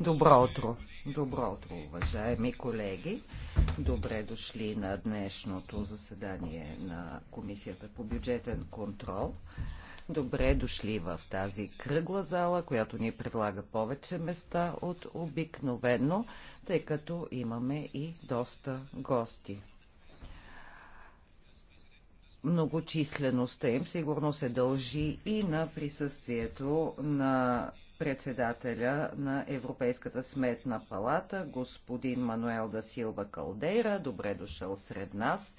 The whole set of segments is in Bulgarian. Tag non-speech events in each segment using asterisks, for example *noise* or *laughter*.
Добро утро. Добро утро, уважаеми колеги. Добре дошли на днешното заседание на Комисията по бюджетен контрол. Добре дошли в тази кръгла зала, която ни предлага повече места от обикновено, тъй като имаме и доста гости. Многочислеността им сигурно се дължи и на присъствието на председателя на Европейската сметна палата, господин Мануел да Силва Калдейра. Добре дошъл сред нас.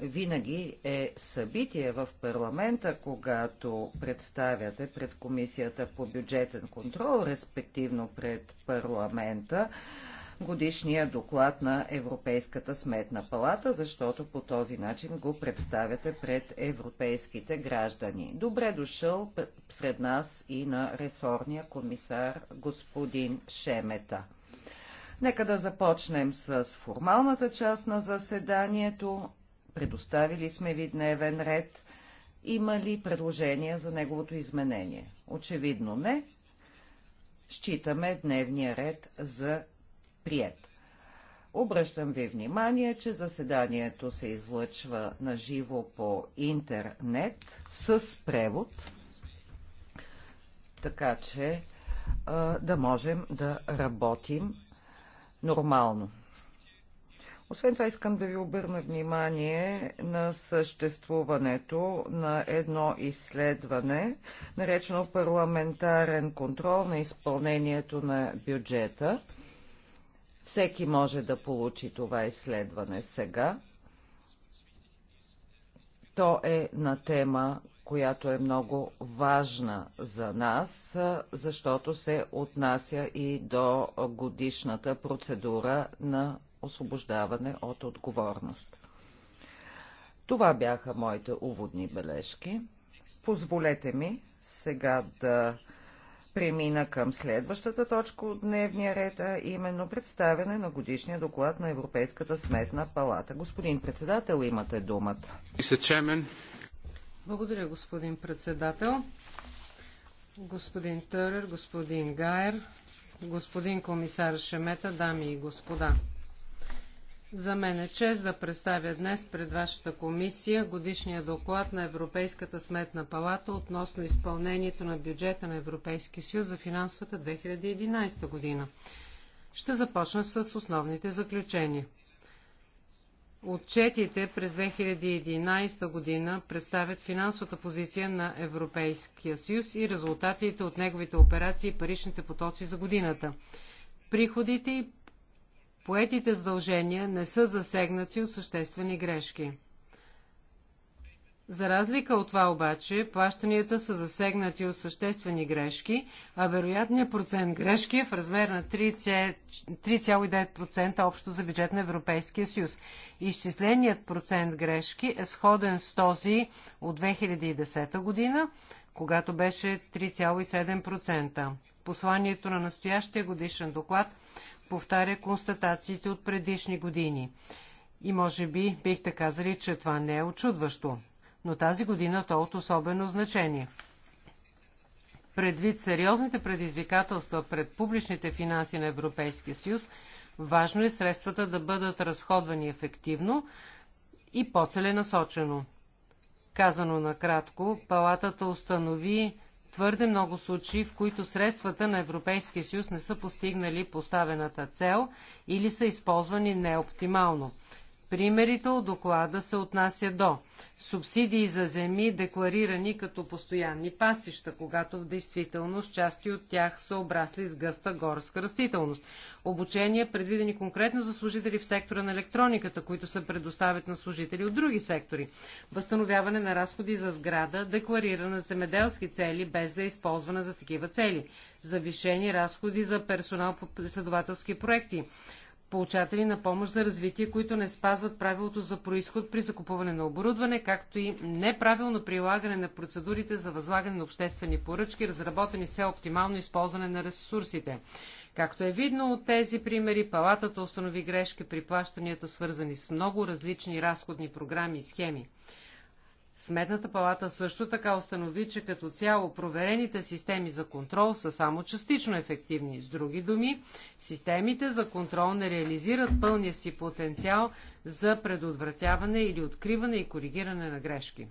Винаги е събитие в парламента, когато представяте пред Комисията по бюджетен контрол, респективно пред парламента, годишния доклад на Европейската сметна палата, защото по този начин го представяте пред европейските граждани. Добре дошъл сред нас и на ресорния комисар господин Шемета. Нека да започнем с формалната част на заседанието. Предоставили сме ви дневен ред. Има ли предложения за неговото изменение? Очевидно не. Считаме дневния ред за прият. Обръщам ви внимание, че заседанието се излъчва на живо по интернет с превод, така че а, да можем да работим нормално. Освен това искам да ви обърна внимание на съществуването на едно изследване, наречено парламентарен контрол на изпълнението на бюджета. Всеки може да получи това изследване сега. То е на тема, която е много важна за нас, защото се отнася и до годишната процедура на освобождаване от отговорност. Това бяха моите уводни бележки. Позволете ми сега да премина към следващата точка от дневния ред, а именно представяне на годишния доклад на Европейската сметна палата. Господин председател, имате думата. Благодаря, господин председател. Господин Търър, господин Гайер, господин комисар Шемета, дами и господа. За мен е чест да представя днес пред вашата комисия годишния доклад на Европейската сметна палата относно изпълнението на бюджета на Европейския съюз за финансовата 2011 година. Ще започна с основните заключения. Отчетите през 2011 година представят финансовата позиция на Европейския съюз и резултатите от неговите операции и паричните потоци за годината. Приходите и поетите задължения не са засегнати от съществени грешки. За разлика от това обаче, плащанията са засегнати от съществени грешки, а вероятният процент грешки е в размер на 3,9% общо за бюджет на Европейския съюз. Изчисленият процент грешки е сходен с този от 2010 година, когато беше 3,7%. Посланието на настоящия годишен доклад повтаря констатациите от предишни години. И може би бихте казали, че това не е очудващо, но тази година то е от особено значение. Предвид сериозните предизвикателства пред публичните финанси на Европейския съюз, важно е средствата да бъдат разходвани ефективно и по-целенасочено. Казано накратко, палатата установи твърде много случаи, в които средствата на Европейския съюз не са постигнали поставената цел или са използвани неоптимално. Примерите от доклада се отнася до субсидии за земи, декларирани като постоянни пасища, когато в действителност части от тях са обрасли с гъста горска растителност. Обучение, предвидени конкретно за служители в сектора на електрониката, които се предоставят на служители от други сектори. Възстановяване на разходи за сграда, декларирана за земеделски цели, без да е използвана за такива цели. Завишени разходи за персонал по следователски проекти получатели на помощ за развитие, които не спазват правилото за происход при закупуване на оборудване, както и неправилно прилагане на процедурите за възлагане на обществени поръчки, разработени с оптимално използване на ресурсите. Както е видно от тези примери, палатата установи грешки при плащанията, свързани с много различни разходни програми и схеми. Сметната палата също така установи, че като цяло проверените системи за контрол са само частично ефективни. С други думи, системите за контрол не реализират пълния си потенциал за предотвратяване или откриване и коригиране на грешки.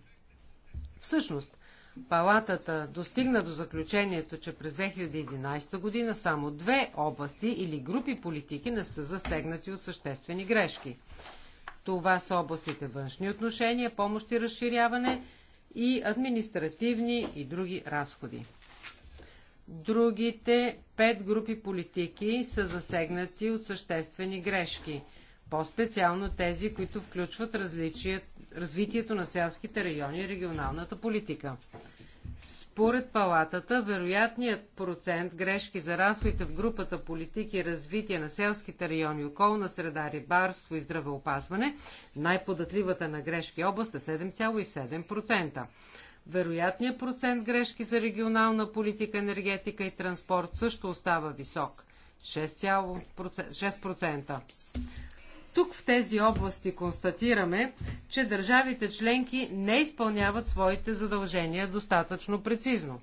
Всъщност, Палатата достигна до заключението, че през 2011 година само две области или групи политики не са засегнати от съществени грешки – това са областите външни отношения, помощ и разширяване и административни и други разходи. Другите пет групи политики са засегнати от съществени грешки, по-специално тези, които включват развитието на селските райони и регионалната политика. Според палатата, вероятният процент грешки за разходите в групата политики и развитие на селските райони, околна среда, рибарство и здравеопазване, най-податливата на грешки област е 7,7%. Вероятният процент грешки за регионална политика, енергетика и транспорт също остава висок – 6%. Тук в тези области констатираме, че държавите членки не изпълняват своите задължения достатъчно прецизно.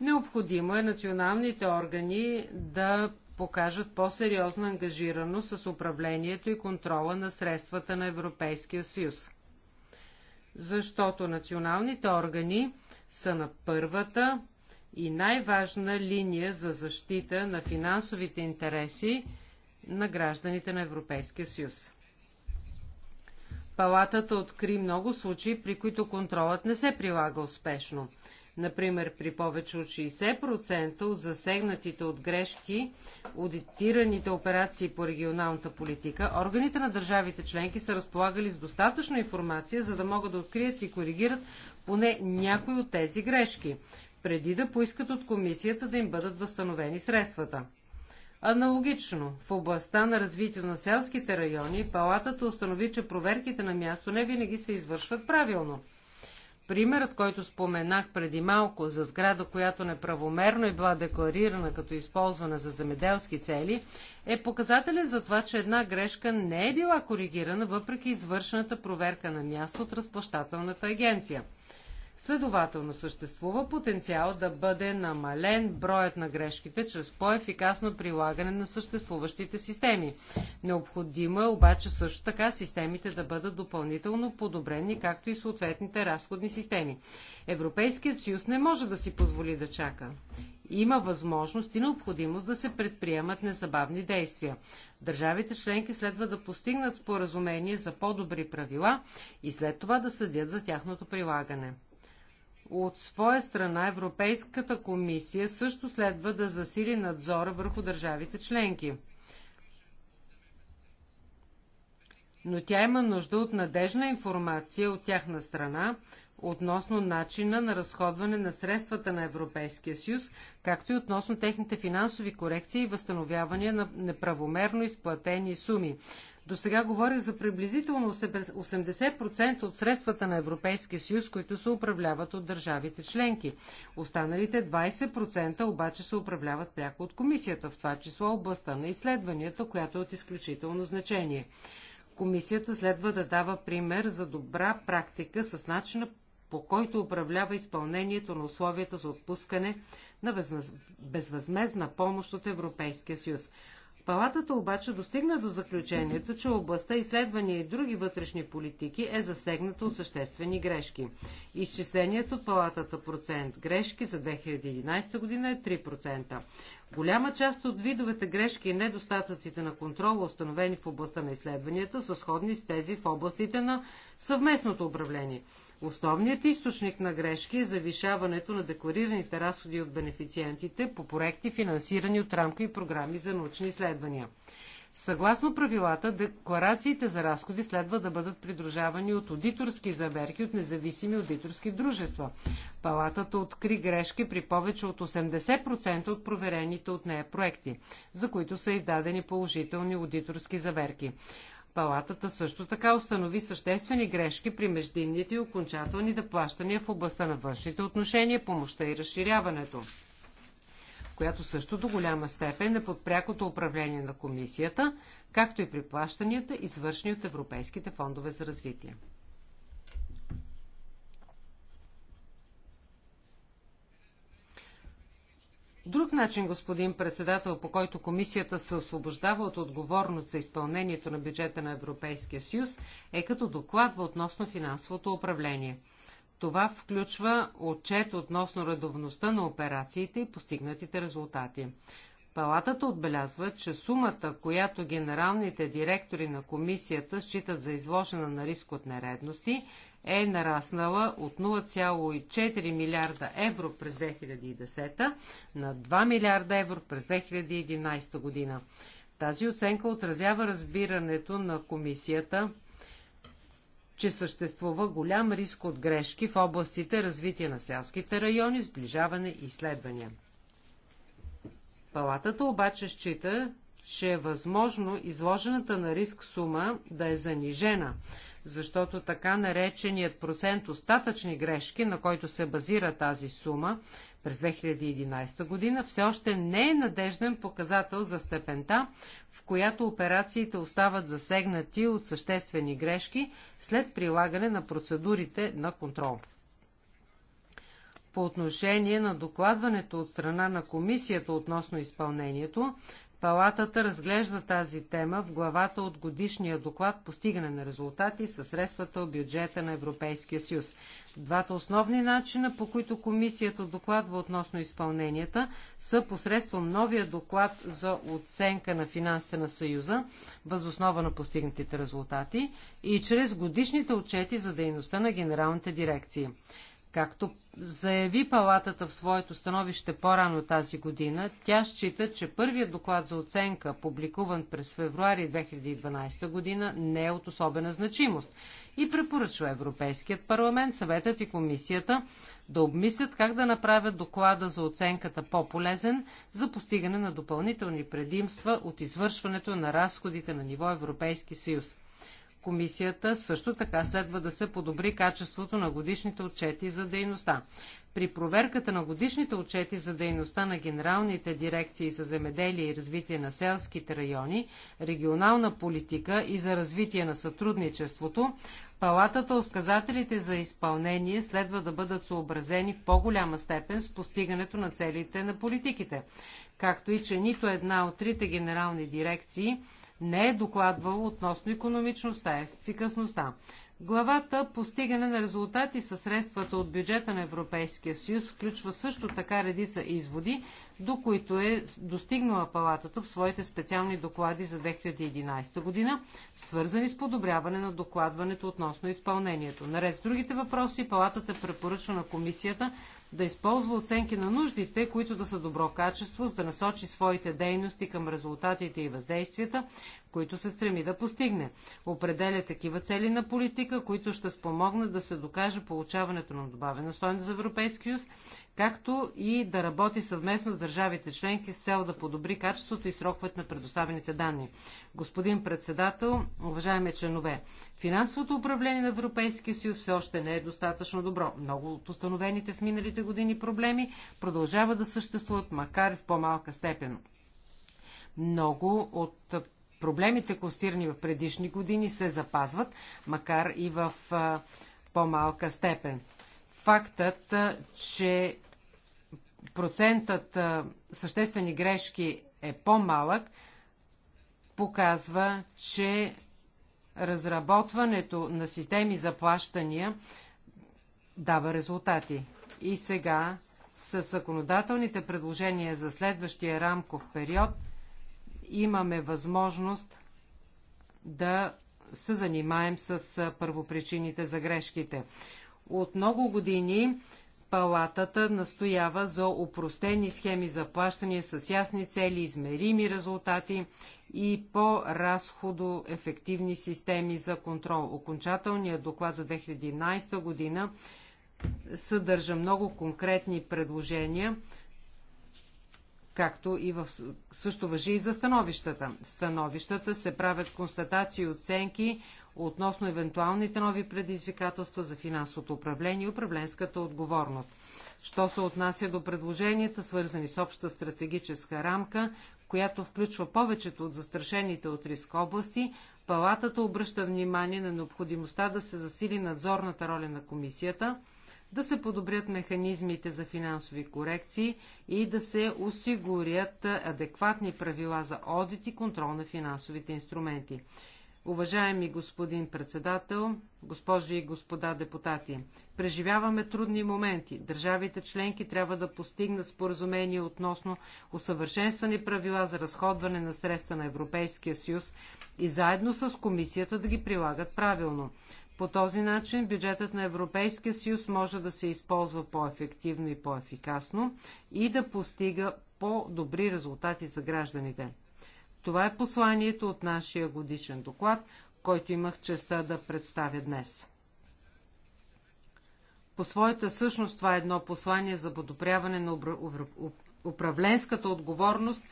Необходимо е националните органи да покажат по-сериозна ангажираност с управлението и контрола на средствата на Европейския съюз. Защото националните органи са на първата и най-важна линия за защита на финансовите интереси на гражданите на Европейския съюз. Палатата откри много случаи, при които контролът не се прилага успешно. Например, при повече от 60% от засегнатите от грешки аудитираните операции по регионалната политика, органите на държавите членки са разполагали с достатъчно информация, за да могат да открият и коригират поне някои от тези грешки, преди да поискат от комисията да им бъдат възстановени средствата. Аналогично, в областта на развитие на селските райони, палатата установи, че проверките на място не винаги се извършват правилно. Примерът, който споменах преди малко за сграда, която неправомерно е била декларирана като използвана за земеделски цели, е показателен за това, че една грешка не е била коригирана въпреки извършената проверка на място от разплащателната агенция. Следователно съществува потенциал да бъде намален броят на грешките чрез по-ефикасно прилагане на съществуващите системи. Необходимо е обаче също така системите да бъдат допълнително подобрени, както и съответните разходни системи. Европейският съюз не може да си позволи да чака. Има възможност и необходимост да се предприемат незабавни действия. Държавите членки следва да постигнат споразумение за по-добри правила и след това да следят за тяхното прилагане. От своя страна Европейската комисия също следва да засили надзора върху държавите членки. Но тя има нужда от надежна информация от тяхна страна относно начина на разходване на средствата на Европейския съюз, както и относно техните финансови корекции и възстановяване на неправомерно изплатени суми. До сега говорих за приблизително 80% от средствата на Европейския съюз, които се управляват от държавите членки. Останалите 20% обаче се управляват пряко от комисията, в това число областта на изследванията, която е от изключително значение. Комисията следва да дава пример за добра практика с начина по който управлява изпълнението на условията за отпускане на безвъзмезна помощ от Европейския съюз. Палатата обаче достигна до заключението, че областта изследвания и други вътрешни политики е засегната от съществени грешки. Изчислението от палатата процент грешки за 2011 година е 3%. Голяма част от видовете грешки и недостатъците на контрола, установени в областта на изследванията, са сходни с тези в областите на съвместното управление. Основният източник на грешки е завишаването на декларираните разходи от бенефициентите по проекти, финансирани от и програми за научни изследвания. Съгласно правилата, декларациите за разходи следва да бъдат придружавани от аудиторски заверки от независими аудиторски дружества. Палатата откри грешки при повече от 80% от проверените от нея проекти, за които са издадени положителни аудиторски заверки. Палатата също така установи съществени грешки при междинните и окончателни доплащания в областта на външните отношения, помощта и разширяването, която също до голяма степен е под прякото управление на комисията, както и при плащанията, извършени от европейските фондове за развитие. Друг начин, господин председател, по който комисията се освобождава от отговорност за изпълнението на бюджета на Европейския съюз, е като докладва относно финансовото управление. Това включва отчет относно редовността на операциите и постигнатите резултати. Палатата отбелязва, че сумата, която генералните директори на комисията считат за изложена на риск от нередности, е нараснала от 0,4 милиарда евро през 2010 на 2 милиарда евро през 2011 година. Тази оценка отразява разбирането на комисията, че съществува голям риск от грешки в областите развитие на селските райони, сближаване и изследвания. Палатата обаче счита, че е възможно изложената на риск сума да е занижена защото така нареченият процент остатъчни грешки, на който се базира тази сума през 2011 година, все още не е надежден показател за степента, в която операциите остават засегнати от съществени грешки след прилагане на процедурите на контрол. По отношение на докладването от страна на комисията относно изпълнението, Палатата разглежда тази тема в главата от годишния доклад Постигане на резултати със средствата от бюджета на Европейския съюз. Двата основни начина, по които комисията докладва относно изпълненията, са посредством новия доклад за оценка на финансите на Съюза, възоснова на постигнатите резултати, и чрез годишните отчети за дейността на генералните дирекции. Както заяви палатата в своето становище по-рано тази година, тя счита, че първият доклад за оценка, публикуван през февруари 2012 година, не е от особена значимост и препоръчва Европейският парламент, съветът и комисията да обмислят как да направят доклада за оценката по-полезен за постигане на допълнителни предимства от извършването на разходите на ниво Европейски съюз. Комисията също така следва да се подобри качеството на годишните отчети за дейността. При проверката на годишните отчети за дейността на генералните дирекции за земеделие и развитие на селските райони, регионална политика и за развитие на сътрудничеството, Палатата Осказателите за изпълнение следва да бъдат съобразени в по-голяма степен с постигането на целите на политиките, както и че нито една от трите генерални дирекции – не е докладвало относно економичността, ефикасността. Главата Постигане на резултати със средствата от бюджета на Европейския съюз включва също така редица изводи, до които е достигнала палатата в своите специални доклади за 2011 година, свързани с подобряване на докладването относно изпълнението. Наред с другите въпроси, палатата препоръчва на комисията да използва оценки на нуждите, които да са добро качество, за да насочи своите дейности към резултатите и въздействията, които се стреми да постигне. Определя такива цели на политика, които ще спомогнат да се докаже получаването на добавена стойност за Европейския съюз, както и да работи съвместно с държавите членки с цел да подобри качеството и сроковете на предоставените данни. Господин председател, уважаеми членове, финансовото управление на Европейския съюз все още не е достатъчно добро. Много от установените в миналите години проблеми продължават да съществуват, макар и в по-малка степен. Много от проблемите, костирни в предишни години, се запазват, макар и в по-малка степен. Фактът, че процентът съществени грешки е по-малък, показва, че разработването на системи за плащания дава резултати. И сега с законодателните предложения за следващия рамков период – имаме възможност да се занимаем с първопричините за грешките. От много години Палатата настоява за упростени схеми за плащане с ясни цели, измерими резултати и по-разходоефективни системи за контрол. Окончателният доклад за 2011 година съдържа много конкретни предложения, както и в... също въжи и за становищата. Становищата се правят констатации и оценки относно евентуалните нови предизвикателства за финансовото управление и управленската отговорност. Що се отнася до предложенията, свързани с обща стратегическа рамка, която включва повечето от застрашените от риск области, Палатата обръща внимание на необходимостта да се засили надзорната роля на комисията – да се подобрят механизмите за финансови корекции и да се осигурят адекватни правила за одит и контрол на финансовите инструменти. Уважаеми господин председател, госпожи и господа депутати, преживяваме трудни моменти. Държавите членки трябва да постигнат споразумение относно усъвършенствани правила за разходване на средства на Европейския съюз и заедно с комисията да ги прилагат правилно. По този начин бюджетът на Европейския съюз може да се използва по-ефективно и по-ефикасно и да постига по-добри резултати за гражданите. Това е посланието от нашия годишен доклад, който имах честа да представя днес. По своята същност това е едно послание за подобряване на управленската отговорност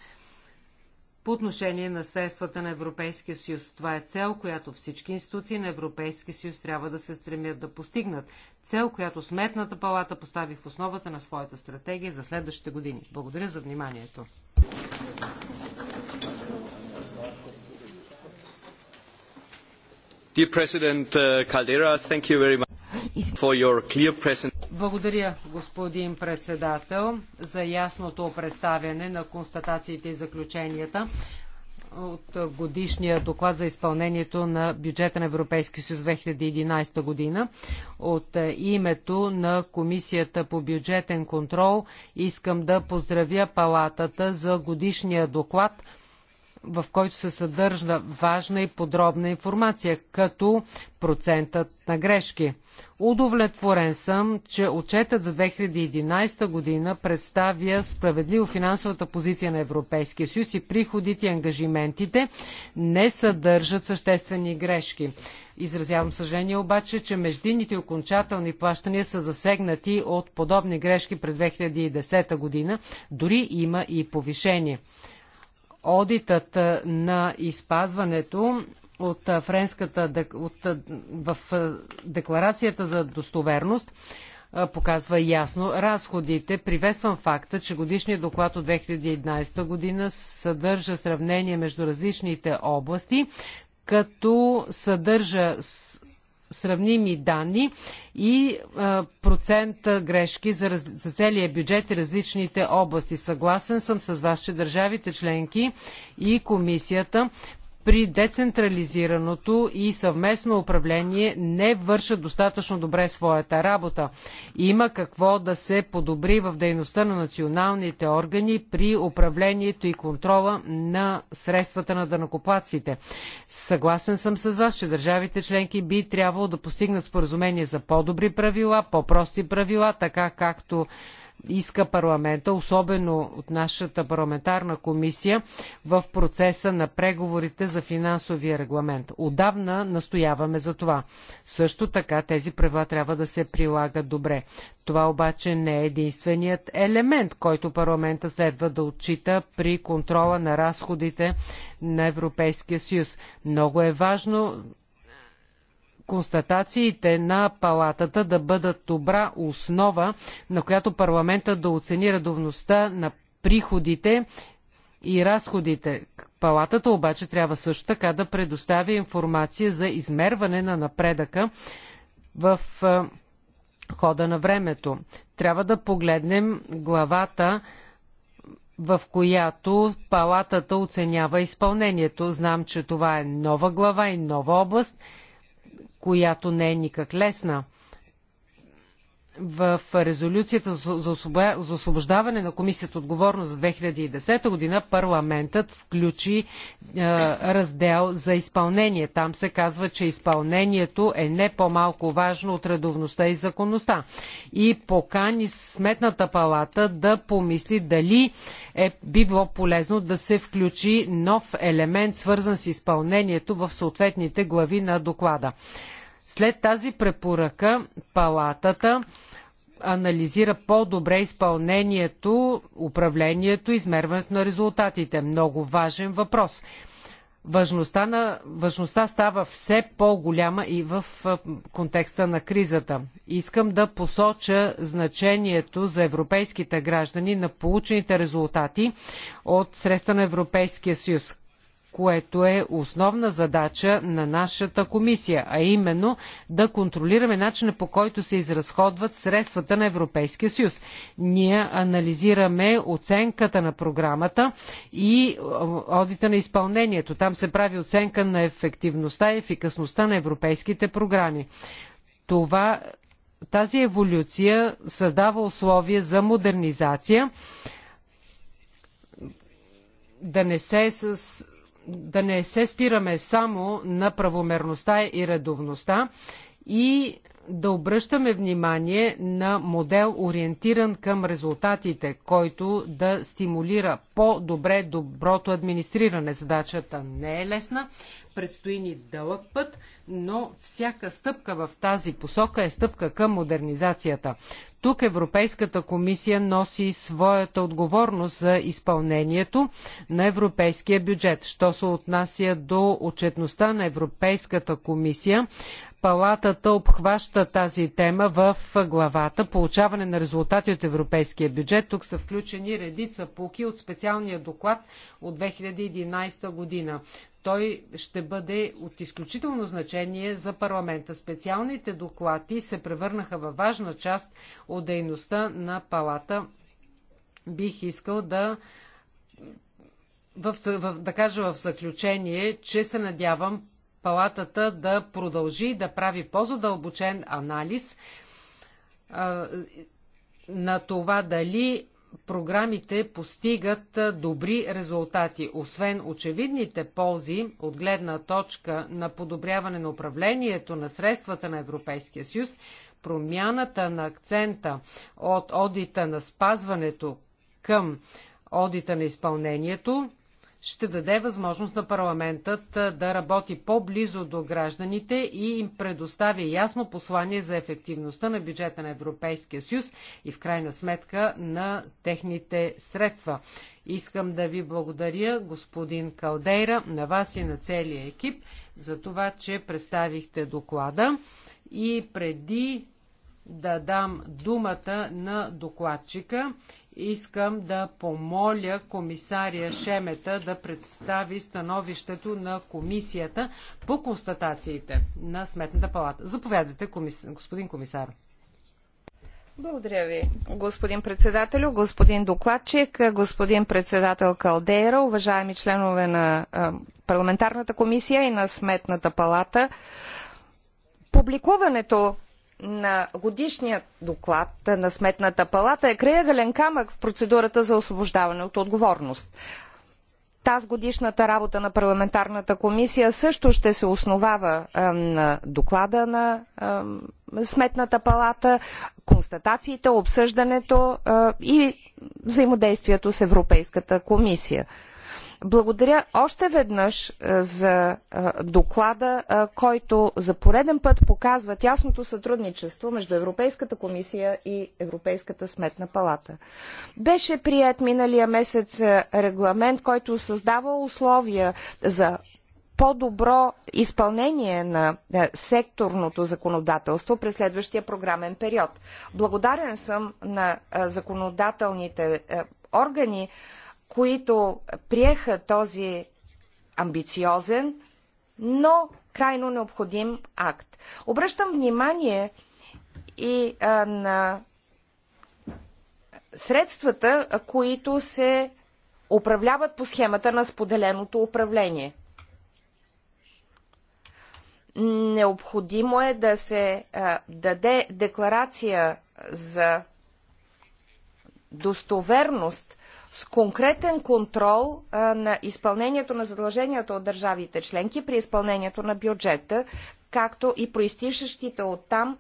по отношение на средствата на Европейския съюз. Това е цел, която всички институции на Европейския съюз трябва да се стремят да постигнат. Цел, която Сметната палата постави в основата на своята стратегия за следващите години. Благодаря за вниманието. Dear President uh, Caldera, thank you very much. Благодаря, господин председател, за ясното представяне на констатациите и заключенията от годишния доклад за изпълнението на бюджета на Европейския съюз 2011 година. От името на Комисията по бюджетен контрол искам да поздравя палатата за годишния доклад в който се съдържа важна и подробна информация, като процентът на грешки. Удовлетворен съм, че отчетът за 2011 година представя справедливо финансовата позиция на Европейския съюз и приходите и ангажиментите не съдържат съществени грешки. Изразявам съжаление обаче, че междинните окончателни плащания са засегнати от подобни грешки през 2010 година, дори има и повишение одитът на изпазването от френската от, в декларацията за достоверност показва ясно разходите. Приветствам факта, че годишният доклад от 2011 година съдържа сравнение между различните области, като съдържа сравними данни и процент грешки за, раз... за целия бюджет и различните области. Съгласен съм с вас, че държавите членки и комисията при децентрализираното и съвместно управление не вършат достатъчно добре своята работа. Има какво да се подобри в дейността на националните органи при управлението и контрола на средствата на данакоплаците. Съгласен съм с вас, че държавите членки би трябвало да постигнат споразумение за по-добри правила, по-прости правила, така както иска парламента, особено от нашата парламентарна комисия, в процеса на преговорите за финансовия регламент. Отдавна настояваме за това. Също така тези правила трябва да се прилагат добре. Това обаче не е единственият елемент, който парламента следва да отчита при контрола на разходите на Европейския съюз. Много е важно констатациите на палатата да бъдат добра основа, на която парламента да оцени редовността на приходите и разходите. Палатата обаче трябва също така да предоставя информация за измерване на напредъка в хода на времето. Трябва да погледнем главата в която палатата оценява изпълнението. Знам, че това е нова глава и нова област която не е никак лесна в резолюцията за освобождаване на комисията отговорност за 2010 година парламентът включи е, раздел за изпълнение. Там се казва, че изпълнението е не по-малко важно от редовността и законността. И покани сметната палата да помисли дали е, би било полезно да се включи нов елемент, свързан с изпълнението в съответните глави на доклада. След тази препоръка палатата анализира по-добре изпълнението, управлението, измерването на резултатите. Много важен въпрос. Важността, на, важността става все по-голяма и в контекста на кризата. Искам да посоча значението за европейските граждани на получените резултати от средства на Европейския съюз което е основна задача на нашата комисия, а именно да контролираме начина по който се изразходват средствата на Европейския съюз. Ние анализираме оценката на програмата и одита на изпълнението. Там се прави оценка на ефективността и ефикасността на европейските програми. Това, тази еволюция създава условия за модернизация да не се с да не се спираме само на правомерността и редовността и да обръщаме внимание на модел ориентиран към резултатите, който да стимулира по-добре доброто администриране. Задачата не е лесна, предстои ни дълъг път, но всяка стъпка в тази посока е стъпка към модернизацията. Тук Европейската комисия носи своята отговорност за изпълнението на европейския бюджет. Що се отнася до отчетността на Европейската комисия, палатата обхваща тази тема в главата Получаване на резултати от европейския бюджет. Тук са включени редица пуки от специалния доклад от 2011 година. Той ще бъде от изключително значение за парламента. Специалните доклади се превърнаха във важна част от дейността на палата. Бих искал да в, в, да кажа в заключение, че се надявам палатата да продължи да прави по-задълбочен анализ на това дали програмите постигат добри резултати. Освен очевидните ползи от гледна точка на подобряване на управлението на средствата на Европейския съюз, промяната на акцента от одита на спазването към одита на изпълнението ще даде възможност на парламентът да работи по-близо до гражданите и им предоставя ясно послание за ефективността на бюджета на Европейския съюз и в крайна сметка на техните средства. Искам да ви благодаря, господин Калдейра, на вас и на целия екип за това, че представихте доклада. И преди да дам думата на докладчика, Искам да помоля комисария Шемета да представи становището на комисията по констатациите на Сметната палата. Заповядайте, комис... господин комисар. Благодаря ви, господин председател, господин докладчик, господин председател Калдейра, уважаеми членове на парламентарната комисия и на Сметната палата. Публикуването на годишния доклад на Сметната палата е краягален камък в процедурата за освобождаване от отговорност. Таз годишната работа на парламентарната комисия също ще се основава на доклада на Сметната палата, констатациите, обсъждането и взаимодействието с Европейската комисия. Благодаря още веднъж е, за е, доклада, е, който за пореден път показва тясното сътрудничество между Европейската комисия и Европейската сметна палата. Беше прият миналия месец регламент, който създава условия за по-добро изпълнение на секторното законодателство през следващия програмен период. Благодарен съм на законодателните органи които приеха този амбициозен, но крайно необходим акт. Обръщам внимание и а, на средствата, които се управляват по схемата на споделеното управление. Необходимо е да се а, даде декларация за достоверност с конкретен контрол а, на изпълнението на задълженията от държавите членки при изпълнението на бюджета, както и проистишащите от там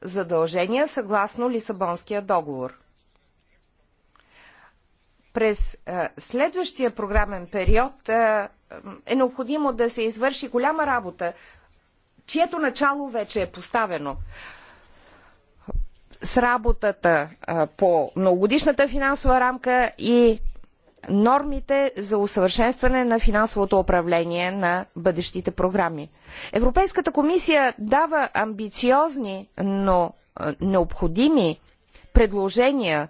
задължения съгласно Лисабонския договор. През а, следващия програмен период а, е необходимо да се извърши голяма работа, чието начало вече е поставено с работата по многогодишната финансова рамка и нормите за усъвършенстване на финансовото управление на бъдещите програми. Европейската комисия дава амбициозни, но необходими предложения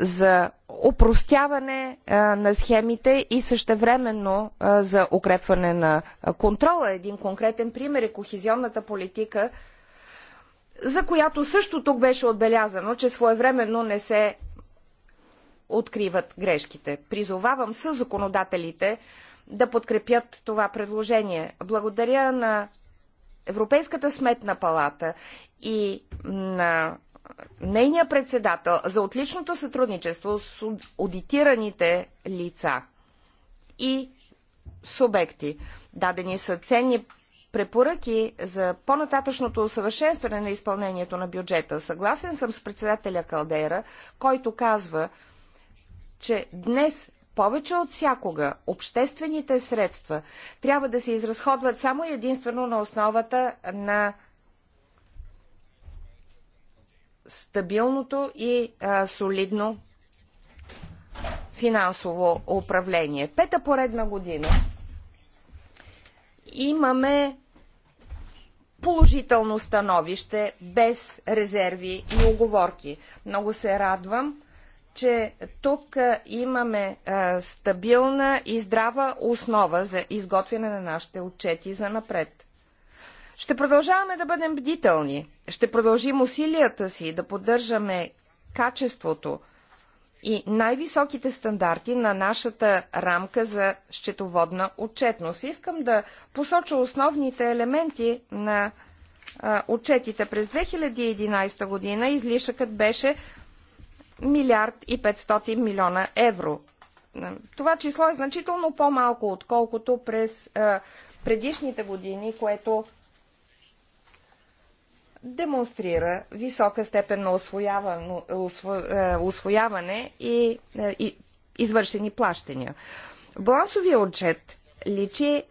за опростяване на схемите и същевременно за укрепване на контрола. Един конкретен пример е кохезионната политика – за която също тук беше отбелязано, че своевременно не се откриват грешките. Призовавам с законодателите да подкрепят това предложение. Благодаря на Европейската сметна палата и на нейния председател за отличното сътрудничество с аудитираните лица и субекти. Дадени са ценни препоръки за по-нататъчното усъвършенстване на изпълнението на бюджета. Съгласен съм с председателя Калдера, който казва, че днес повече от всякога обществените средства трябва да се изразходват само единствено на основата на стабилното и а, солидно финансово управление. Пета поредна година имаме положително становище, без резерви и оговорки. Много се радвам, че тук имаме стабилна и здрава основа за изготвяне на нашите отчети за напред. Ще продължаваме да бъдем бдителни, ще продължим усилията си да поддържаме качеството и най-високите стандарти на нашата рамка за счетоводна отчетност. Искам да посоча основните елементи на а, отчетите. През 2011 година излишъкът беше милиард и 500 милиона евро. Това число е значително по-малко, отколкото през а, предишните години, което демонстрира висока степен на освояване, освояване и, е, и извършени плащания. балансовия отчет личи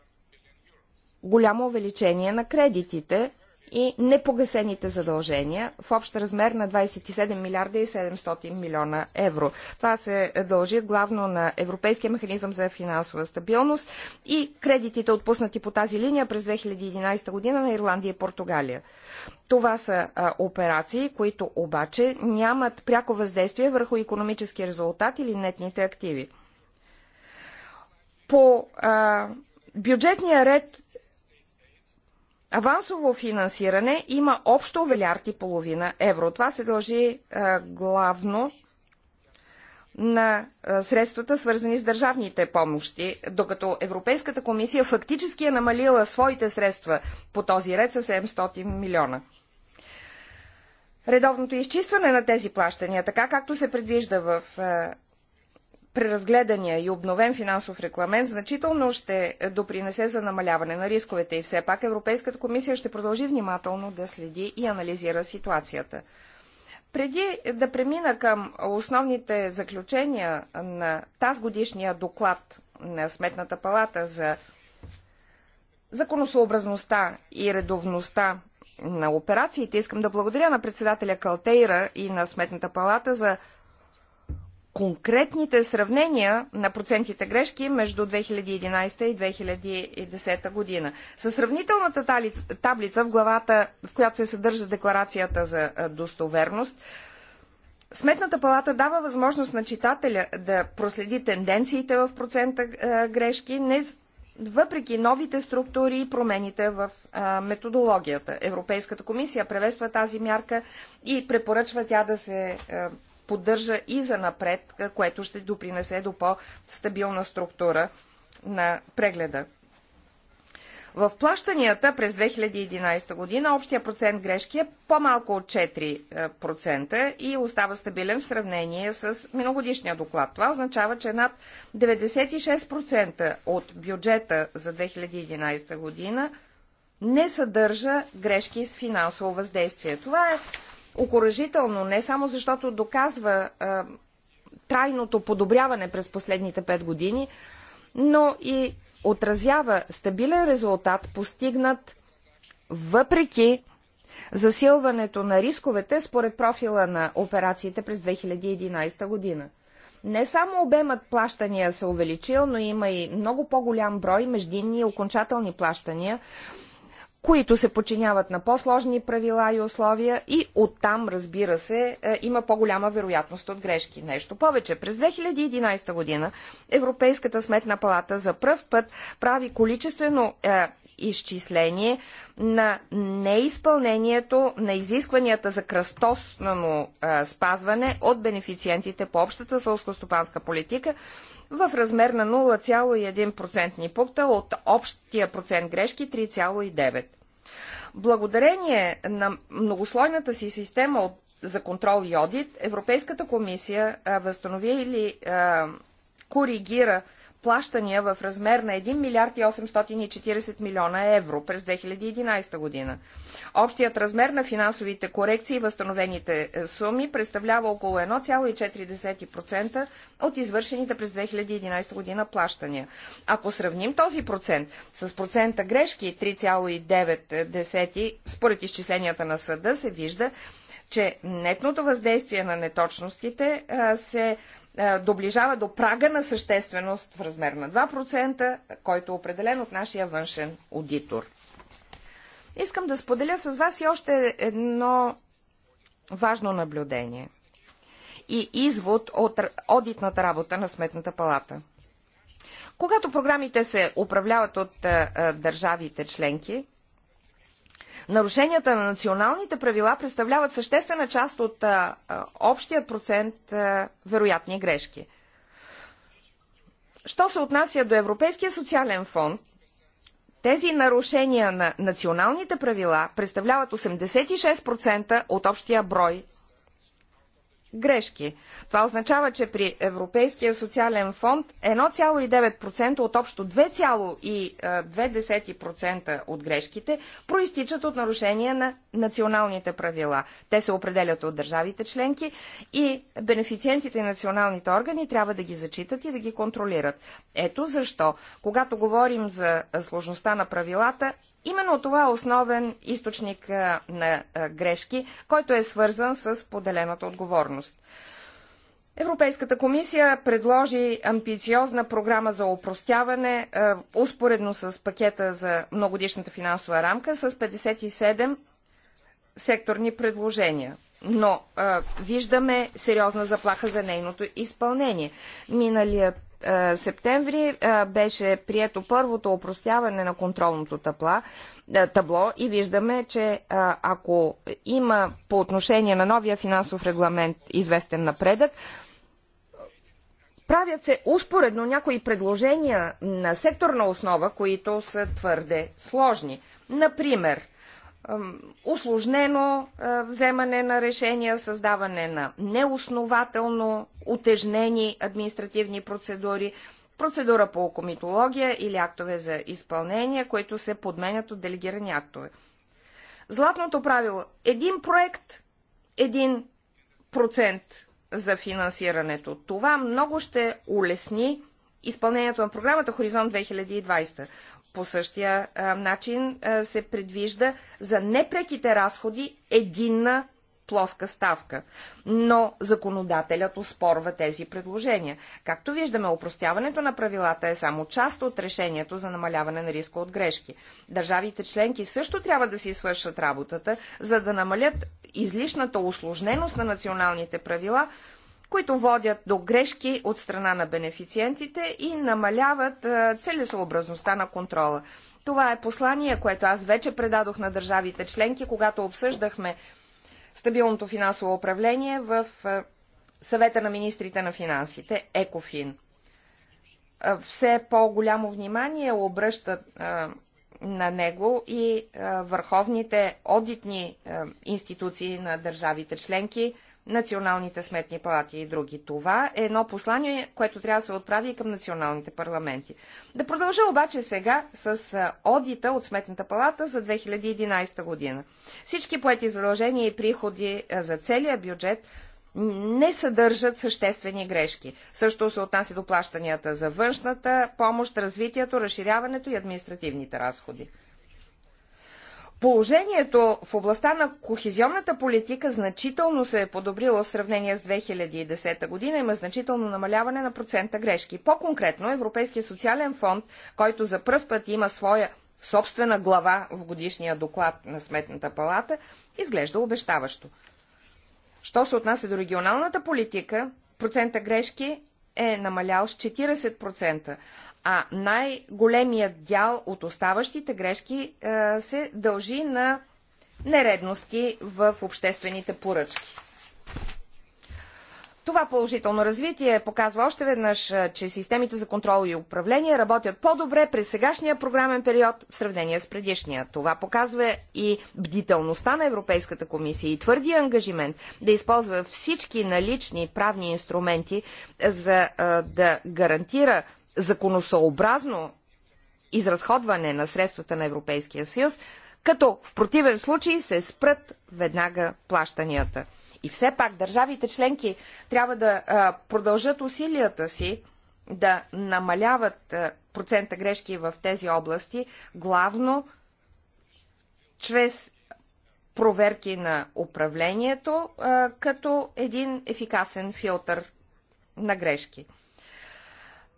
голямо увеличение на кредитите и непогасените задължения в общ размер на 27 милиарда и 700 милиона евро. Това се дължи главно на Европейския механизъм за финансова стабилност и кредитите отпуснати по тази линия през 2011 година на Ирландия и Португалия. Това са а, операции, които обаче нямат пряко въздействие върху економически резултат или нетните активи. По а, бюджетния ред авансово финансиране има общо милиард и половина евро. Това се дължи а, е, главно на е, средствата, свързани с държавните помощи, докато Европейската комисия фактически е намалила своите средства по този ред с 700 милиона. Редовното изчистване на тези плащания, така както се предвижда в е, преразгледания и обновен финансов регламент значително ще допринесе за намаляване на рисковете и все пак Европейската комисия ще продължи внимателно да следи и анализира ситуацията. Преди да премина към основните заключения на таз годишния доклад на Сметната палата за законосообразността и редовността на операциите, искам да благодаря на председателя Калтейра и на Сметната палата за конкретните сравнения на процентите грешки между 2011 и 2010 година. Със сравнителната таблица в главата, в която се съдържа декларацията за достоверност, Сметната палата дава възможност на читателя да проследи тенденциите в процента грешки, не въпреки новите структури и промените в а, методологията. Европейската комисия превества тази мярка и препоръчва тя да се а, поддържа и за напред, което ще допринесе до по-стабилна структура на прегледа. В плащанията през 2011 година общия процент грешки е по-малко от 4% и остава стабилен в сравнение с миналогодишния доклад. Това означава, че над 96% от бюджета за 2011 година не съдържа грешки с финансово въздействие. Това е окоръжително, не само защото доказва а, трайното подобряване през последните пет години, но и отразява стабилен резултат, постигнат въпреки засилването на рисковете според профила на операциите през 2011 година. Не само обемът плащания се увеличил, но има и много по-голям брой междинни и окончателни плащания, които се подчиняват на по-сложни правила и условия и оттам, разбира се, е, има по-голяма вероятност от грешки. Нещо повече. През 2011 година Европейската сметна палата за пръв път прави количествено е, изчисление на неизпълнението на изискванията за кръстоснано е, спазване от бенефициентите по общата сълскостопанска политика в размер на 0,1% пункта от общия процент грешки 3,9%. Благодарение на многослойната си система за контрол и одит, Европейската комисия възстанови или а, коригира плащания в размер на 1 милиард и 840 милиона евро през 2011 година. Общият размер на финансовите корекции и възстановените е, суми представлява около 1,4% от извършените през 2011 година плащания. Ако сравним този процент с процента грешки 3,9 според изчисленията на съда, се вижда, че нетното въздействие на неточностите се е, доближава до прага на същественост в размер на 2%, който е определен от нашия външен аудитор. Искам да споделя с вас и още едно важно наблюдение и извод от одитната работа на Сметната палата. Когато програмите се управляват от е, е, държавите членки, Нарушенията на националните правила представляват съществена част от а, общият процент а, вероятни грешки. Що се отнася до Европейския социален фонд, тези нарушения на националните правила представляват 86% от общия брой грешки. Това означава, че при Европейския социален фонд 1,9% от общо 2,2% от грешките проистичат от нарушения на националните правила. Те се определят от държавите членки и бенефициентите и националните органи трябва да ги зачитат и да ги контролират. Ето защо, когато говорим за сложността на правилата, именно това е основен източник на грешки, който е свързан с поделената отговорност сигурност. Европейската комисия предложи амбициозна програма за опростяване, е, успоредно с пакета за многодишната финансова рамка, с 57 секторни предложения. Но е, виждаме сериозна заплаха за нейното изпълнение. Миналият е, септември е, беше прието първото опростяване на контролното тъпла, е, табло и виждаме, че ако има по отношение на новия финансов регламент известен напредък, правят се успоредно някои предложения на секторна основа, които са твърде сложни. Например, усложнено вземане на решения, създаване на неоснователно утежнени административни процедури, процедура по комитология или актове за изпълнение, които се подменят от делегирани актове. Златното правило – един проект, един процент за финансирането. Това много ще улесни изпълнението на програмата Хоризонт 2020. По същия а, начин а, се предвижда за непреките разходи единна плоска ставка. Но законодателят успорва тези предложения. Както виждаме, упростяването на правилата е само част от решението за намаляване на риска от грешки. Държавите членки също трябва да си свършат работата, за да намалят излишната осложненост на националните правила, които водят до грешки от страна на бенефициентите и намаляват целесообразността на контрола. Това е послание, което аз вече предадох на държавите членки, когато обсъждахме стабилното финансово управление в съвета на министрите на финансите, ЕКОФИН. Все по-голямо внимание обръщат на него и върховните одитни институции на държавите членки – националните сметни палати и други. Това е едно послание, което трябва да се отправи и към националните парламенти. Да продължа обаче сега с одита от Сметната палата за 2011 година. Всички поети задължения и приходи за целия бюджет не съдържат съществени грешки. Също се отнася до плащанията за външната помощ, развитието, разширяването и административните разходи. Положението в областта на кохезионната политика значително се е подобрило в сравнение с 2010 година. Има значително намаляване на процента грешки. По-конкретно Европейския социален фонд, който за първ път има своя собствена глава в годишния доклад на Сметната палата, изглежда обещаващо. Що се отнася до регионалната политика, процента грешки е намалял с 40%, а най-големият дял от оставащите грешки е, се дължи на нередности в обществените поръчки. Това положително развитие показва още веднъж, е, че системите за контрол и управление работят по-добре през сегашния програмен период в сравнение с предишния. Това показва и бдителността на Европейската комисия и твърдия ангажимент да използва всички налични правни инструменти, за е, да гарантира законосообразно изразходване на средствата на Европейския съюз, като в противен случай се спрат веднага плащанията. И все пак държавите членки трябва да продължат усилията си да намаляват процента грешки в тези области, главно чрез проверки на управлението като един ефикасен филтър на грешки.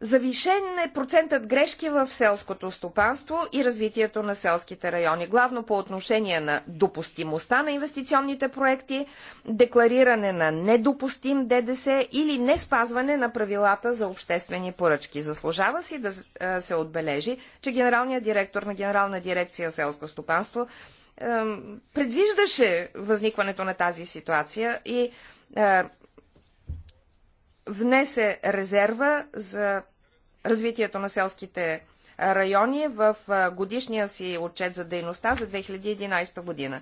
Завишен е процентът грешки в селското стопанство и развитието на селските райони, главно по отношение на допустимостта на инвестиционните проекти, деклариране на недопустим ДДС или не спазване на правилата за обществени поръчки. Заслужава си да е, се отбележи, че генералният директор на Генерална дирекция селско стопанство е, предвиждаше възникването на тази ситуация и е, внесе резерва за развитието на селските райони в годишния си отчет за дейността за 2011 година.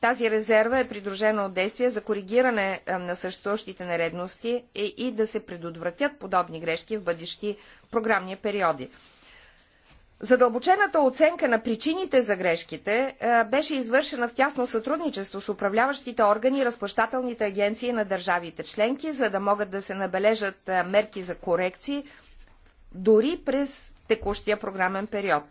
Тази резерва е придружена от действия за коригиране на съществуващите нередности и да се предотвратят подобни грешки в бъдещи програмни периоди. Задълбочената оценка на причините за грешките беше извършена в тясно сътрудничество с управляващите органи и разплащателните агенции на държавите членки, за да могат да се набележат мерки за корекции дори през текущия програмен период.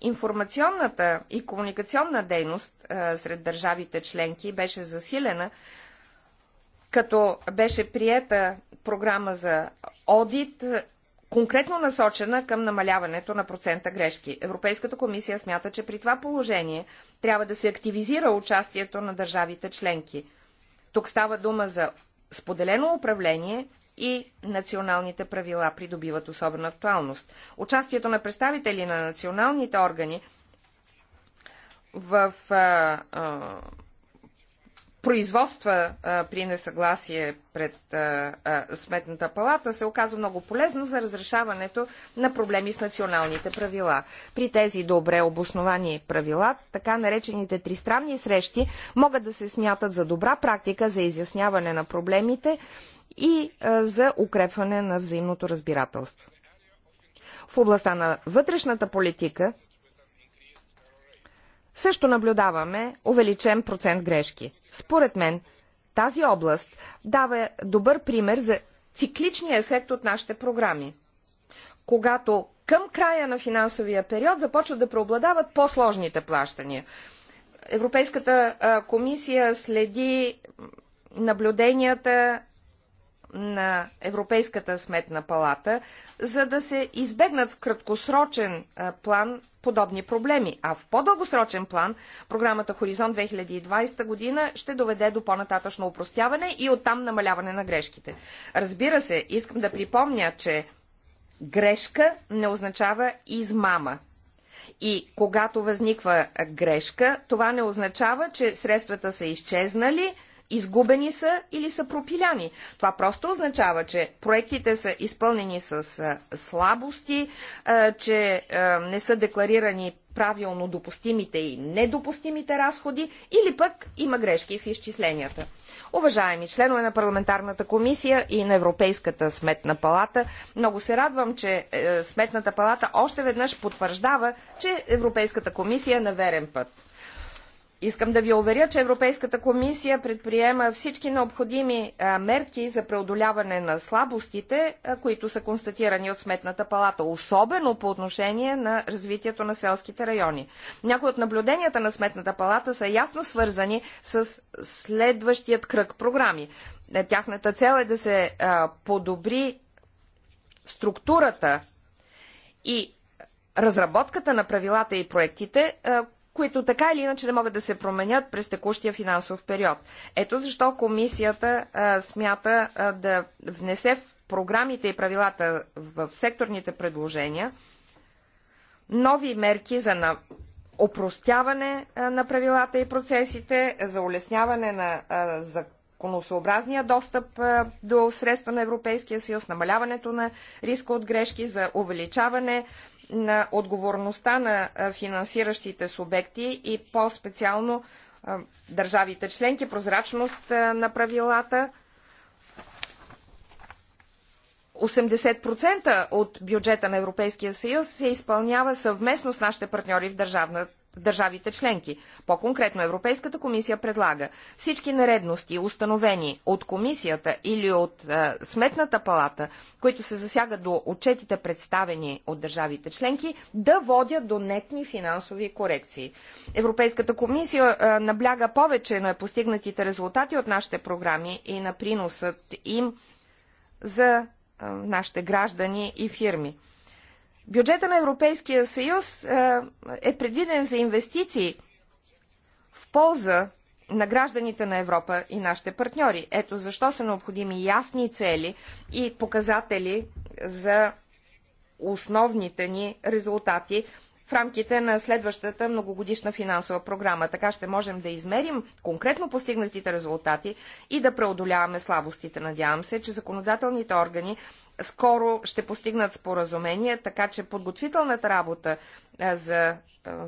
Информационната и комуникационна дейност а, сред държавите членки беше засилена, като беше приета програма за одит, конкретно насочена към намаляването на процента грешки. Европейската комисия смята, че при това положение трябва да се активизира участието на държавите членки. Тук става дума за споделено управление и националните правила придобиват особена актуалност. Участието на представители на националните органи в а, а, производства а, при несъгласие пред а, а, Сметната палата се оказва много полезно за разрешаването на проблеми с националните правила. При тези добре обосновани правила, така наречените тристранни срещи могат да се смятат за добра практика за изясняване на проблемите и за укрепване на взаимното разбирателство. В областта на вътрешната политика също наблюдаваме увеличен процент грешки. Според мен, тази област дава добър пример за цикличния ефект от нашите програми. Когато към края на финансовия период започват да преобладават по-сложните плащания. Европейската комисия следи наблюденията на Европейската сметна палата, за да се избегнат в краткосрочен план подобни проблеми. А в по-дългосрочен план програмата Хоризонт 2020 година ще доведе до по-нататъчно упростяване и оттам намаляване на грешките. Разбира се, искам да припомня, че грешка не означава измама. И когато възниква грешка, това не означава, че средствата са изчезнали – изгубени са или са пропиляни. Това просто означава, че проектите са изпълнени с слабости, че не са декларирани правилно допустимите и недопустимите разходи или пък има грешки в изчисленията. Уважаеми членове на парламентарната комисия и на Европейската сметна палата, много се радвам, че е, сметната палата още веднъж потвърждава, че Европейската комисия е на верен път. Искам да ви уверя, че Европейската комисия предприема всички необходими мерки за преодоляване на слабостите, които са констатирани от Сметната палата, особено по отношение на развитието на селските райони. Някои от наблюденията на Сметната палата са ясно свързани с следващият кръг програми. Е, тяхната цел е да се подобри структурата и разработката на правилата и проектите, които така или иначе не могат да се променят през текущия финансов период. Ето защо комисията а, смята а, да внесе в програмите и правилата в секторните предложения нови мерки за на опростяване на правилата и процесите, за улесняване на а, за законосъобразния достъп е, до средства на Европейския съюз, намаляването на риска от грешки, за увеличаване на отговорността на е, финансиращите субекти и по-специално е, държавите членки, прозрачност на правилата. 80% от бюджета на Европейския съюз се изпълнява съвместно с нашите партньори в държавната държавите членки. По-конкретно Европейската комисия предлага всички нередности, установени от комисията или от е, сметната палата, които се засягат до отчетите представени от държавите членки, да водят до нетни финансови корекции. Европейската комисия е, набляга повече на е постигнатите резултати от нашите програми и на приносът им за е, нашите граждани и фирми. Бюджета на Европейския съюз е, е предвиден за инвестиции в полза на гражданите на Европа и нашите партньори. Ето защо са необходими ясни цели и показатели за основните ни резултати в рамките на следващата многогодишна финансова програма. Така ще можем да измерим конкретно постигнатите резултати и да преодоляваме слабостите. Надявам се, че законодателните органи скоро ще постигнат споразумение, така че подготвителната работа за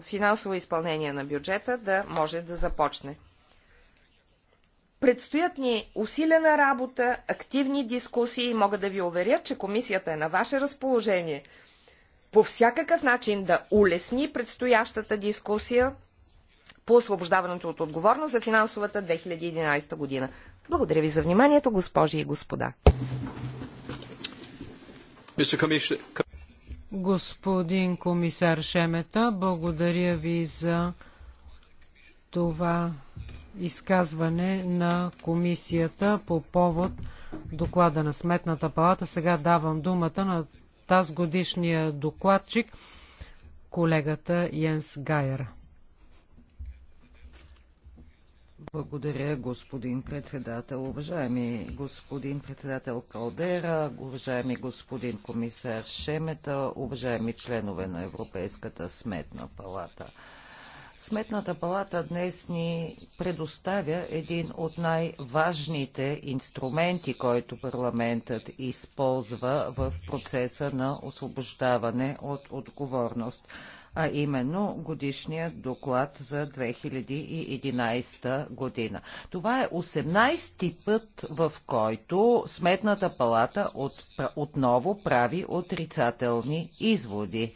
финансово изпълнение на бюджета да може да започне. Предстоят ни усилена работа, активни дискусии и мога да ви уверя, че комисията е на ваше разположение – по всякакъв начин да улесни предстоящата дискусия по освобождаването от отговорност за финансовата 2011 година. Благодаря ви за вниманието, госпожи и господа. Господин комисар Шемета, благодаря ви за това изказване на комисията по повод доклада на Сметната палата. Сега давам думата на тази годишния докладчик, колегата Йенс Гайер. Благодаря, господин председател. Уважаеми господин председател Калдера, уважаеми господин комисар Шемета, уважаеми членове на Европейската сметна палата. Сметната палата днес ни предоставя един от най-важните инструменти, който парламентът използва в процеса на освобождаване от отговорност, а именно годишния доклад за 2011 година. Това е 18-ти път, в който Сметната палата от, отново прави отрицателни изводи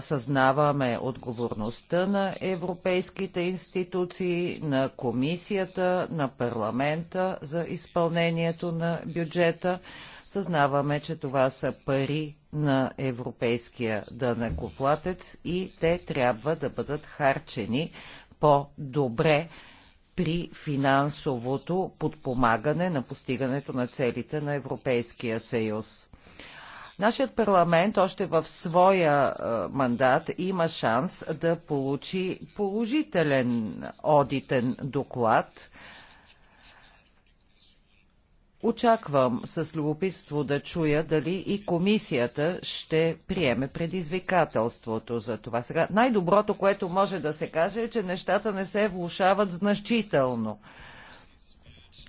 съзнаваме отговорността на европейските институции, на комисията, на парламента за изпълнението на бюджета. Съзнаваме, че това са пари на европейския дънакоплатец и те трябва да бъдат харчени по-добре при финансовото подпомагане на постигането на целите на Европейския съюз. Нашият парламент още в своя е, мандат има шанс да получи положителен одитен доклад. Очаквам с любопитство да чуя дали и комисията ще приеме предизвикателството за това. Сега най-доброто, което може да се каже е, че нещата не се влушават значително.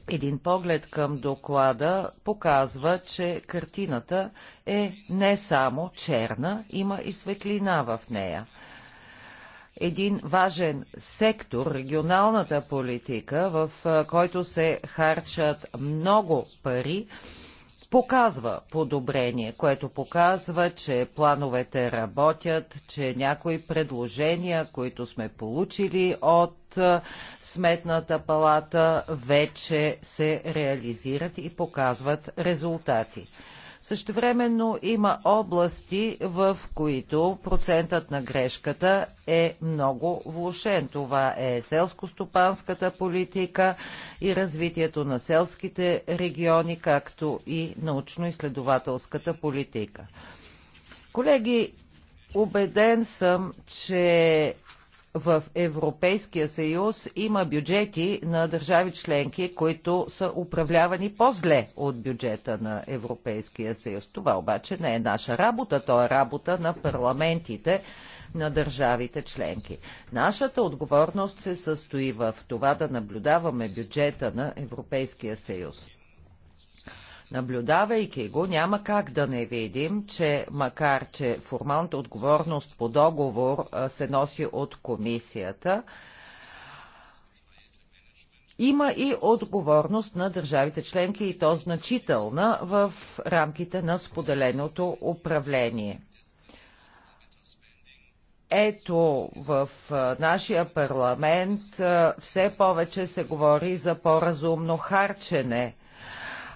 Един поглед към доклада показва, че картината е не само черна, има и светлина в нея един важен сектор, регионалната политика, в който се харчат много пари, показва подобрение, което показва, че плановете работят, че някои предложения, които сме получили от Сметната палата, вече се реализират и показват резултати. Същевременно има области, в които процентът на грешката е много влушен. Това е селско-стопанската политика и развитието на селските региони, както и научно-изследователската политика. Колеги, убеден съм, че в Европейския съюз има бюджети на държави членки, които са управлявани по-зле от бюджета на Европейския съюз. Това обаче не е наша работа, то е работа на парламентите на държавите членки. Нашата отговорност се състои в това да наблюдаваме бюджета на Европейския съюз. Наблюдавайки го, няма как да не видим, че макар, че формалната отговорност по договор се носи от комисията, има и отговорност на държавите членки и то значителна в рамките на споделеното управление. Ето в нашия парламент все повече се говори за по-разумно харчене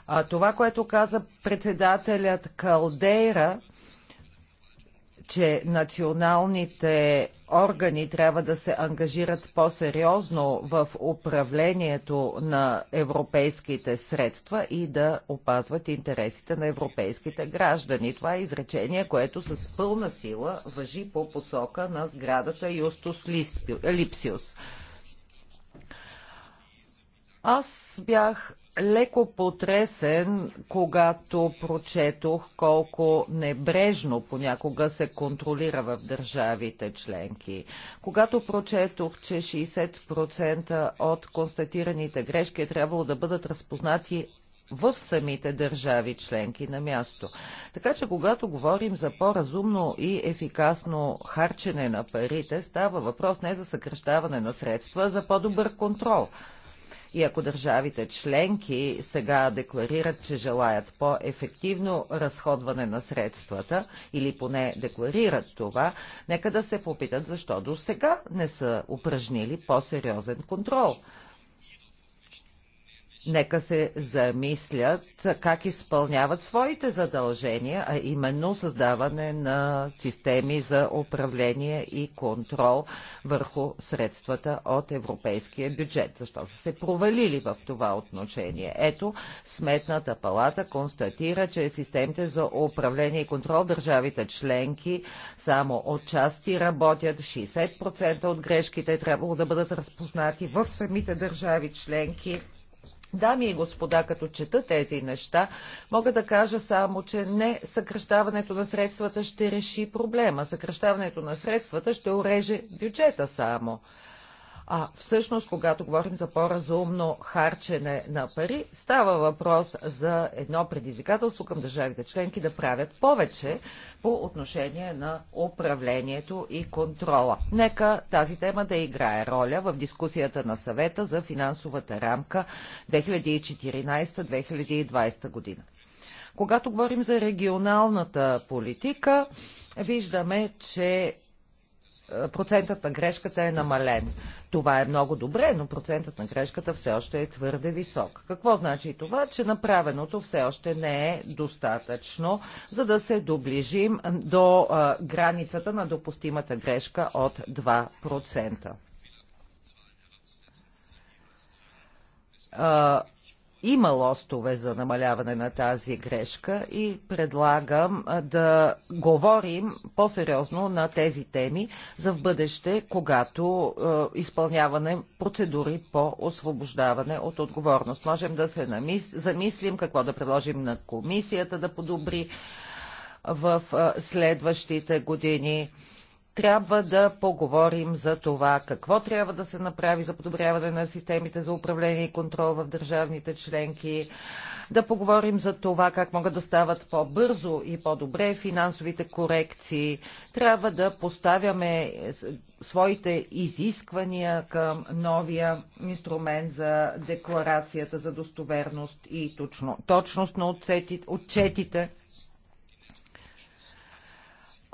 а това, което каза председателят Калдейра, че националните органи трябва да се ангажират по-сериозно в управлението на европейските средства и да опазват интересите на европейските граждани. Това е изречение, което с пълна сила въжи по посока на сградата Юстус Липсиус. Аз бях леко потресен, когато прочетох колко небрежно понякога се контролира в държавите членки. Когато прочетох, че 60% от констатираните грешки е трябвало да бъдат разпознати в самите държави членки на място. Така че когато говорим за по-разумно и ефикасно харчене на парите, става въпрос не за съкръщаване на средства, а за по-добър контрол. И ако държавите членки сега декларират, че желаят по-ефективно разходване на средствата, или поне декларират това, нека да се попитат защо до сега не са упражнили по-сериозен контрол нека се замислят как изпълняват своите задължения, а именно създаване на системи за управление и контрол върху средствата от европейския бюджет, Защо са се провалили в това отношение. Ето, Сметната палата констатира, че системите за управление и контрол държавите членки само от части работят, 60% от грешките е трябвало да бъдат разпознати в самите държави членки Дами и господа, като чета тези неща, мога да кажа само, че не съкръщаването на средствата ще реши проблема. Съкръщаването на средствата ще уреже бюджета само. А всъщност, когато говорим за по-разумно харчене на пари, става въпрос за едно предизвикателство към държавите членки да правят повече по отношение на управлението и контрола. Нека тази тема да играе роля в дискусията на съвета за финансовата рамка 2014-2020 година. Когато говорим за регионалната политика, виждаме, че процентът на грешката е намален. Това е много добре, но процентът на грешката все още е твърде висок. Какво значи това? Че направеното все още не е достатъчно, за да се доближим до а, границата на допустимата грешка от 2%. Uh... Има лостове за намаляване на тази грешка и предлагам да говорим по-сериозно на тези теми за в бъдеще, когато е, изпълняваме процедури по освобождаване от отговорност. Можем да се намис... замислим какво да предложим на комисията да подобри в е, следващите години трябва да поговорим за това какво трябва да се направи за подобряване на системите за управление и контрол в държавните членки, да поговорим за това как могат да стават по-бързо и по-добре финансовите корекции. Трябва да поставяме своите изисквания към новия инструмент за декларацията за достоверност и точно, точност на отчетите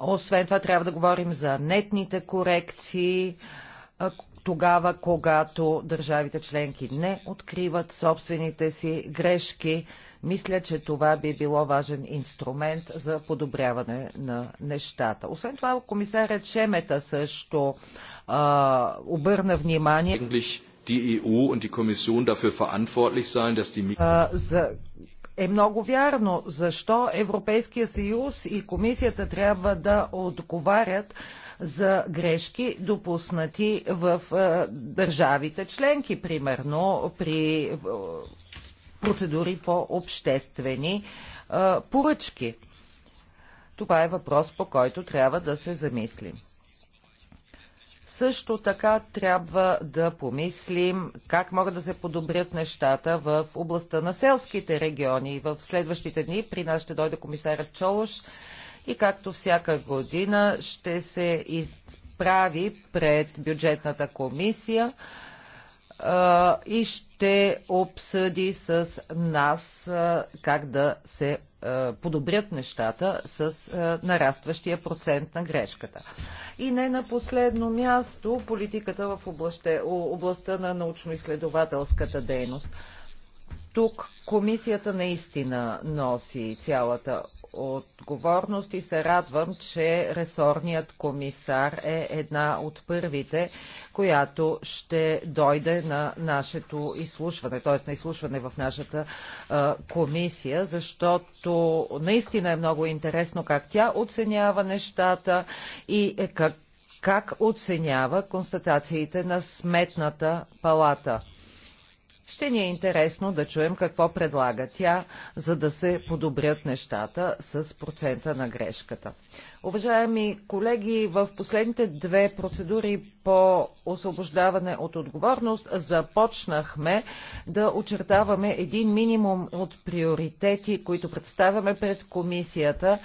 освен това трябва да говорим за нетните корекции, тогава, когато държавите членки не откриват собствените си грешки. Мисля, че това би било важен инструмент за подобряване на нещата. Освен това, комисарят Чемета също а, обърна внимание. Die EU und die Kommission dafür verantwortlich sein, dass die е много вярно. Защо Европейския съюз и комисията трябва да отговарят за грешки, допуснати в е, държавите членки, примерно при е, процедури по обществени е, поръчки? Това е въпрос, по който трябва да се замислим. Също така трябва да помислим как могат да се подобрят нещата в областта на селските региони. В следващите дни при нас ще дойде комисарът Чолош и както всяка година ще се изправи пред бюджетната комисия и ще обсъди с нас как да се подобрят нещата с нарастващия процент на грешката. И не на последно място политиката в областта, на научно-изследователската дейност. Тук комисията наистина носи цялата отговорност и се радвам, че ресорният комисар е една от първите, която ще дойде на нашето изслушване, т.е. на изслушване в нашата а, комисия, защото наистина е много интересно как тя оценява нещата и е как, как оценява констатациите на сметната палата. Ще ни е интересно да чуем какво предлага тя, за да се подобрят нещата с процента на грешката. Уважаеми колеги, в последните две процедури по освобождаване от отговорност започнахме да очертаваме един минимум от приоритети, които представяме пред комисията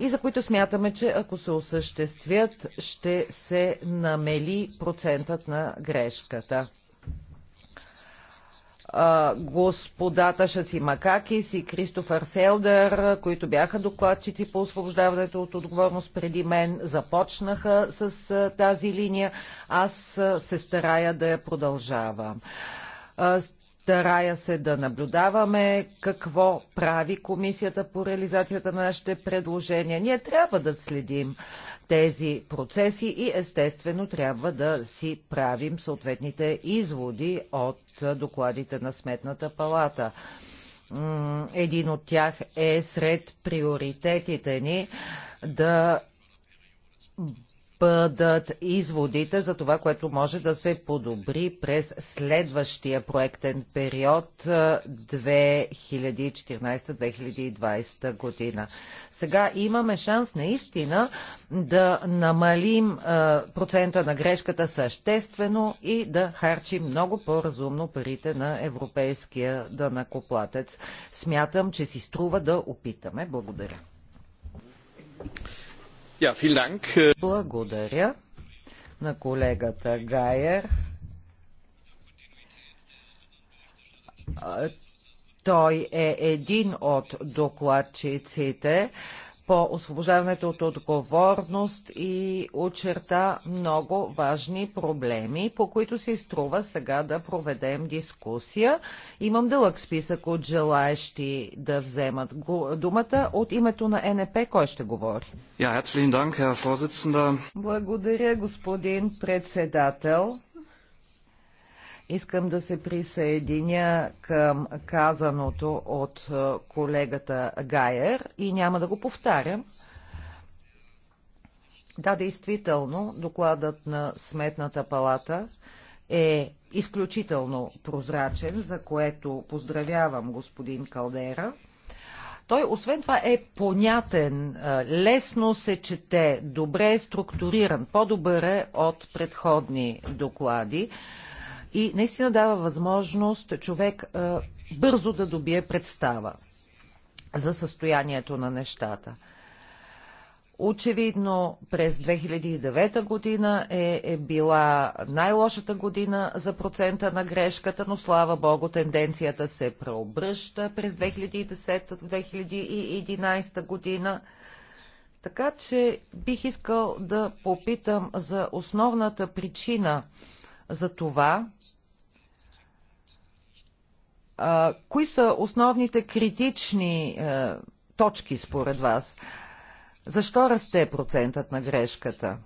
и за които смятаме, че ако се осъществят, ще се намели процентът на грешката господата Макакис и Кристофър Фелдер, които бяха докладчици по освобождаването от отговорност преди мен, започнаха с тази линия. Аз се старая да я продължавам. Старая се да наблюдаваме какво прави комисията по реализацията на нашите предложения. Ние трябва да следим тези процеси и естествено трябва да си правим съответните изводи от докладите на Сметната палата. Един от тях е сред приоритетите ни да бъдат изводите за това, което може да се подобри през следващия проектен период 2014-2020 година. Сега имаме шанс наистина да намалим процента на грешката съществено и да харчим много по-разумно парите на европейския данакоплатец. Смятам, че си струва да опитаме. Благодаря. Благодаря на колегата Гайер. Той е един от докладчиците по освобождаването от отговорност и очерта много важни проблеми, по които се изтрува сега да проведем дискусия. Имам дълъг списък от желаещи да вземат думата. От името на НП кой ще говори? Благодаря, господин председател. Искам да се присъединя към казаното от е, колегата Гайер и няма да го повтарям. Да, действително, докладът на Сметната палата е изключително прозрачен, за което поздравявам господин Калдера. Той, освен това, е понятен, е, лесно се чете, добре е структуриран, по-добър е от предходни доклади и наистина дава възможност човек бързо да добие представа за състоянието на нещата. Очевидно през 2009 година е, е била най-лошата година за процента на грешката, но слава Богу тенденцията се преобръща през 2010-2011 година. Така че бих искал да попитам за основната причина – за това. кои са основните критични е, точки според вас? Защо расте процентът на грешката?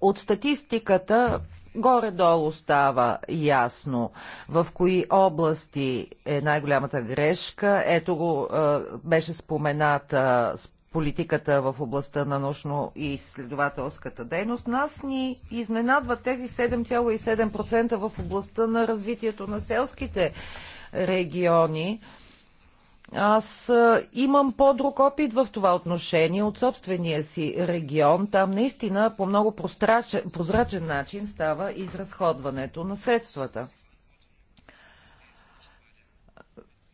От статистиката горе-долу става ясно в кои области е най-голямата грешка. Ето го, е, беше спомената политиката в областта на научно-изследователската дейност. Нас ни изненадва тези 7,7% в областта на развитието на селските региони. Аз имам по-друг опит в това отношение от собствения си регион. Там наистина по много прозрачен начин става изразходването на средствата.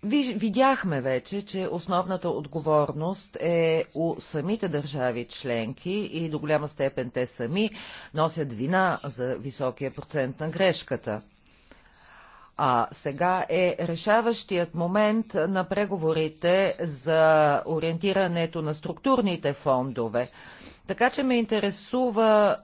Видяхме вече, че основната отговорност е у самите държави членки и до голяма степен те сами носят вина за високия процент на грешката. А сега е решаващият момент на преговорите за ориентирането на структурните фондове. Така че ме интересува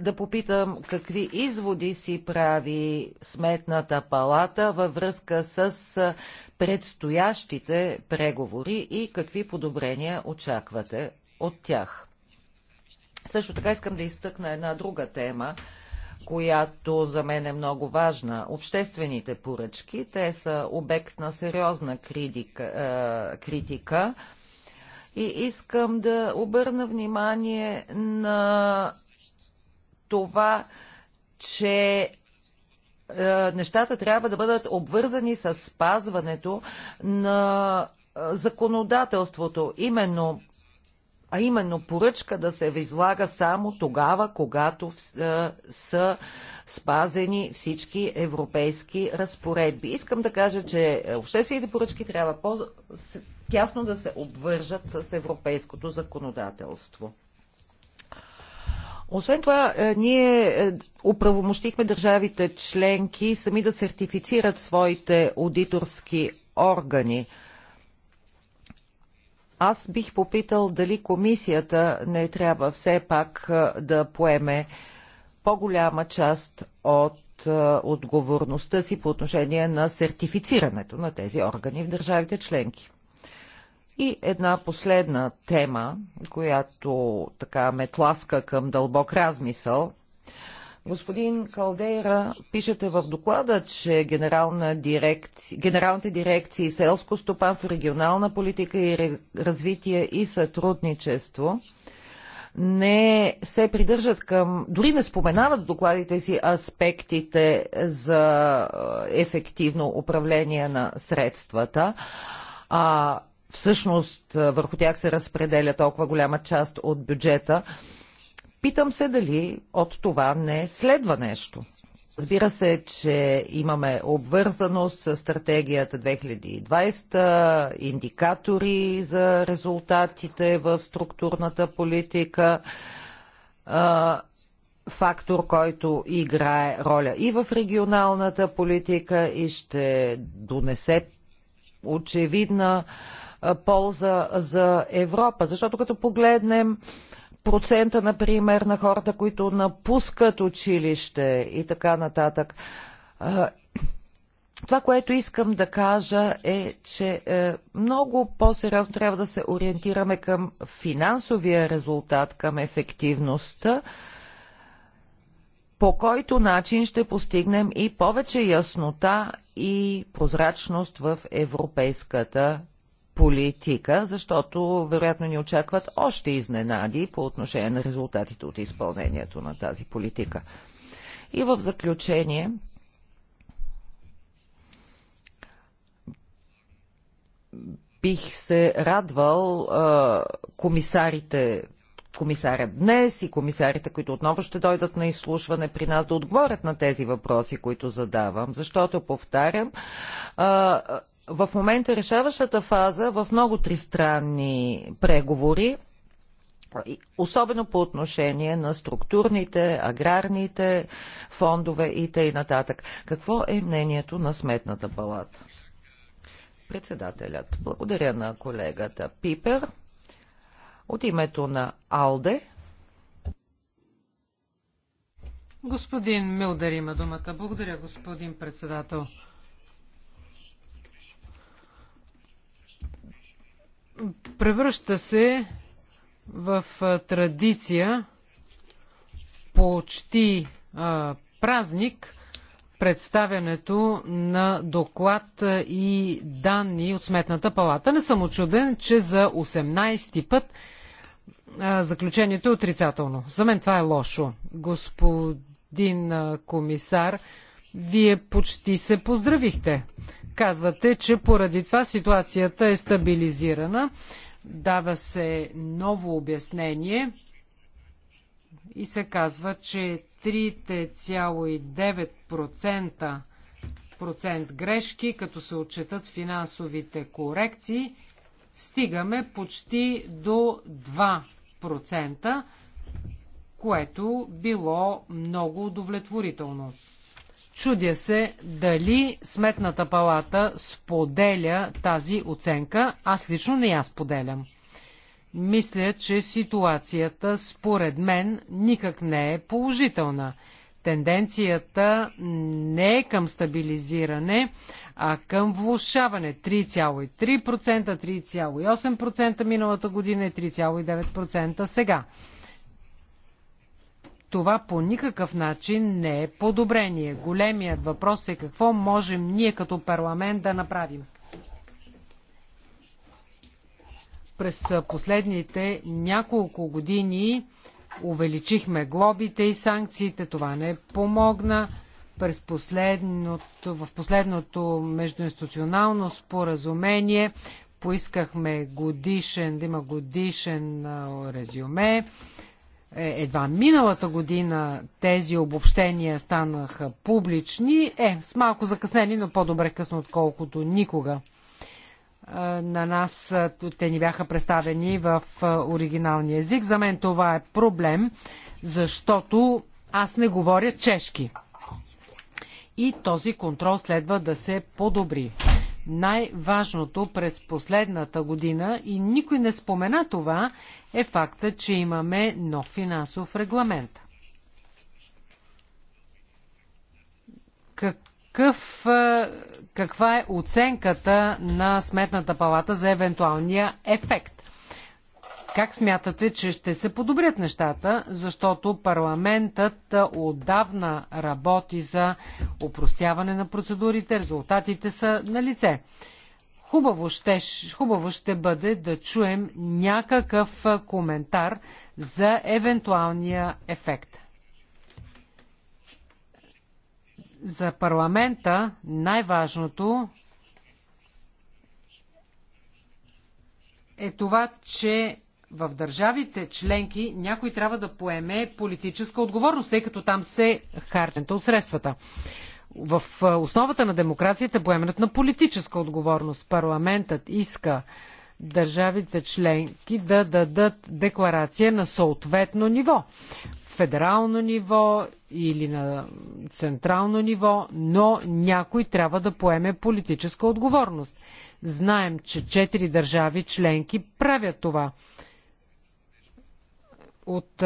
да попитам какви изводи си прави Сметната палата във връзка с предстоящите преговори и какви подобрения очаквате от тях. Също така искам да изтъкна една друга тема, която за мен е много важна. Обществените поръчки, те са обект на сериозна критика, критика и искам да обърна внимание на това, че е, нещата трябва да бъдат обвързани с спазването на е, законодателството. Именно а именно поръчка да се възлага само тогава, когато е, са спазени всички европейски разпоредби. Искам да кажа, че обществените поръчки трябва по-тясно да се обвържат с европейското законодателство. Освен това, е, ние е, оправомощихме държавите членки сами да сертифицират своите аудиторски органи. Аз бих попитал дали комисията не трябва все пак е, да поеме по-голяма част от отговорността си по отношение на сертифицирането на тези органи в държавите членки. И една последна тема, която така ме тласка към дълбок размисъл. Господин Калдейра, пишете в доклада, че генерална дирекци... генералните дирекции селско стопанство, регионална политика и развитие и сътрудничество не се придържат към, дори не споменават в докладите си аспектите за е, ефективно управление на средствата. А всъщност върху тях се разпределя толкова голяма част от бюджета, питам се дали от това не следва нещо. Разбира се, че имаме обвързаност с стратегията 2020, индикатори за резултатите в структурната политика, фактор, който играе роля и в регионалната политика и ще донесе очевидна полза за Европа. Защото като погледнем процента, например, на хората, които напускат училище и така нататък, това, което искам да кажа е, че е, много по-сериозно трябва да се ориентираме към финансовия резултат, към ефективността, по който начин ще постигнем и повече яснота и прозрачност в европейската политика, защото вероятно ни очакват още изненади по отношение на резултатите от изпълнението на тази политика. И в заключение бих се радвал а, комисарите комисаря днес и комисарите, които отново ще дойдат на изслушване при нас, да отговорят на тези въпроси, които задавам. Защото, повтарям, а, в момента решаващата фаза в много тристранни преговори, особено по отношение на структурните, аграрните фондове и т.н. Какво е мнението на Сметната палата? Председателят. Благодаря на колегата Пипер. От името на Алде. Господин Милдер има думата. Благодаря, господин председател. превръща се в традиция почти а, празник представянето на доклад и данни от Сметната палата. Не съм очуден, че за 18-ти път а, заключението е отрицателно. За мен това е лошо. Господин а, комисар, вие почти се поздравихте. Казвате, че поради това ситуацията е стабилизирана. Дава се ново обяснение и се казва, че 3,9% процент грешки, като се отчетат финансовите корекции, стигаме почти до 2%, което било много удовлетворително. Чудя се дали Сметната палата споделя тази оценка. Аз лично не я споделям. Мисля, че ситуацията според мен никак не е положителна. Тенденцията не е към стабилизиране, а към влушаване 3,3%, 3,8% миналата година и 3,9% сега. Това по никакъв начин не е подобрение. Големият въпрос е какво можем ние като парламент да направим. През последните няколко години увеличихме глобите и санкциите. Това не помогна. През последното, в последното междуинституционално споразумение поискахме годишен, да има годишен резюме е, едва миналата година тези обобщения станаха публични. Е, с малко закъснени, но по-добре късно, отколкото никога. На нас те ни бяха представени в оригиналния език. За мен това е проблем, защото аз не говоря чешки. И този контрол следва да се подобри. Най-важното през последната година и никой не спомена това е факта, че имаме нов финансов регламент. Какъв, е, каква е оценката на Сметната палата за евентуалния ефект? Как смятате, че ще се подобрят нещата, защото парламентът отдавна работи за упростяване на процедурите, резултатите са на лице. Хубаво ще, хубаво ще бъде да чуем някакъв коментар за евентуалния ефект. За парламента най-важното е това, че в държавите членки някой трябва да поеме политическа отговорност, тъй като там се харчат от средствата. В основата на демокрацията е поемането на политическа отговорност. Парламентът иска държавите членки да дадат декларация на съответно ниво. Федерално ниво или на централно ниво, но някой трябва да поеме политическа отговорност. Знаем, че четири държави членки правят това от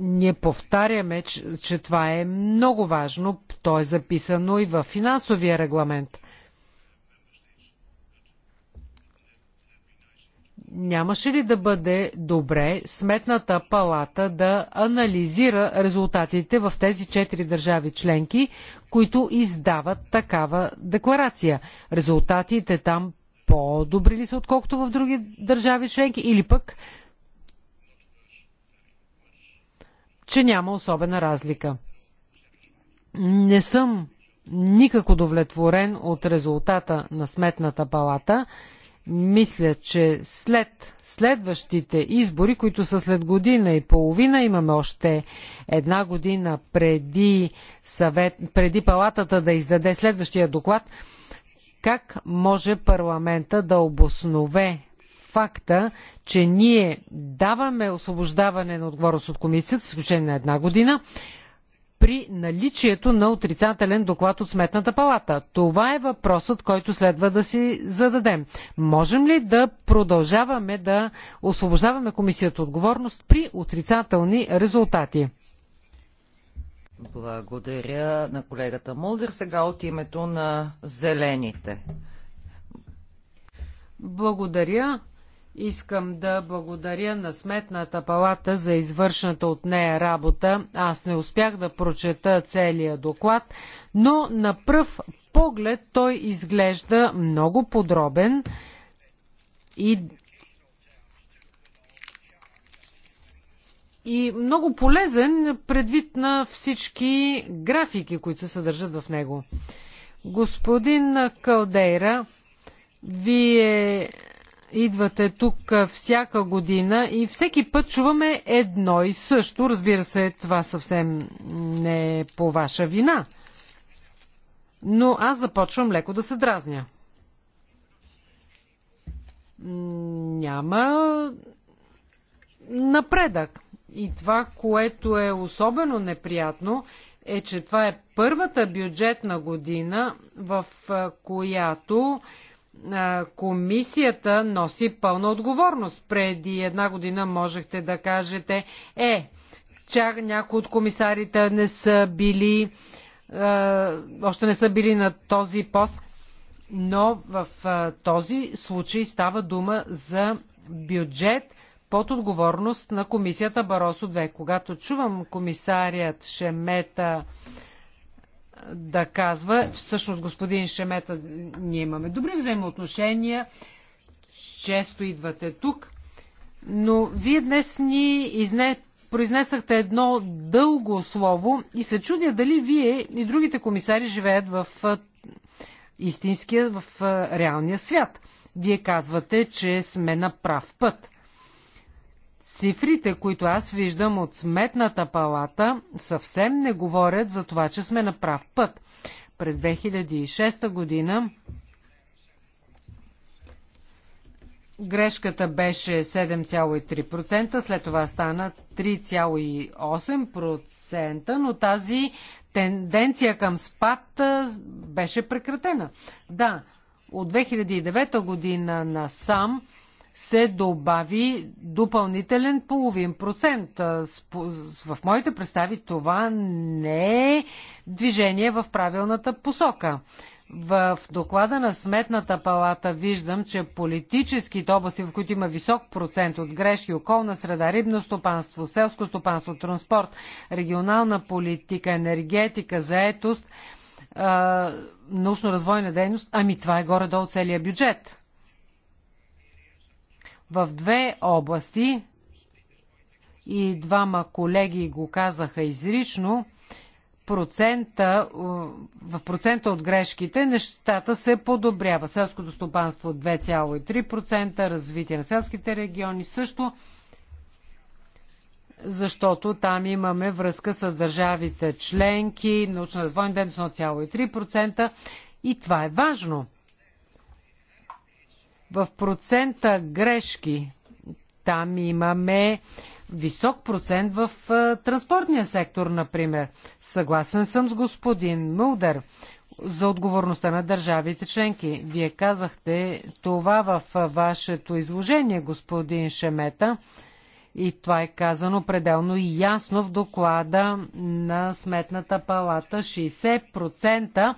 ние повтаряме, че, че това е много важно. То е записано и в финансовия регламент. Нямаше ли да бъде добре Сметната палата да анализира резултатите в тези четири държави членки, които издават такава декларация? Резултатите там по-добри ли са, отколкото в други държави членки? Или пък че няма особена разлика. Не съм никак удовлетворен от резултата на Сметната палата. Мисля, че след следващите избори, които са след година и половина, имаме още една година преди, съвет, преди палатата да издаде следващия доклад, как може парламента да обоснове факта, че ние даваме освобождаване на отговорност от комисията, в изключение на една година, при наличието на отрицателен доклад от Сметната палата? Това е въпросът, който следва да си зададем. Можем ли да продължаваме да освобождаваме комисията отговорност при отрицателни резултати? Благодаря на колегата Мулдер. Сега от името на Зелените. Благодаря. Искам да благодаря на Сметната палата за извършната от нея работа. Аз не успях да прочета целия доклад, но на пръв поглед той изглежда много подробен и и много полезен предвид на всички графики, които се съдържат в него. Господин Калдейра, вие идвате тук всяка година и всеки път чуваме едно и също. Разбира се, това съвсем не е по ваша вина. Но аз започвам леко да се дразня. Няма напредък. И това, което е особено неприятно, е, че това е първата бюджетна година, в която комисията носи пълна отговорност. Преди една година можехте да кажете, е, че някои от комисарите не са били, е, още не са били на този пост, но в е, този случай става дума за бюджет под отговорност на комисията Баросо 2. Когато чувам комисарият Шемета, е, да казва. Всъщност, господин Шемета, ние имаме добри взаимоотношения, често идвате тук, но вие днес ни изне... произнесахте едно дълго слово и се чудя дали вие и другите комисари живеят в истинския, в реалния свят. Вие казвате, че сме на прав път. Цифрите, които аз виждам от сметната палата, съвсем не говорят за това, че сме на прав път. През 2006 година грешката беше 7,3%, след това стана 3,8%, но тази тенденция към спад беше прекратена. Да, от 2009 година насам сам се добави допълнителен половин процент. В моите представи това не е движение в правилната посока. В доклада на Сметната палата виждам, че политическите области, в които има висок процент от грешки, околна среда, рибно стопанство, селско стопанство, транспорт, регионална политика, енергетика, заетост, научно-развойна дейност, ами това е горе-долу целият бюджет в две области, и двама колеги го казаха изрично, процента, в процента от грешките нещата се подобрява. Селското стопанство 2,3%, развитие на селските региони също, защото там имаме връзка с държавите членки, научно развойни дейност 0,3% и това е важно. В процента грешки там имаме висок процент в транспортния сектор, например. Съгласен съм с господин Мулдер за отговорността на държавите членки. Вие казахте това в вашето изложение, господин Шемета. И това е казано пределно и ясно в доклада на Сметната палата. 60%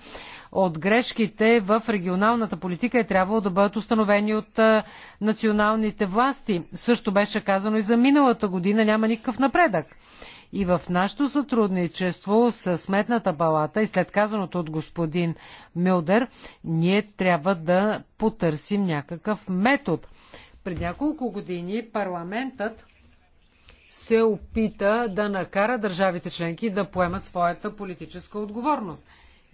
от грешките в регионалната политика е трябвало да бъдат установени от националните власти. Също беше казано и за миналата година няма никакъв напредък. И в нашето сътрудничество с Сметната палата и след казаното от господин Милдер, ние трябва да потърсим някакъв метод. Пред няколко години парламентът се опита да накара държавите членки да поемат своята политическа отговорност.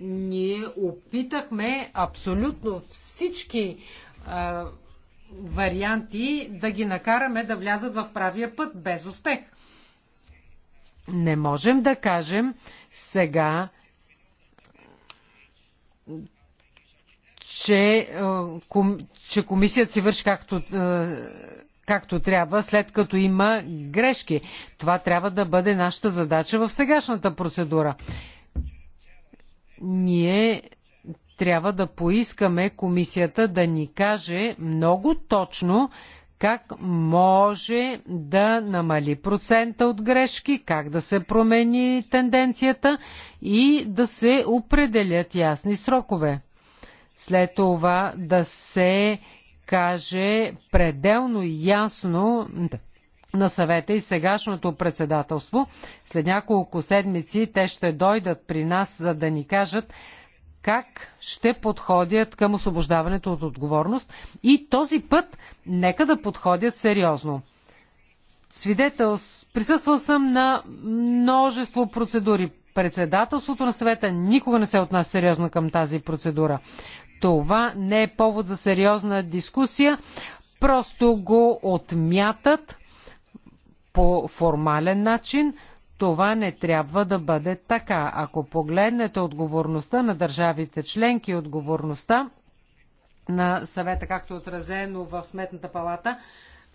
Ние опитахме абсолютно всички а, е, варианти да ги накараме да влязат в правия път без успех. Не можем да кажем сега, че, е, че комисията си върши както е, както трябва, след като има грешки. Това трябва да бъде нашата задача в сегашната процедура. Ние трябва да поискаме комисията да ни каже много точно как може да намали процента от грешки, как да се промени тенденцията и да се определят ясни срокове. След това да се каже пределно ясно на съвета и сегашното председателство. След няколко седмици те ще дойдат при нас, за да ни кажат как ще подходят към освобождаването от отговорност и този път нека да подходят сериозно. Свидетел, присъствал съм на множество процедури. Председателството на съвета никога не се отнася сериозно към тази процедура. Това не е повод за сериозна дискусия. Просто го отмятат по формален начин. Това не трябва да бъде така. Ако погледнете отговорността на държавите членки, отговорността на съвета, както е отразено в Сметната палата,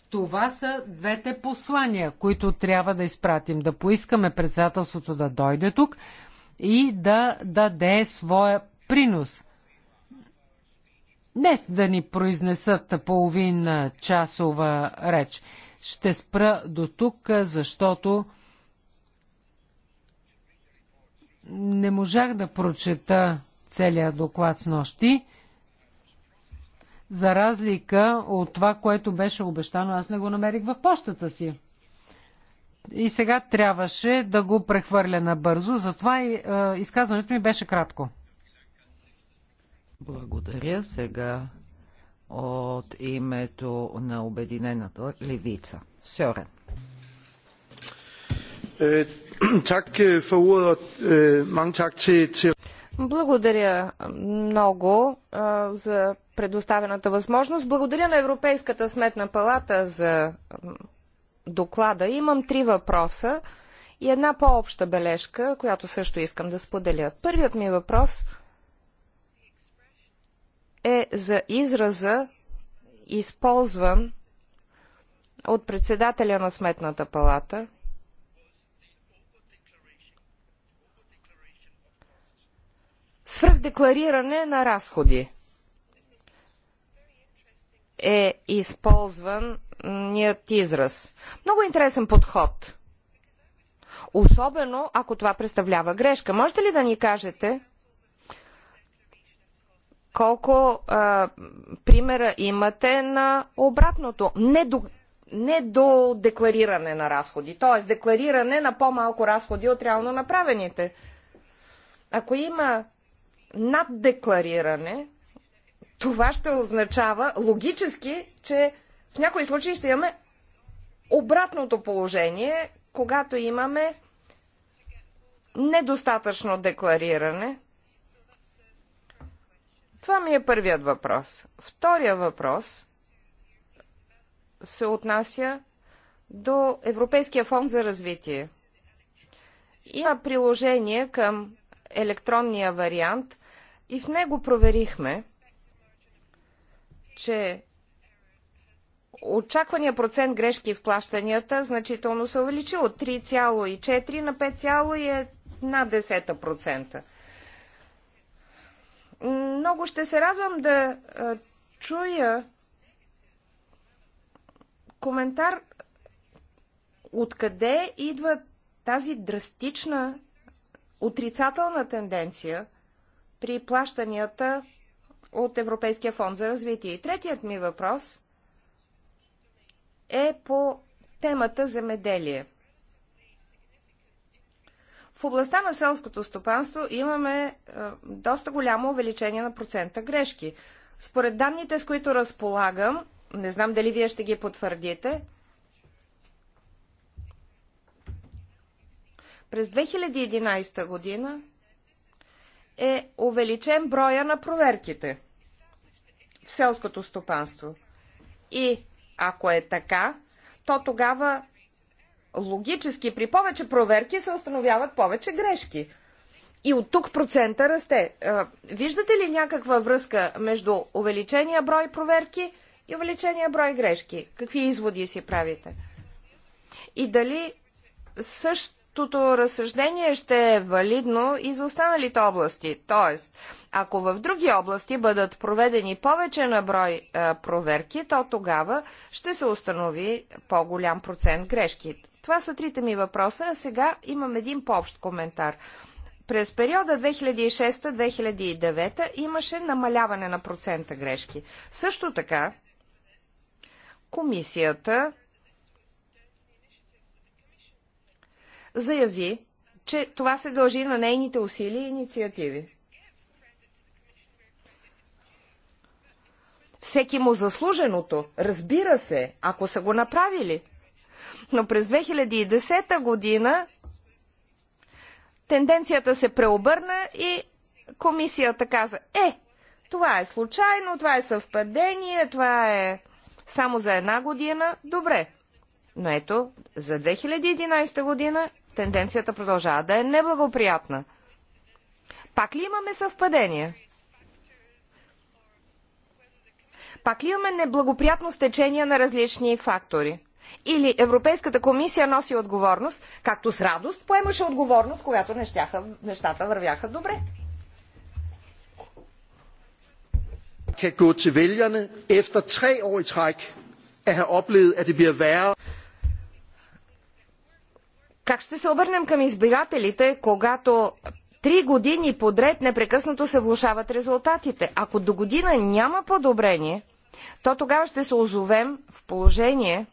това са двете послания, които трябва да изпратим. Да поискаме председателството да дойде тук и да даде своя принос днес да ни произнесат половин часова реч. Ще спра до тук, защото не можах да прочета целият доклад с нощи. За разлика от това, което беше обещано, аз не го намерих в почтата си. И сега трябваше да го прехвърля набързо, затова и, е, изказването ми беше кратко. Благодаря сега от името на Обединената левица. Сьорен. Е, е, е, Благодаря много за предоставената възможност. Благодаря на Европейската сметна палата за доклада. Имам три въпроса и една по-обща бележка, която също искам да споделя. Първият ми въпрос е е за израза, използван от председателя на Сметната палата, свръхдеклариране на разходи е използван ният израз. Много интересен подход. Особено ако това представлява грешка. Можете ли да ни кажете колко а, примера имате на обратното. Не до, не до деклариране на разходи, т.е. деклариране на по-малко разходи от реално направените. Ако има наддеклариране, това ще означава логически, че в някои случаи ще имаме обратното положение, когато имаме недостатъчно деклариране, това ми е първият въпрос. Втория въпрос се отнася до Европейския фонд за развитие. Има приложение към електронния вариант и в него проверихме, че очаквания процент грешки в плащанията значително се увеличи от 3,4 на 5,1%. Много ще се радвам да чуя коментар откъде идва тази драстична отрицателна тенденция при плащанията от Европейския фонд за развитие. И третият ми въпрос е по темата земеделие. В областта на селското стопанство имаме е, доста голямо увеличение на процента грешки. Според данните, с които разполагам, не знам дали вие ще ги потвърдите, през 2011 година е увеличен броя на проверките в селското стопанство. И ако е така, то тогава логически при повече проверки се установяват повече грешки. И от тук процента расте. Виждате ли някаква връзка между увеличения брой проверки и увеличения брой грешки? Какви изводи си правите? И дали същото разсъждение ще е валидно и за останалите области? Тоест, ако в други области бъдат проведени повече на брой проверки, то тогава ще се установи по-голям процент грешки. Това са трите ми въпроса, а сега имам един по-общ коментар. През периода 2006-2009 имаше намаляване на процента грешки. Също така, комисията заяви, че това се дължи на нейните усилия и инициативи. Всеки му заслуженото, разбира се, ако са го направили – но през 2010 година тенденцията се преобърна и комисията каза, е, това е случайно, това е съвпадение, това е само за една година, добре. Но ето, за 2011 година тенденцията продължава да е неблагоприятна. Пак ли имаме съвпадение? Пак ли имаме неблагоприятно стечение на различни фактори? или Европейската комисия носи отговорност, както с радост поемаше отговорност, когато нещаха, нещата вървяха добре. til år i oplevet, det bliver værre. Как ще се обърнем към избирателите, когато три години подред непрекъснато се влушават резултатите? Ако до година няма подобрение, то тогава ще се озовем в положение,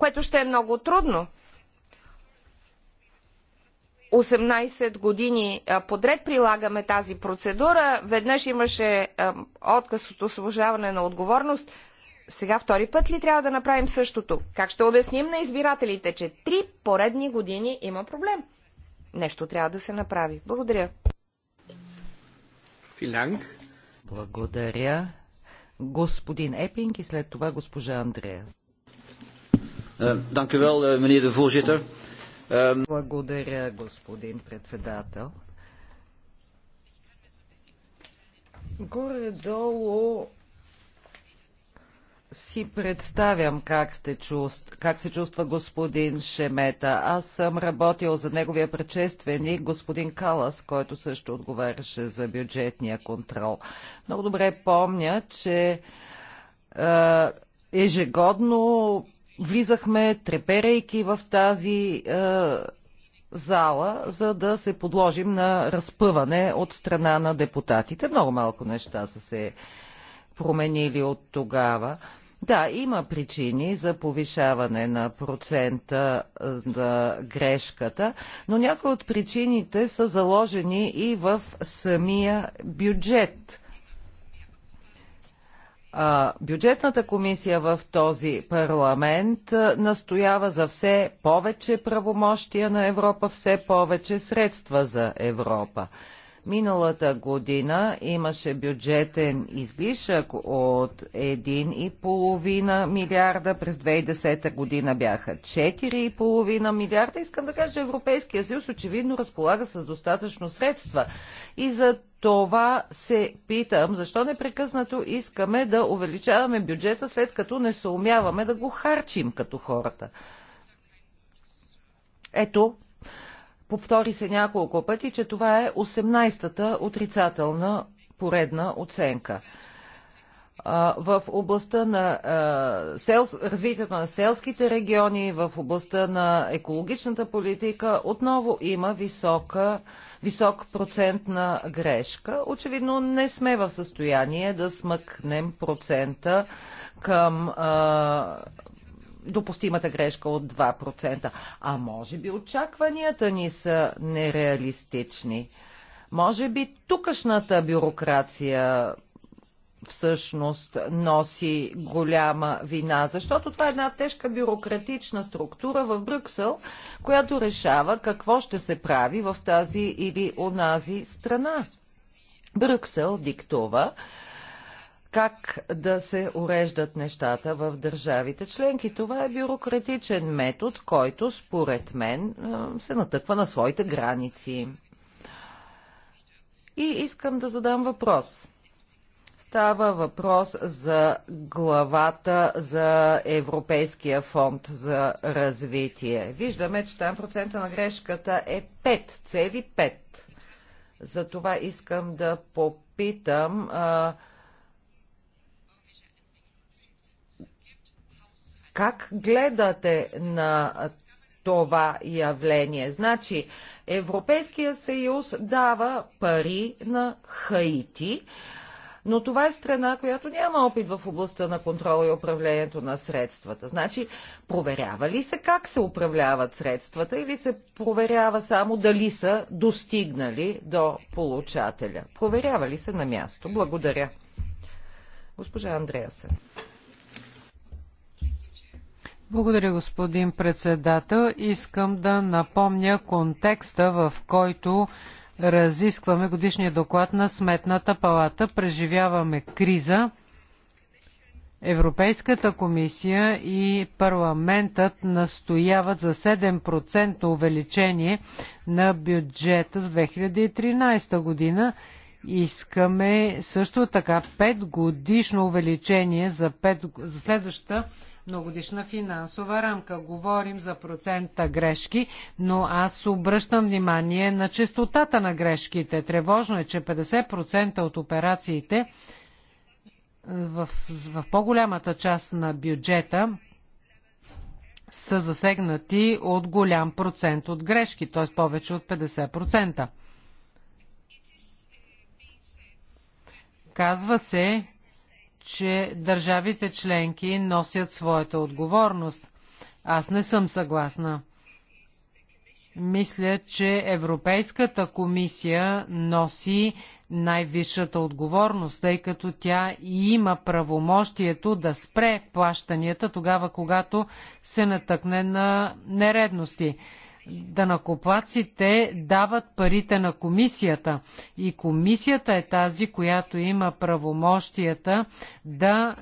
което ще е много трудно. 18 години подред прилагаме тази процедура. Веднъж имаше отказ от освобождаване на отговорност. Сега втори път ли трябва да направим същото? Как ще обясним на избирателите, че три поредни години има проблем? Нещо трябва да се направи. Благодаря. Благодаря. Господин Епинг и след това госпожа Андреас. Е, dank u wel, eh, meneer de voorzitter. Ehm, Благодаря, господин председател. Горе-долу си представям как, сте чувств... как се чувства господин Шемета. Аз съм работил за неговия предшественик, господин Калас, който също отговаряше за бюджетния контрол. Много добре помня, че е, ежегодно влизахме треперейки в тази е, зала, за да се подложим на разпъване от страна на депутатите. Много малко неща са се променили от тогава. Да, има причини за повишаване на процента е, на грешката, но някои от причините са заложени и в самия бюджет а, бюджетната комисия в този парламент настоява за все повече правомощия на Европа, все повече средства за Европа. Миналата година имаше бюджетен излишък от 1,5 милиарда, през 2010 година бяха 4,5 милиарда. Искам да кажа, че Европейския съюз очевидно разполага с достатъчно средства и за това се питам, защо непрекъснато искаме да увеличаваме бюджета, след като не съумяваме да го харчим като хората. Ето, Повтори се няколко пъти, че това е 18-та отрицателна поредна оценка в областта на развитието на селските региони, в областта на екологичната политика, отново има висока, висок процент на грешка. Очевидно не сме в състояние да смъкнем процента към допустимата грешка от 2%. А може би очакванията ни са нереалистични. Може би тукашната бюрокрация всъщност носи голяма вина, защото това е една тежка бюрократична структура в Брюксел, която решава какво ще се прави в тази или онази страна. Брюксел диктува как да се уреждат нещата в държавите членки. Това е бюрократичен метод, който според мен се натъква на своите граници. И искам да задам въпрос. Става въпрос за главата за Европейския фонд за развитие. Виждаме, че там процента на грешката е 5, цели 5. Затова искам да попитам а, Как гледате на това явление? Значи, Европейския съюз дава пари на Хаити, но това е страна, която няма опит в областта на контрола и управлението на средствата. Значи, проверява ли се как се управляват средствата или се проверява само дали са достигнали до получателя? Проверява ли се на място? Благодаря. Госпожа Андреасен. Благодаря, господин председател. Искам да напомня контекста, в който разискваме годишния доклад на Сметната палата. Преживяваме криза. Европейската комисия и парламентът настояват за 7% увеличение на бюджета за 2013 година. Искаме също така 5 годишно увеличение за, 5, за следващата многодишна финансова рамка. Говорим за процента грешки, но аз обръщам внимание на честотата на грешките. Тревожно е, че 50% от операциите в, в по-голямата част на бюджета са засегнати от голям процент от грешки, т.е. повече от 50%. Казва се, че държавите членки носят своята отговорност. Аз не съм съгласна. Мисля, че Европейската комисия носи най-висшата отговорност, тъй като тя има правомощието да спре плащанията тогава, когато се натъкне на нередности данакоплаците дават парите на комисията и комисията е тази, която има правомощията да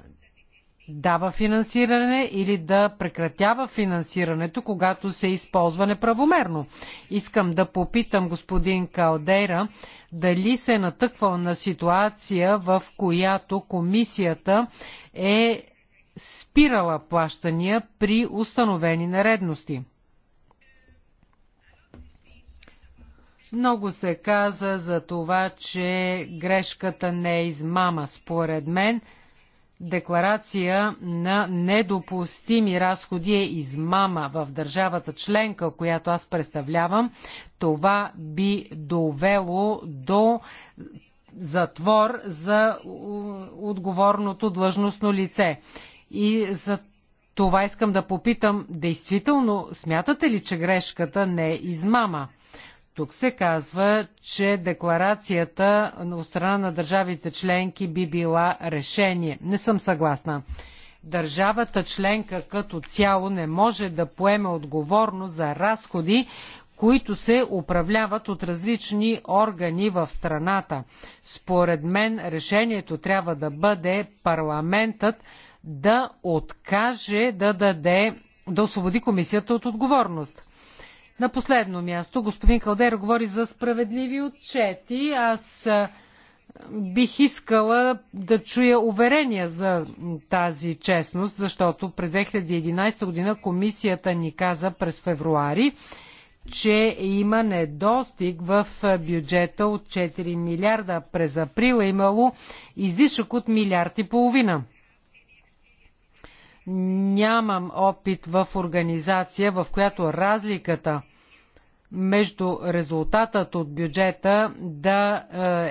дава финансиране или да прекратява финансирането, когато се използва неправомерно. Искам да попитам господин Калдейра дали се е натъквал на ситуация, в която комисията е спирала плащания при установени нередности. Много се каза за това, че грешката не е измама. Според мен, декларация на недопустими разходи е измама в държавата членка, която аз представлявам. Това би довело до затвор за отговорното длъжностно лице. И за това искам да попитам, действително смятате ли, че грешката не е измама? Тук се казва, че декларацията от страна на държавите членки би била решение. Не съм съгласна. Държавата членка като цяло не може да поеме отговорност за разходи, които се управляват от различни органи в страната. Според мен решението трябва да бъде парламентът да откаже да даде да освободи комисията от отговорност. На последно място, господин Калдер говори за справедливи отчети. Аз бих искала да чуя уверения за тази честност, защото през 2011 година комисията ни каза през февруари, че има недостиг в бюджета от 4 милиарда. През април е имало излишък от милиард и половина. Нямам опит в организация, в която разликата между резултатът от бюджета да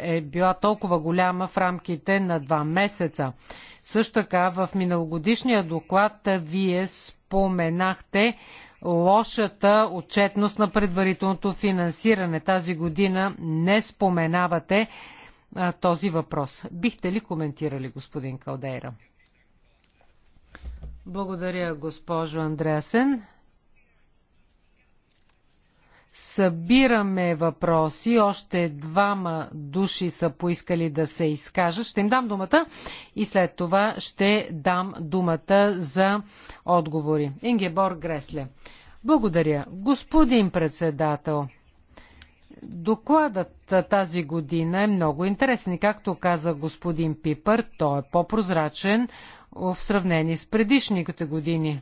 е, е била толкова голяма в рамките на два месеца. Също така в миналогодишния доклад вие споменахте лошата отчетност на предварителното финансиране. Тази година не споменавате този въпрос. Бихте ли коментирали, господин Калдейра? Благодаря, госпожо Андреасен. Събираме въпроси. Още двама души са поискали да се изкажат. Ще им дам думата и след това ще дам думата за отговори. Ингебор Гресле. Благодаря. Господин председател, докладът тази година е много интересен. Както каза господин Пипър, той е по-прозрачен, в сравнение с предишните години.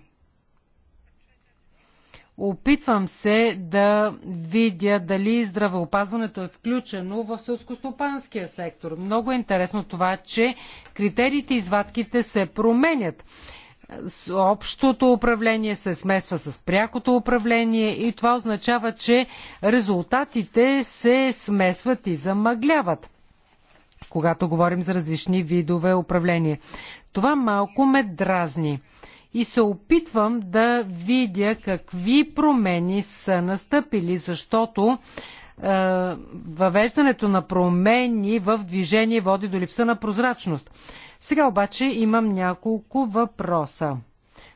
Опитвам се да видя дали здравеопазването е включено в сълскостопанския сектор. Много е интересно това, че критериите и извадките се променят. Общото управление се смесва с прякото управление и това означава, че резултатите се смесват и замъгляват когато говорим за различни видове управление. Това малко ме дразни и се опитвам да видя какви промени са настъпили, защото е, въвеждането на промени в движение води до липса на прозрачност. Сега обаче имам няколко въпроса.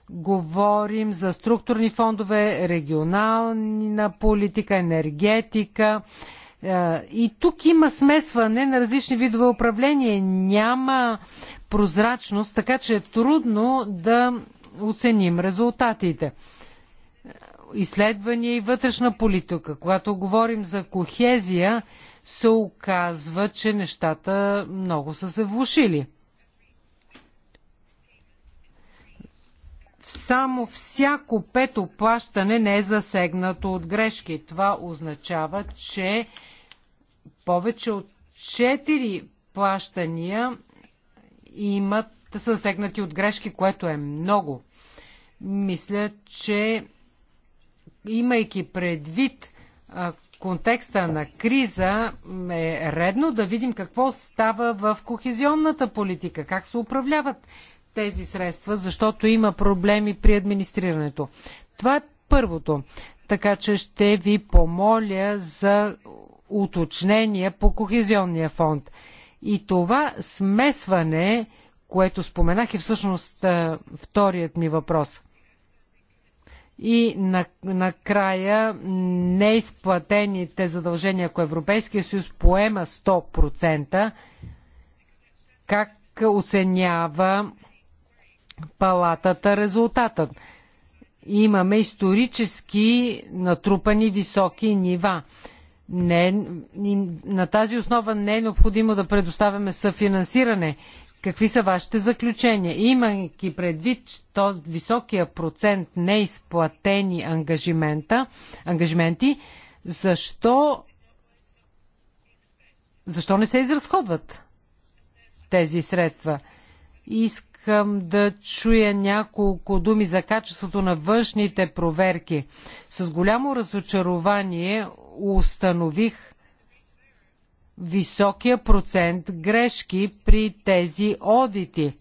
Говорим за структурни фондове, регионална политика, енергетика, е, и тук има смесване на различни видове управление. Няма прозрачност, така че е трудно да оценим резултатите. Изследвания и вътрешна политика. Когато говорим за кохезия, се оказва, че нещата много са се влушили. Само всяко пето плащане не е засегнато от грешки. Това означава, че повече от 4 плащания имат са засегнати от грешки, което е много. Мисля, че имайки предвид а, контекста на криза, е редно да видим какво става в кохезионната политика, как се управляват тези средства, защото има проблеми при администрирането. Това е първото. Така че ще ви помоля за уточнения по Кохезионния фонд. И това смесване, което споменах, е всъщност вторият ми въпрос. И накрая на неизплатените задължения, ако Европейския съюз поема 100%, как оценява палатата резултатът? Имаме исторически натрупани високи нива. Не, на тази основа не е необходимо да предоставяме съфинансиране. Какви са вашите заключения? Имайки предвид този високия процент неизплатени ангажимента, ангажименти, защо, защо не се изразходват тези средства? Искам да чуя няколко думи за качеството на външните проверки. С голямо разочарование установих високия процент грешки при тези одити.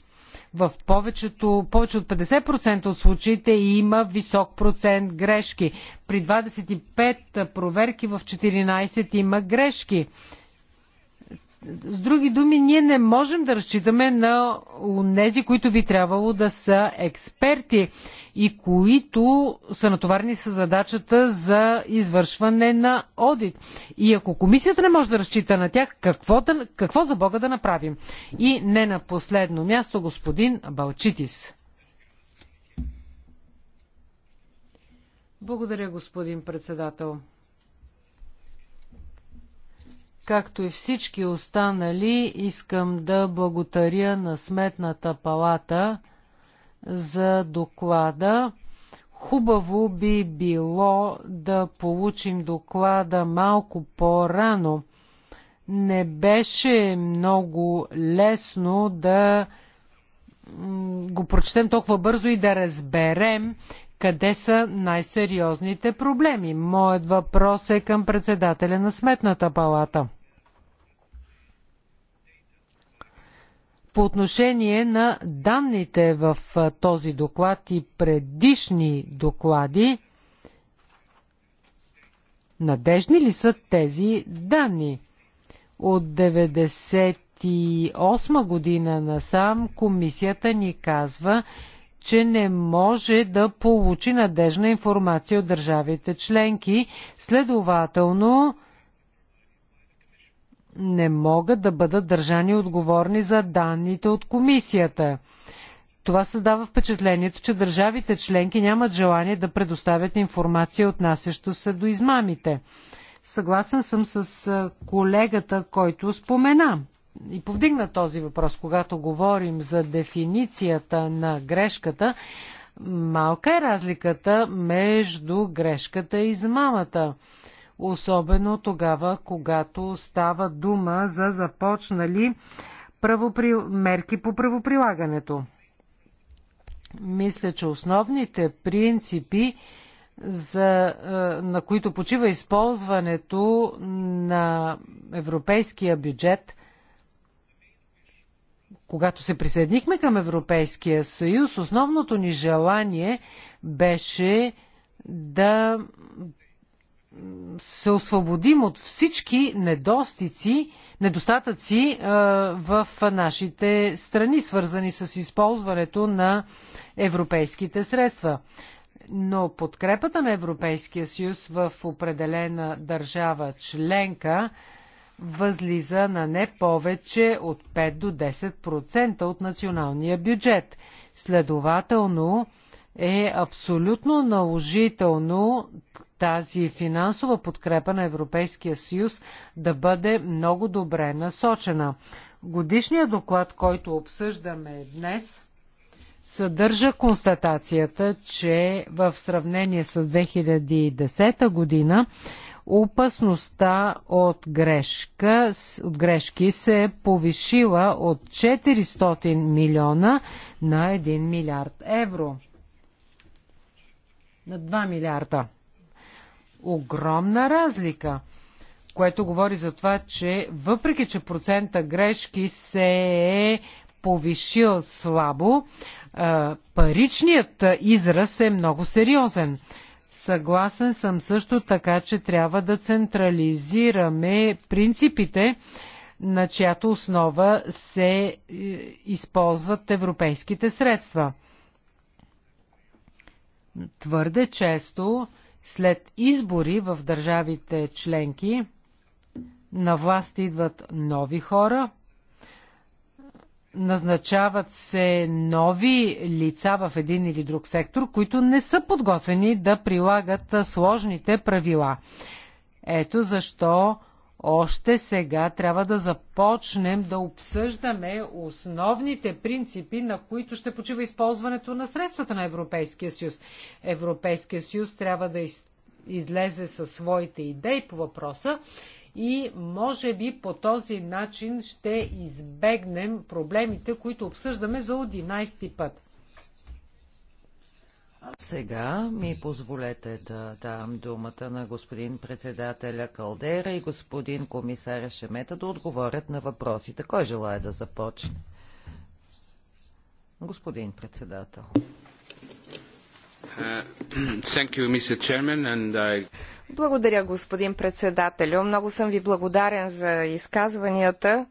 В повечето, повече от 50% от случаите има висок процент грешки. При 25 проверки в 14 има грешки. С други думи, ние не можем да разчитаме на тези, които би трябвало да са експерти и които са натоварени с задачата за извършване на одит. И ако комисията не може да разчита на тях, какво, да, какво за Бога да направим? И не на последно място, господин Балчитис. Благодаря, господин председател. Както и всички останали, искам да благодаря на Сметната палата за доклада. Хубаво би било да получим доклада малко по-рано. Не беше много лесно да го прочетем толкова бързо и да разберем къде са най-сериозните проблеми. Моят въпрос е към председателя на Сметната палата. По отношение на данните в този доклад и предишни доклади, надежни ли са тези данни? От 1998 година насам комисията ни казва, че не може да получи надежна информация от държавите членки. Следователно, не могат да бъдат държани отговорни за данните от комисията. Това създава впечатлението, че държавите членки нямат желание да предоставят информация, отнасящо се до измамите. Съгласен съм с колегата, който спомена и повдигна този въпрос, когато говорим за дефиницията на грешката. Малка е разликата между грешката и измамата особено тогава, когато става дума за започнали правопри... мерки по правоприлагането. Мисля, че основните принципи, за, е, на които почива използването на европейския бюджет, когато се присъединихме към Европейския съюз, основното ни желание беше да се освободим от всички недостици, недостатъци е, в нашите страни, свързани с използването на европейските средства. Но подкрепата на Европейския съюз в определена държава членка възлиза на не повече от 5 до 10% от националния бюджет. Следователно е абсолютно наложително тази финансова подкрепа на Европейския съюз да бъде много добре насочена. Годишният доклад, който обсъждаме днес, съдържа констатацията, че в сравнение с 2010 година опасността от, грешка, от грешки се е повишила от 400 милиона на 1 милиард евро. На 2 милиарда огромна разлика, което говори за това, че въпреки, че процента грешки се е повишил слабо, паричният израз е много сериозен. Съгласен съм също така, че трябва да централизираме принципите, на чиято основа се е, използват европейските средства. Твърде често след избори в държавите членки на власт идват нови хора, назначават се нови лица в един или друг сектор, които не са подготвени да прилагат сложните правила. Ето защо още сега трябва да започнем да обсъждаме основните принципи, на които ще почива използването на средствата на Европейския съюз. Европейския съюз трябва да излезе със своите идеи по въпроса и може би по този начин ще избегнем проблемите, които обсъждаме за 11 път. Сега ми позволете да дам думата на господин председателя Калдера и господин комисаря Шемета да отговорят на въпросите. Кой желая да започне? Господин председател. Uh, *clears throat* you, Chairman, I... Благодаря, господин председателю. Много съм ви благодарен за изказванията.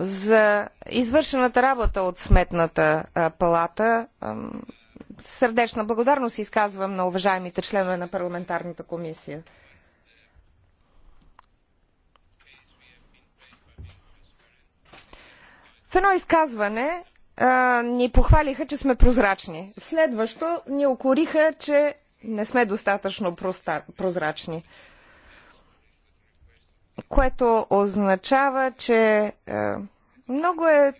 за извършената работа от Сметната палата. Сърдечна благодарност изказвам на уважаемите членове на парламентарната комисия. В едно изказване а, ни похвалиха, че сме прозрачни. В следващо ни окориха, че не сме достатъчно прозрачни което означава, че е, много е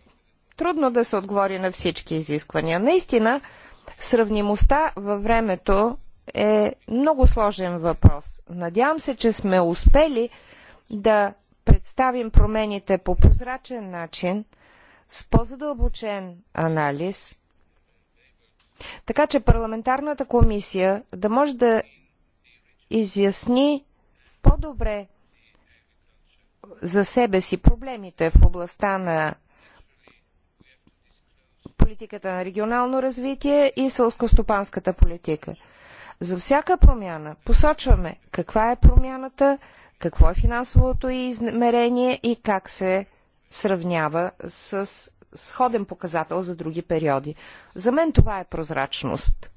трудно да се отговори на всички изисквания. Наистина, сравнимостта във времето е много сложен въпрос. Надявам се, че сме успели да представим промените по прозрачен начин, с по-задълбочен анализ, така че парламентарната комисия да може да изясни по-добре за себе си проблемите в областта на политиката на регионално развитие и сълскостопанската политика. За всяка промяна посочваме каква е промяната, какво е финансовото измерение и как се сравнява с сходен показател за други периоди. За мен това е прозрачност.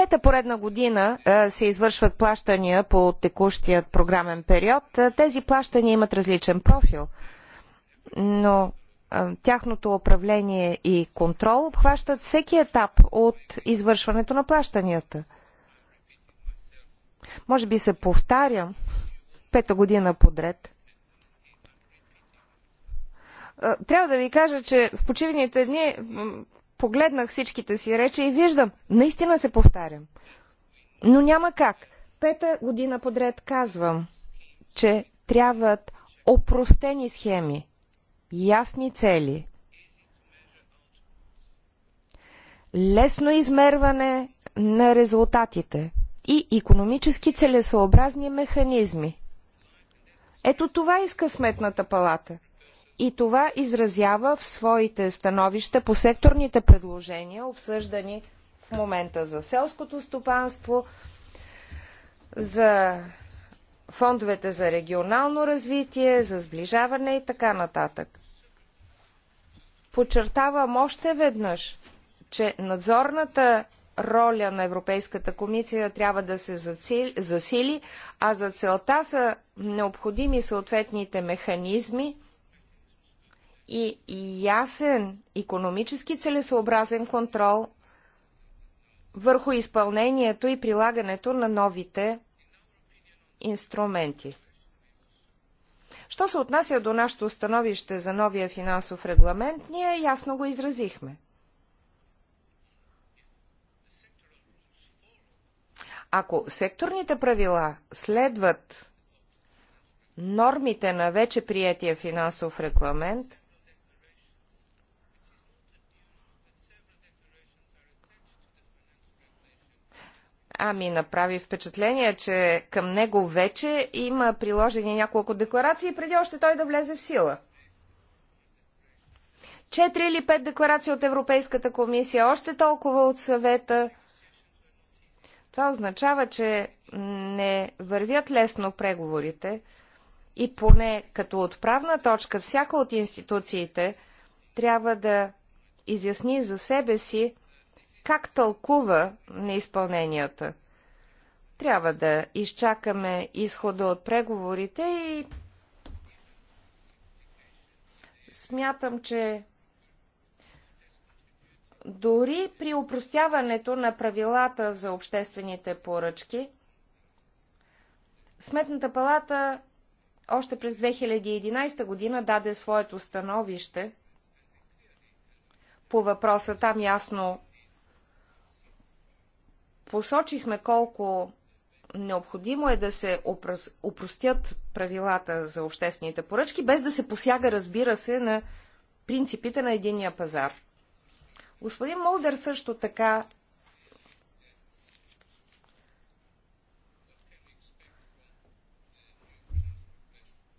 пета поредна година се извършват плащания по текущия програмен период. Тези плащания имат различен профил, но тяхното управление и контрол обхващат всеки етап от извършването на плащанията. Може би се повтарям пета година подред. Трябва да ви кажа, че в почивните дни погледнах всичките си речи и виждам, наистина се повтарям. Но няма как. Пета година подред казвам, че трябват опростени схеми, ясни цели, лесно измерване на резултатите и економически целесообразни механизми. Ето това иска сметната палата – и това изразява в своите становища по секторните предложения, обсъждани в момента за селското стопанство, за фондовете за регионално развитие, за сближаване и така нататък. Подчертавам още веднъж, че надзорната роля на Европейската комисия трябва да се засили, а за целта са необходими съответните механизми – и ясен економически целесообразен контрол върху изпълнението и прилагането на новите инструменти. Що се отнася до нашето становище за новия финансов регламент, ние ясно го изразихме. Ако секторните правила следват нормите на вече приятия финансов регламент, Ами, направи впечатление, че към него вече има приложени няколко декларации преди още той да влезе в сила. Четири или пет декларации от Европейската комисия, още толкова от съвета. Това означава, че не вървят лесно преговорите и поне като отправна точка всяка от институциите трябва да изясни за себе си как тълкува неизпълненията. Трябва да изчакаме изхода от преговорите и смятам, че дори при упростяването на правилата за обществените поръчки, Сметната палата още през 2011 година даде своето становище по въпроса. Там ясно Посочихме колко необходимо е да се опростят правилата за обществените поръчки, без да се посяга, разбира се, на принципите на единия пазар. Господин Молдер също така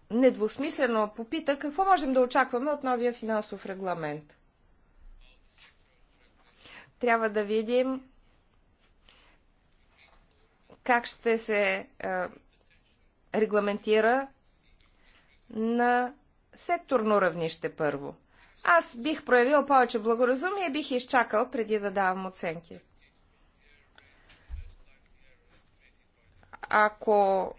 недвусмислено попита какво можем да очакваме от новия финансов регламент. Трябва да видим как ще се е, регламентира на секторно равнище първо. Аз бих проявил повече благоразумие, бих изчакал преди да давам оценки. Ако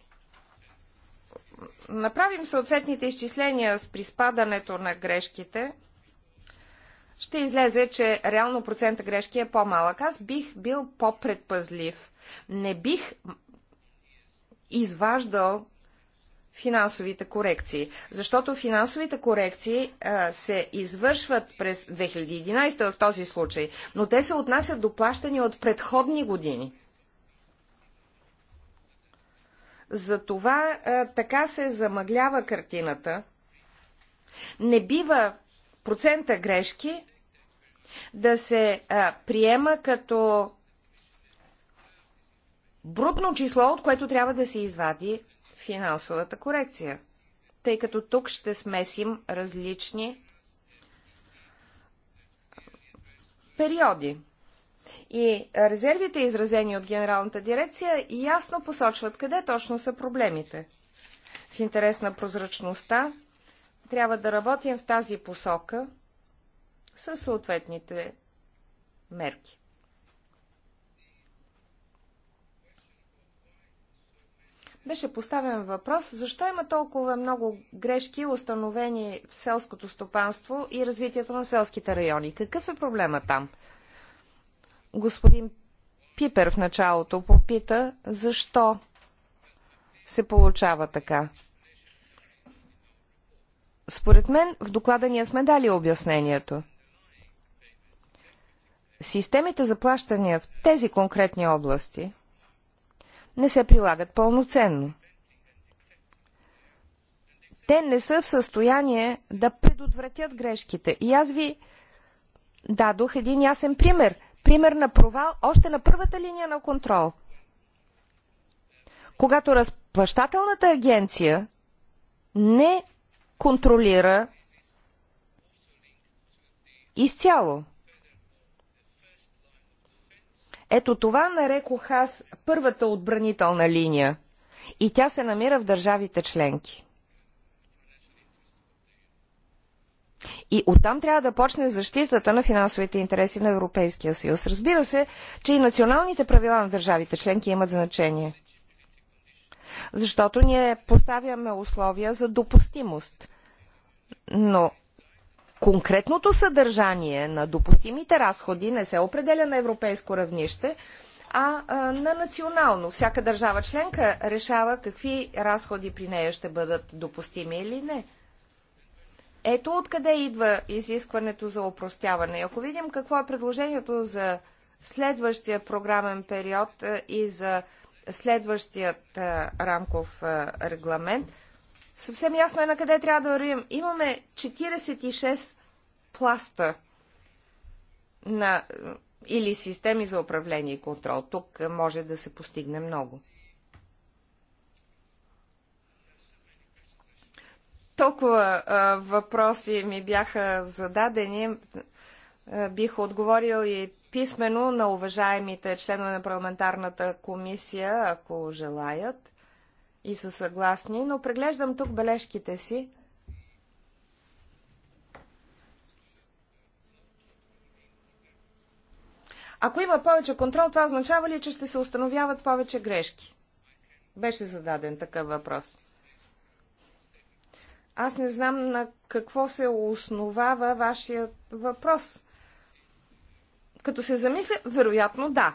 направим съответните изчисления с приспадането на грешките, ще излезе, че реално процента грешки е по-малък. Аз бих бил по-предпазлив. Не бих изваждал финансовите корекции, защото финансовите корекции а, се извършват през 2011 в този случай, но те се отнасят до плащани от предходни години. Затова а, така се замъглява картината. Не бива процента грешки да се а, приема като брутно число, от което трябва да се извади финансовата корекция, тъй като тук ще смесим различни периоди. И резервите, изразени от Генералната дирекция, ясно посочват къде точно са проблемите. В интерес на прозрачността трябва да работим в тази посока със съответните мерки. Беше поставен въпрос, защо има толкова много грешки, установени в селското стопанство и развитието на селските райони. Какъв е проблема там? Господин Пипер в началото попита, защо се получава така. Според мен в доклада ние сме дали обяснението. Системите за плащания в тези конкретни области не се прилагат пълноценно. Те не са в състояние да предотвратят грешките. И аз ви дадох един ясен пример. Пример на провал още на първата линия на контрол. Когато разплащателната агенция не контролира изцяло. Ето това нарекох аз първата отбранителна линия и тя се намира в държавите членки. И оттам трябва да почне защитата на финансовите интереси на Европейския съюз. Разбира се, че и националните правила на държавите членки имат значение защото ние поставяме условия за допустимост. Но конкретното съдържание на допустимите разходи не се определя на европейско равнище, а на национално. Всяка държава членка решава какви разходи при нея ще бъдат допустими или не. Ето откъде идва изискването за опростяване. Ако видим какво е предложението за следващия програмен период и за следващият а, рамков а, регламент, съвсем ясно е на къде трябва да вървим. Имаме 46 пласта на, или системи за управление и контрол. Тук може да се постигне много. Толкова а, въпроси ми бяха зададени. А, бих отговорил и писмено на уважаемите членове на парламентарната комисия, ако желаят и са съгласни, но преглеждам тук бележките си. Ако има повече контрол, това означава ли, че ще се установяват повече грешки? Беше зададен такъв въпрос. Аз не знам на какво се основава вашия въпрос. Като се замисля, вероятно да.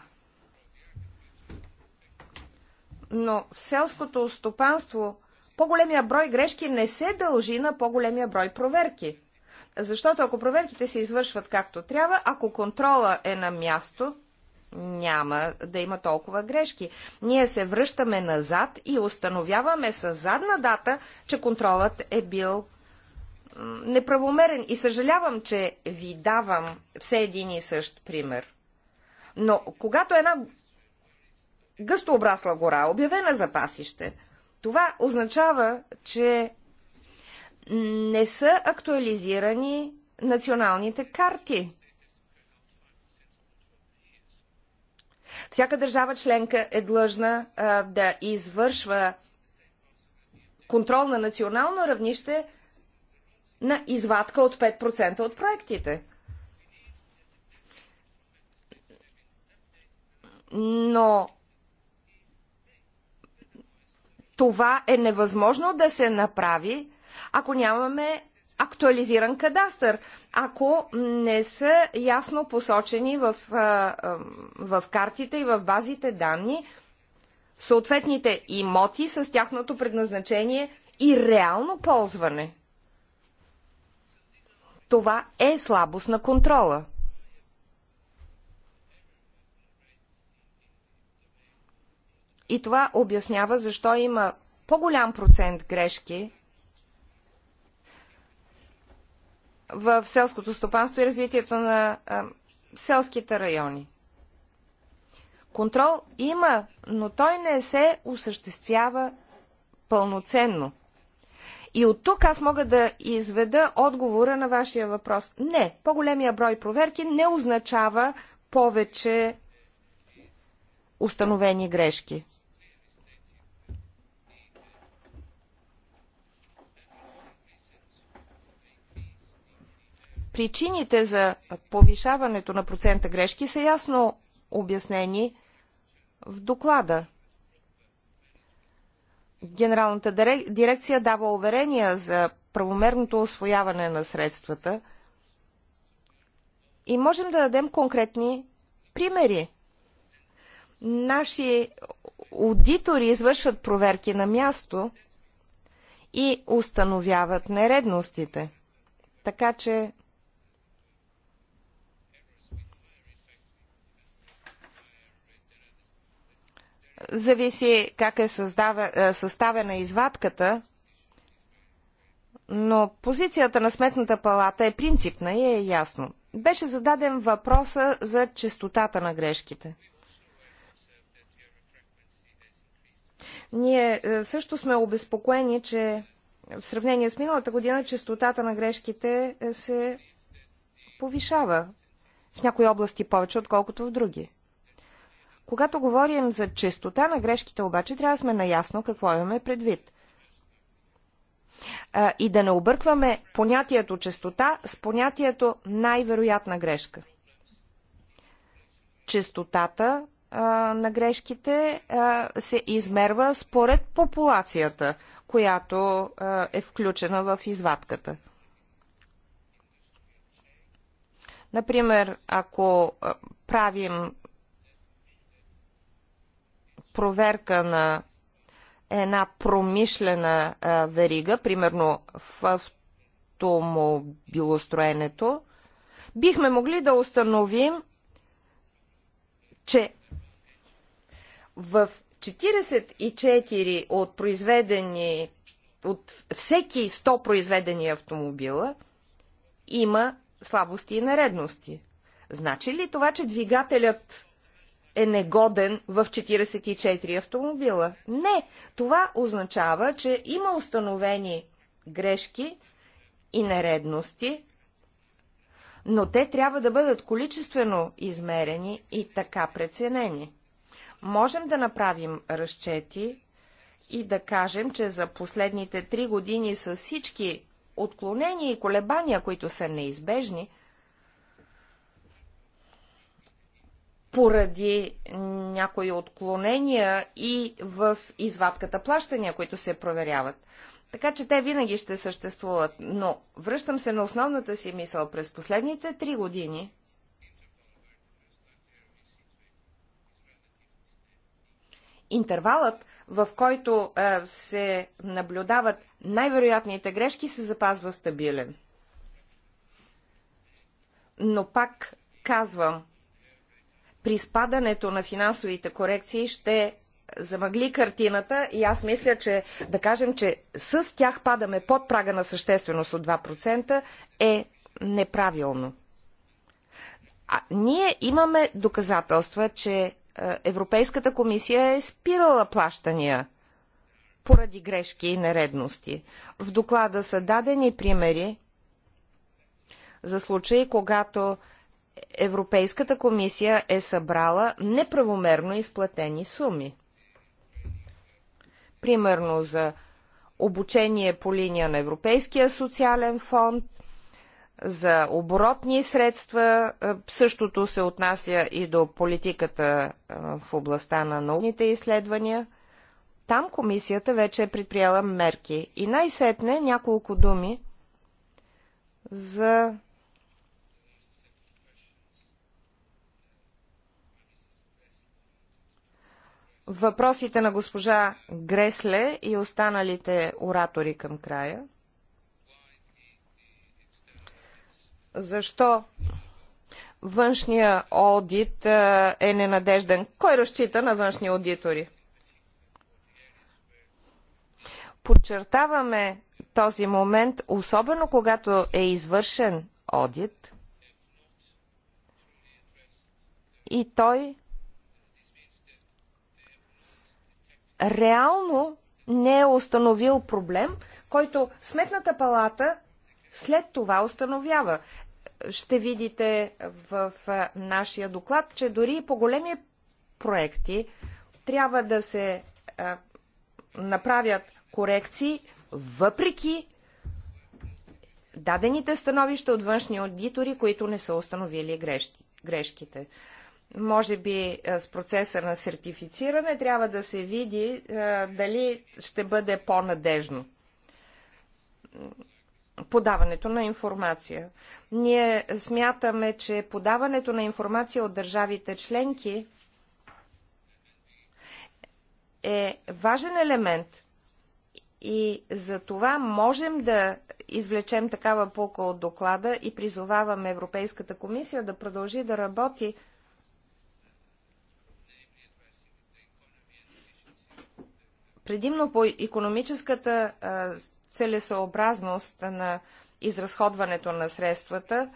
Но в селското стопанство по-големия брой грешки не се дължи на по-големия брой проверки. Защото ако проверките се извършват както трябва, ако контрола е на място, няма да има толкова грешки. Ние се връщаме назад и установяваме с задна дата, че контролът е бил неправомерен. И съжалявам, че ви давам все един и същ пример. Но когато една гъсто обрасла гора, обявена за пасище, това означава, че не са актуализирани националните карти. Всяка държава членка е длъжна а, да извършва контрол на национално равнище на извадка от 5% от проектите. Но това е невъзможно да се направи, ако нямаме актуализиран кадастър, ако не са ясно посочени в, в картите и в базите данни съответните имоти с тяхното предназначение и реално ползване – това е слабост на контрола. И това обяснява защо има по-голям процент грешки в селското стопанство и развитието на а, селските райони. Контрол има, но той не се осъществява пълноценно. И от тук аз мога да изведа отговора на вашия въпрос. Не, по-големия брой проверки не означава повече установени грешки. Причините за повишаването на процента грешки са ясно обяснени в доклада. Генералната дирекция дава уверения за правомерното освояване на средствата и можем да дадем конкретни примери. Наши аудитори извършват проверки на място и установяват нередностите. Така че зависи как е, е съставена извадката, но позицията на Сметната палата е принципна и е ясно. Беше зададен въпроса за частотата на грешките. Ние е, също сме обезпокоени, че в сравнение с миналата година частотата на грешките е, се повишава в някои области повече, отколкото в други. Когато говорим за честота на грешките, обаче трябва да сме наясно какво имаме предвид. А, и да не объркваме понятието честота с понятието най-вероятна грешка. Честотата а, на грешките а, се измерва според популацията, която а, е включена в извадката. Например, ако правим проверка на една промишлена а, верига, примерно в автомобилостроенето, бихме могли да установим, че в 44 от произведени, от всеки 100 произведени автомобила има слабости и наредности. Значи ли това, че двигателят е негоден в 44 автомобила. Не, това означава, че има установени грешки и нередности, но те трябва да бъдат количествено измерени и така преценени. Можем да направим разчети и да кажем, че за последните три години с всички отклонения и колебания, които са неизбежни, поради някои отклонения и в извадката плащания, които се проверяват. Така че те винаги ще съществуват. Но връщам се на основната си мисъл. През последните три години интервалът, в който е, се наблюдават най-вероятните грешки, се запазва стабилен. Но пак казвам, при спадането на финансовите корекции ще замъгли картината и аз мисля, че да кажем, че с тях падаме под прага на същественост от 2% е неправилно. А ние имаме доказателства, че е, Европейската комисия е спирала плащания поради грешки и нередности. В доклада са дадени примери за случаи, когато Европейската комисия е събрала неправомерно изплатени суми. Примерно за обучение по линия на Европейския социален фонд, за оборотни средства. Е, същото се отнася и до политиката е, в областта на научните изследвания. Там комисията вече е предприела мерки. И най-сетне няколко думи за въпросите на госпожа Гресле и останалите оратори към края. Защо външния одит е ненадежден? Кой разчита на външни аудитори? Подчертаваме този момент, особено когато е извършен одит и той реално не е установил проблем, който Сметната палата след това установява. Ще видите в нашия доклад, че дори по големи проекти трябва да се а, направят корекции, въпреки дадените становища от външни аудитори, които не са установили грешките може би е, с процеса на сертифициране, трябва да се види е, дали ще бъде по-надежно подаването на информация. Ние смятаме, че подаването на информация от държавите членки е важен елемент и за това можем да извлечем такава полка от доклада и призоваваме Европейската комисия да продължи да работи предимно по економическата целесообразност на изразходването на средствата,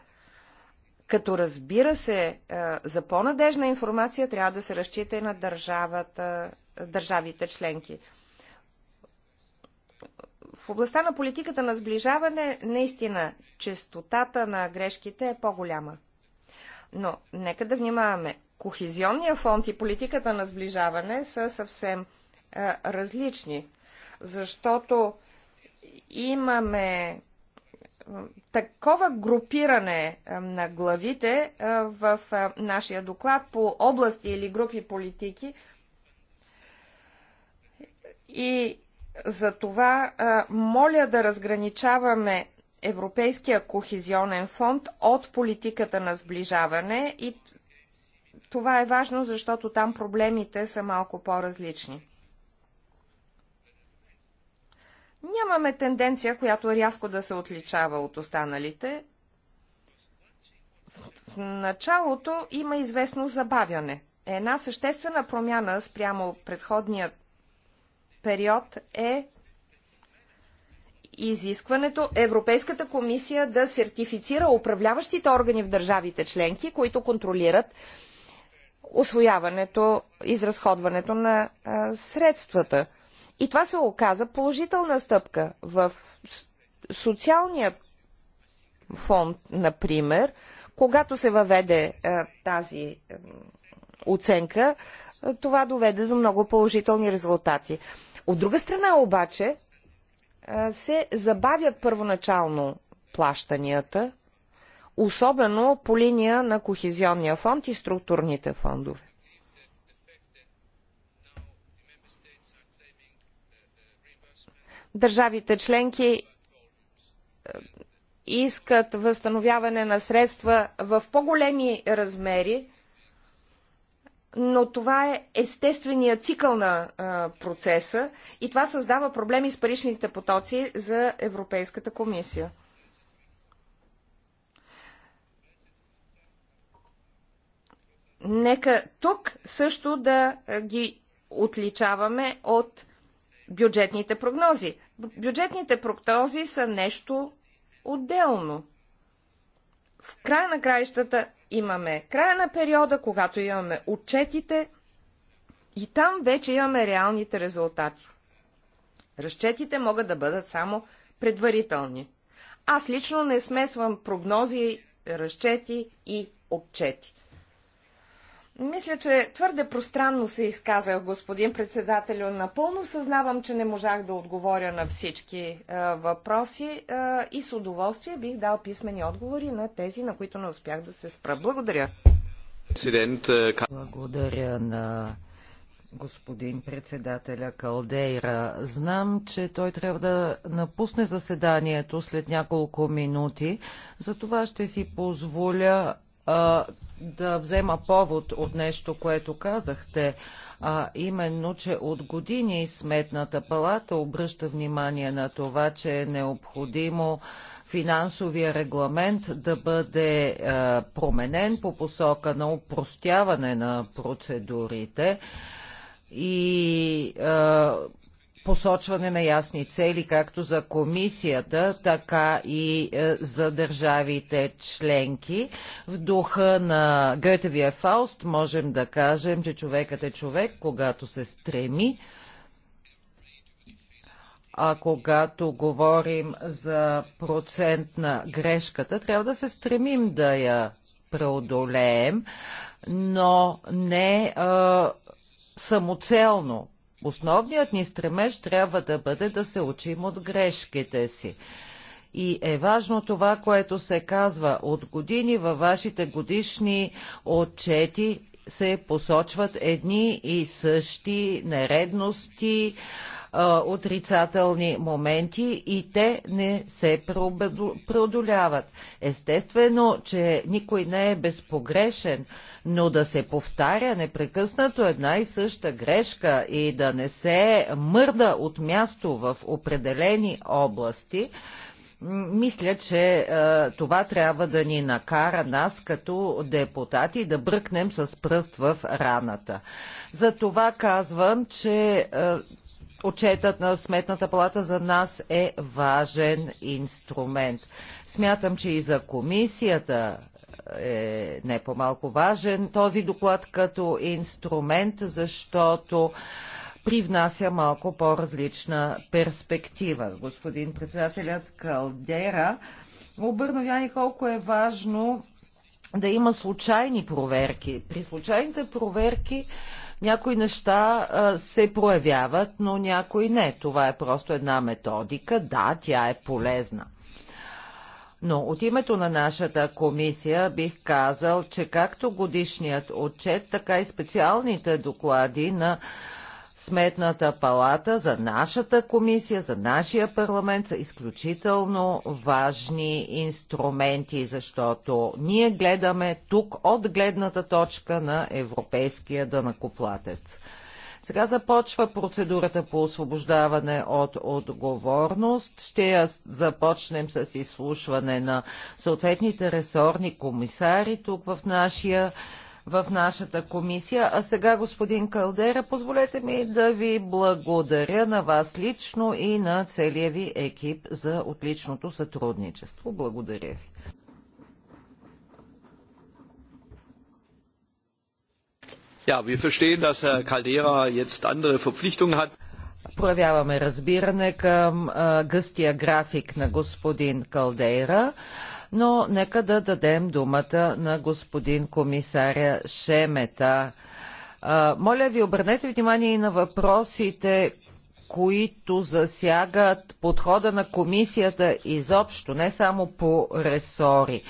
като разбира се, за по-надежна информация трябва да се разчита и на държавата, държавите членки. В областта на политиката на сближаване, наистина, честотата на грешките е по-голяма. Но нека да внимаваме. Кохезионния фонд и политиката на сближаване са съвсем различни, защото имаме такова групиране на главите в нашия доклад по области или групи политики. И за това моля да разграничаваме Европейския кохезионен фонд от политиката на сближаване и това е важно, защото там проблемите са малко по-различни. Нямаме тенденция, която рязко да се отличава от останалите. В началото има известно забавяне. Една съществена промяна спрямо предходният период е изискването Европейската комисия да сертифицира управляващите органи в държавите членки, които контролират освояването, изразходването на средствата. И това се оказа положителна стъпка. В социалният фонд, например, когато се въведе а, е, тази а, е, оценка, а, е, това доведе до много положителни резултати. От друга страна обаче а, се забавят първоначално плащанията, особено по линия на Кохезионния фонд и структурните фондове. Държавите членки е, искат възстановяване на средства в по-големи размери, но това е естествения цикъл на е, процеса и това създава проблеми с паричните потоци за Европейската комисия. Нека тук също да е, ги отличаваме от бюджетните прогнози. Бюджетните прогнози са нещо отделно. В края на краищата имаме края на периода, когато имаме отчетите и там вече имаме реалните резултати. Разчетите могат да бъдат само предварителни. Аз лично не смесвам прогнози, разчети и отчети. Мисля, че твърде пространно се изказах, господин председателю. Напълно съзнавам, че не можах да отговоря на всички е, въпроси е, и с удоволствие бих дал писмени отговори на тези, на които не успях да се спра. Благодаря. Е, Благодаря на господин председателя Калдейра. Знам, че той трябва да напусне заседанието след няколко минути, затова ще си позволя а, да взема повод от нещо, което казахте, а именно, че от години Сметната палата обръща внимание на това, че е необходимо финансовия регламент да бъде а, променен по посока на упростяване на процедурите и а, посочване на ясни цели, както за комисията, така и е, за държавите членки. В духа на Гетевия Фауст можем да кажем, че човекът е човек, когато се стреми, а когато говорим за процент на грешката, трябва да се стремим да я преодолеем, но не а, е, самоцелно Основният ни стремеж трябва да бъде да се учим от грешките си. И е важно това, което се казва от години във вашите годишни отчети се посочват едни и същи нередности, а, отрицателни моменти и те не се преодоляват. Естествено, че никой не е безпогрешен, но да се повтаря непрекъснато една и съща грешка и да не се мърда от място в определени области, мисля, че е, това трябва да ни накара нас като депутати да бръкнем с пръст в раната. За това казвам, че е, Отчетът на Сметната палата за нас е важен инструмент. Смятам, че и за комисията е не по-малко важен този доклад като инструмент, защото привнася малко по-различна перспектива. Господин председателят Калдера обърна внимание колко е важно да има случайни проверки. При случайните проверки някои неща а, се проявяват, но някои не. Това е просто една методика. Да, тя е полезна. Но от името на нашата комисия бих казал, че както годишният отчет, така и специалните доклади на Сметната палата за нашата комисия, за нашия парламент са изключително важни инструменти, защото ние гледаме тук от гледната точка на европейския дънакоплатец. Сега започва процедурата по освобождаване от отговорност. Ще я започнем с изслушване на съответните ресорни комисари тук в нашия в нашата комисия. А сега, господин Калдера, позволете ми да ви благодаря на вас лично и на целия ви екип за отличното сътрудничество. Благодаря ви. Ja, wir verstehen, dass Herr Caldera jetzt andere Verpflichtungen hat. Проявяваме разбиране към гъстия график на господин Калдейра. Но нека да дадем думата на господин комисаря Шемета. Моля ви, обърнете внимание и на въпросите, които засягат подхода на комисията изобщо, не само по ресори.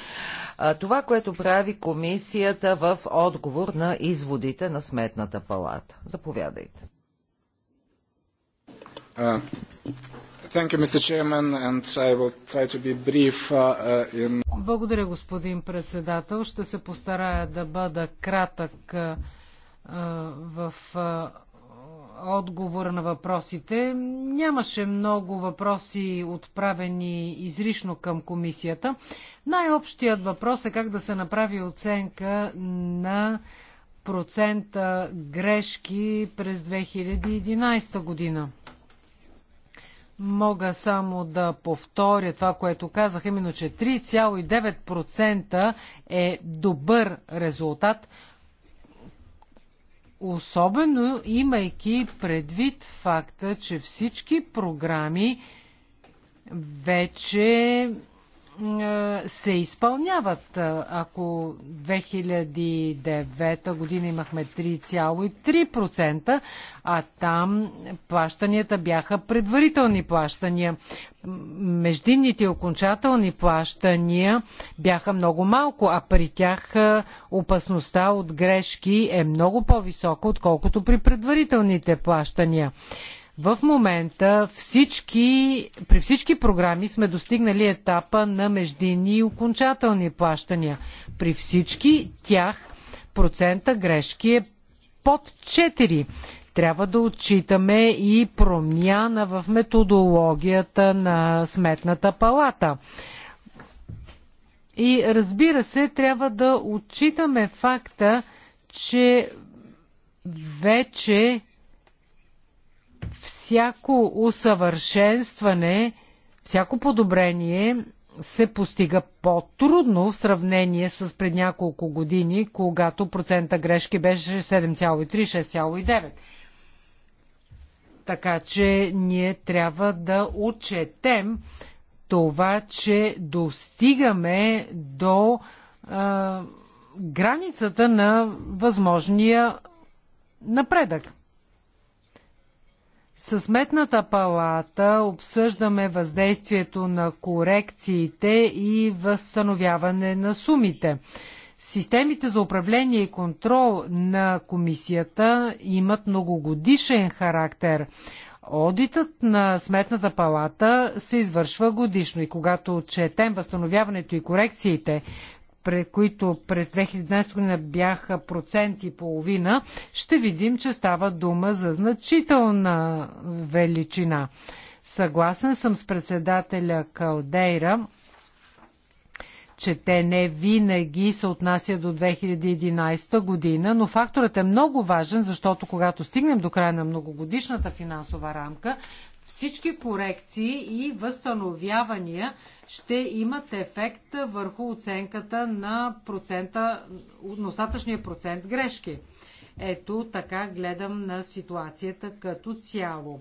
Това, което прави комисията в отговор на изводите на Сметната палата. Заповядайте. Благодаря, господин председател. Ще се постарая да бъда кратък uh, uh, в uh, отговора на въпросите. Нямаше много въпроси отправени изрично към комисията. Най-общият въпрос е как да се направи оценка на процента грешки през 2011 година. Мога само да повторя това, което казах, именно, че 3,9% е добър резултат, особено имайки предвид факта, че всички програми вече е, се изпълняват. Е, ако 2009 година имахме 3,3%, а там плащанията бяха предварителни плащания. Междинните окончателни плащания бяха много малко, а при тях е, опасността от грешки е много по-висока, отколкото при предварителните плащания. В момента всички, при всички програми сме достигнали етапа на междинни и окончателни плащания. При всички тях процента грешки е под 4. Трябва да отчитаме и промяна в методологията на Сметната палата. И разбира се, трябва да отчитаме факта, че вече всяко усъвършенстване, всяко подобрение се постига по-трудно в сравнение с пред няколко години, когато процента грешки беше 7,3-6,9. Така че ние трябва да отчетем това, че достигаме до а, границата на възможния напредък. Съсметната Сметната палата обсъждаме въздействието на корекциите и възстановяване на сумите. Системите за управление и контрол на комисията имат многогодишен характер. Одитът на Сметната палата се извършва годишно и когато отчетем възстановяването и корекциите, които през 2011 година бяха процент и половина, ще видим, че става дума за значителна величина. Съгласен съм с председателя Калдейра, че те не винаги се отнася до 2011 година, но факторът е много важен, защото когато стигнем до края на многогодишната финансова рамка, всички корекции и възстановявания ще имат ефект върху оценката на процента, на остатъчния процент грешки. Ето така гледам на ситуацията като цяло.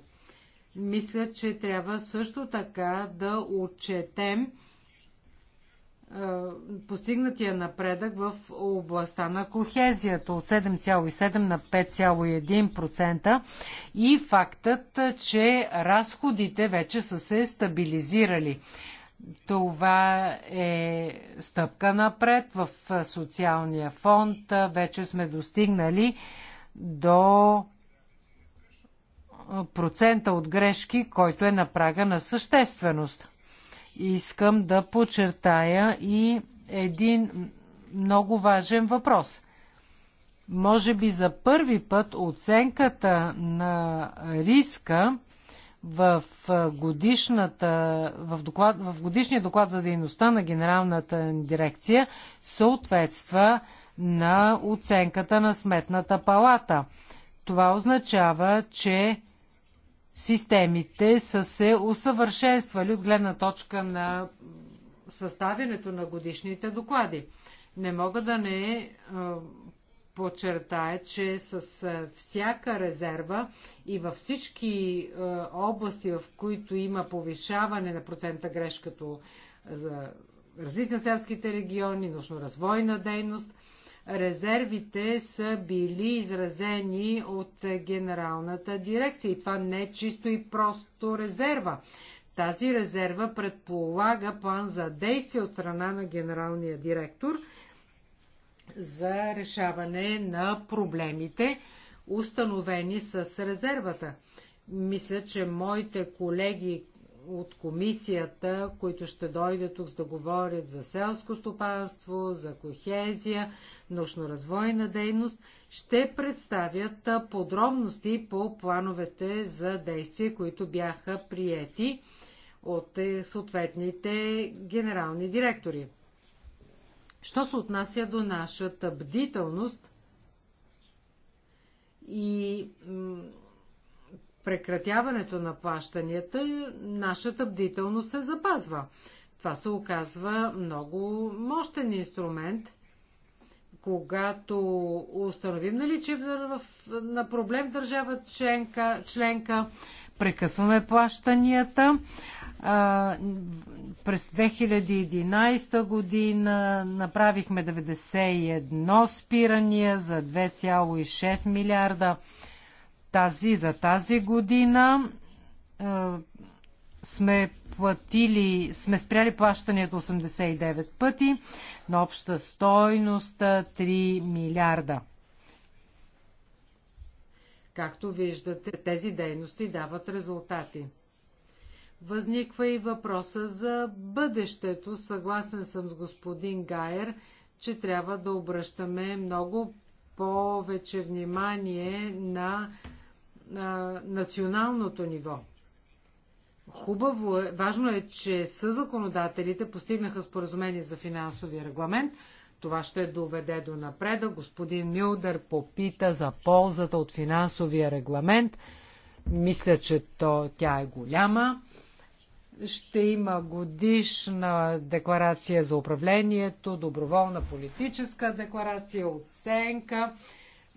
Мисля, че трябва също така да отчетем е, постигнатия напредък в областта на кохезията от 7,7 на 5,1% и фактът, че разходите вече са се стабилизирали. Това е стъпка напред в социалния фонд. Вече сме достигнали до процента от грешки, който е на прага на същественост. Искам да подчертая и един много важен въпрос. Може би за първи път оценката на риска в, годишната, в, доклад, в годишния доклад за дейността на Генералната дирекция съответства на оценката на Сметната палата. Това означава, че системите са се усъвършенствали от гледна точка на съставянето на годишните доклади. Не мога да не подчертая, че с всяка резерва и във всички области, в които има повишаване на процента грешка, като за развитие на селските региони, научно-развойна дейност, резервите са били изразени от генералната дирекция. И това не е чисто и просто резерва. Тази резерва предполага план за действие от страна на генералния директор – за решаване на проблемите, установени с резервата. Мисля, че моите колеги от комисията, които ще дойдат тук да говорят за селско стопанство, за кохезия, научно-развойна дейност, ще представят подробности по плановете за действие, които бяха приети от е, съответните генерални директори. Що се отнася до нашата бдителност и прекратяването на плащанията, нашата бдителност се запазва. Това се оказва много мощен инструмент. Когато установим наличие на проблем в държава членка, членка прекъсваме плащанията, а, през 2011 година направихме 91 спирания за 2,6 милиарда. Тази за тази година а, сме платили, сме спряли плащането 89 пъти на обща стойност 3 милиарда. Както виждате, тези дейности дават резултати. Възниква и въпроса за бъдещето. Съгласен съм с господин Гайер, че трябва да обръщаме много повече внимание на, на националното ниво. Хубаво е, важно е, че съзаконодателите постигнаха споразумение за финансови регламент. Това ще доведе до напреда. Господин Милдър попита за ползата от финансовия регламент. Мисля, че то, тя е голяма ще има годишна декларация за управлението, доброволна политическа декларация, оценка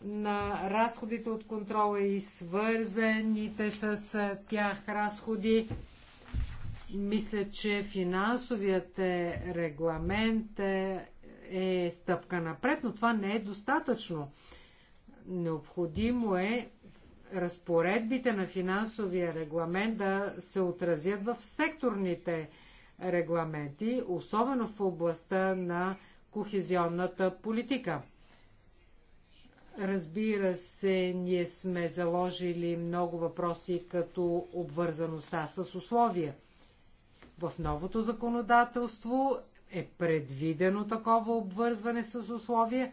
на разходите от контрола и свързаните с тях разходи. Мисля, че финансовият е, регламент е, е стъпка напред, но това не е достатъчно. Необходимо е разпоредбите на финансовия регламент да се отразят в секторните регламенти, особено в областта на кохезионната политика. Разбира се, ние сме заложили много въпроси като обвързаността с условия. В новото законодателство е предвидено такова обвързване с условия,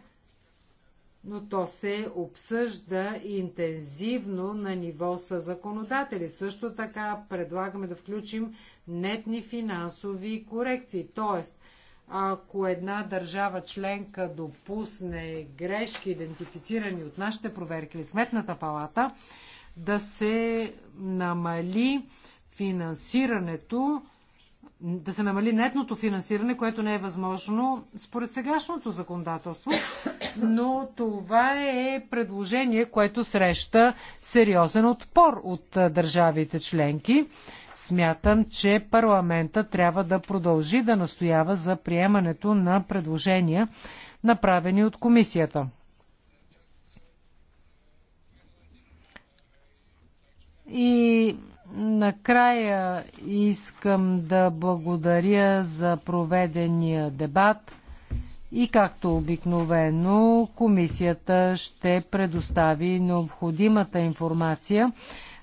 но то се обсъжда интензивно на ниво с законодатели. Също така предлагаме да включим нетни финансови корекции, т.е. ако една държава членка допусне грешки, идентифицирани от нашите проверки или сметната палата, да се намали финансирането да се намали нетното финансиране, което не е възможно според сегашното законодателство, но това е предложение, което среща сериозен отпор от държавите членки. Смятам, че парламента трябва да продължи да настоява за приемането на предложения, направени от комисията. И Накрая искам да благодаря за проведения дебат и както обикновено комисията ще предостави необходимата информация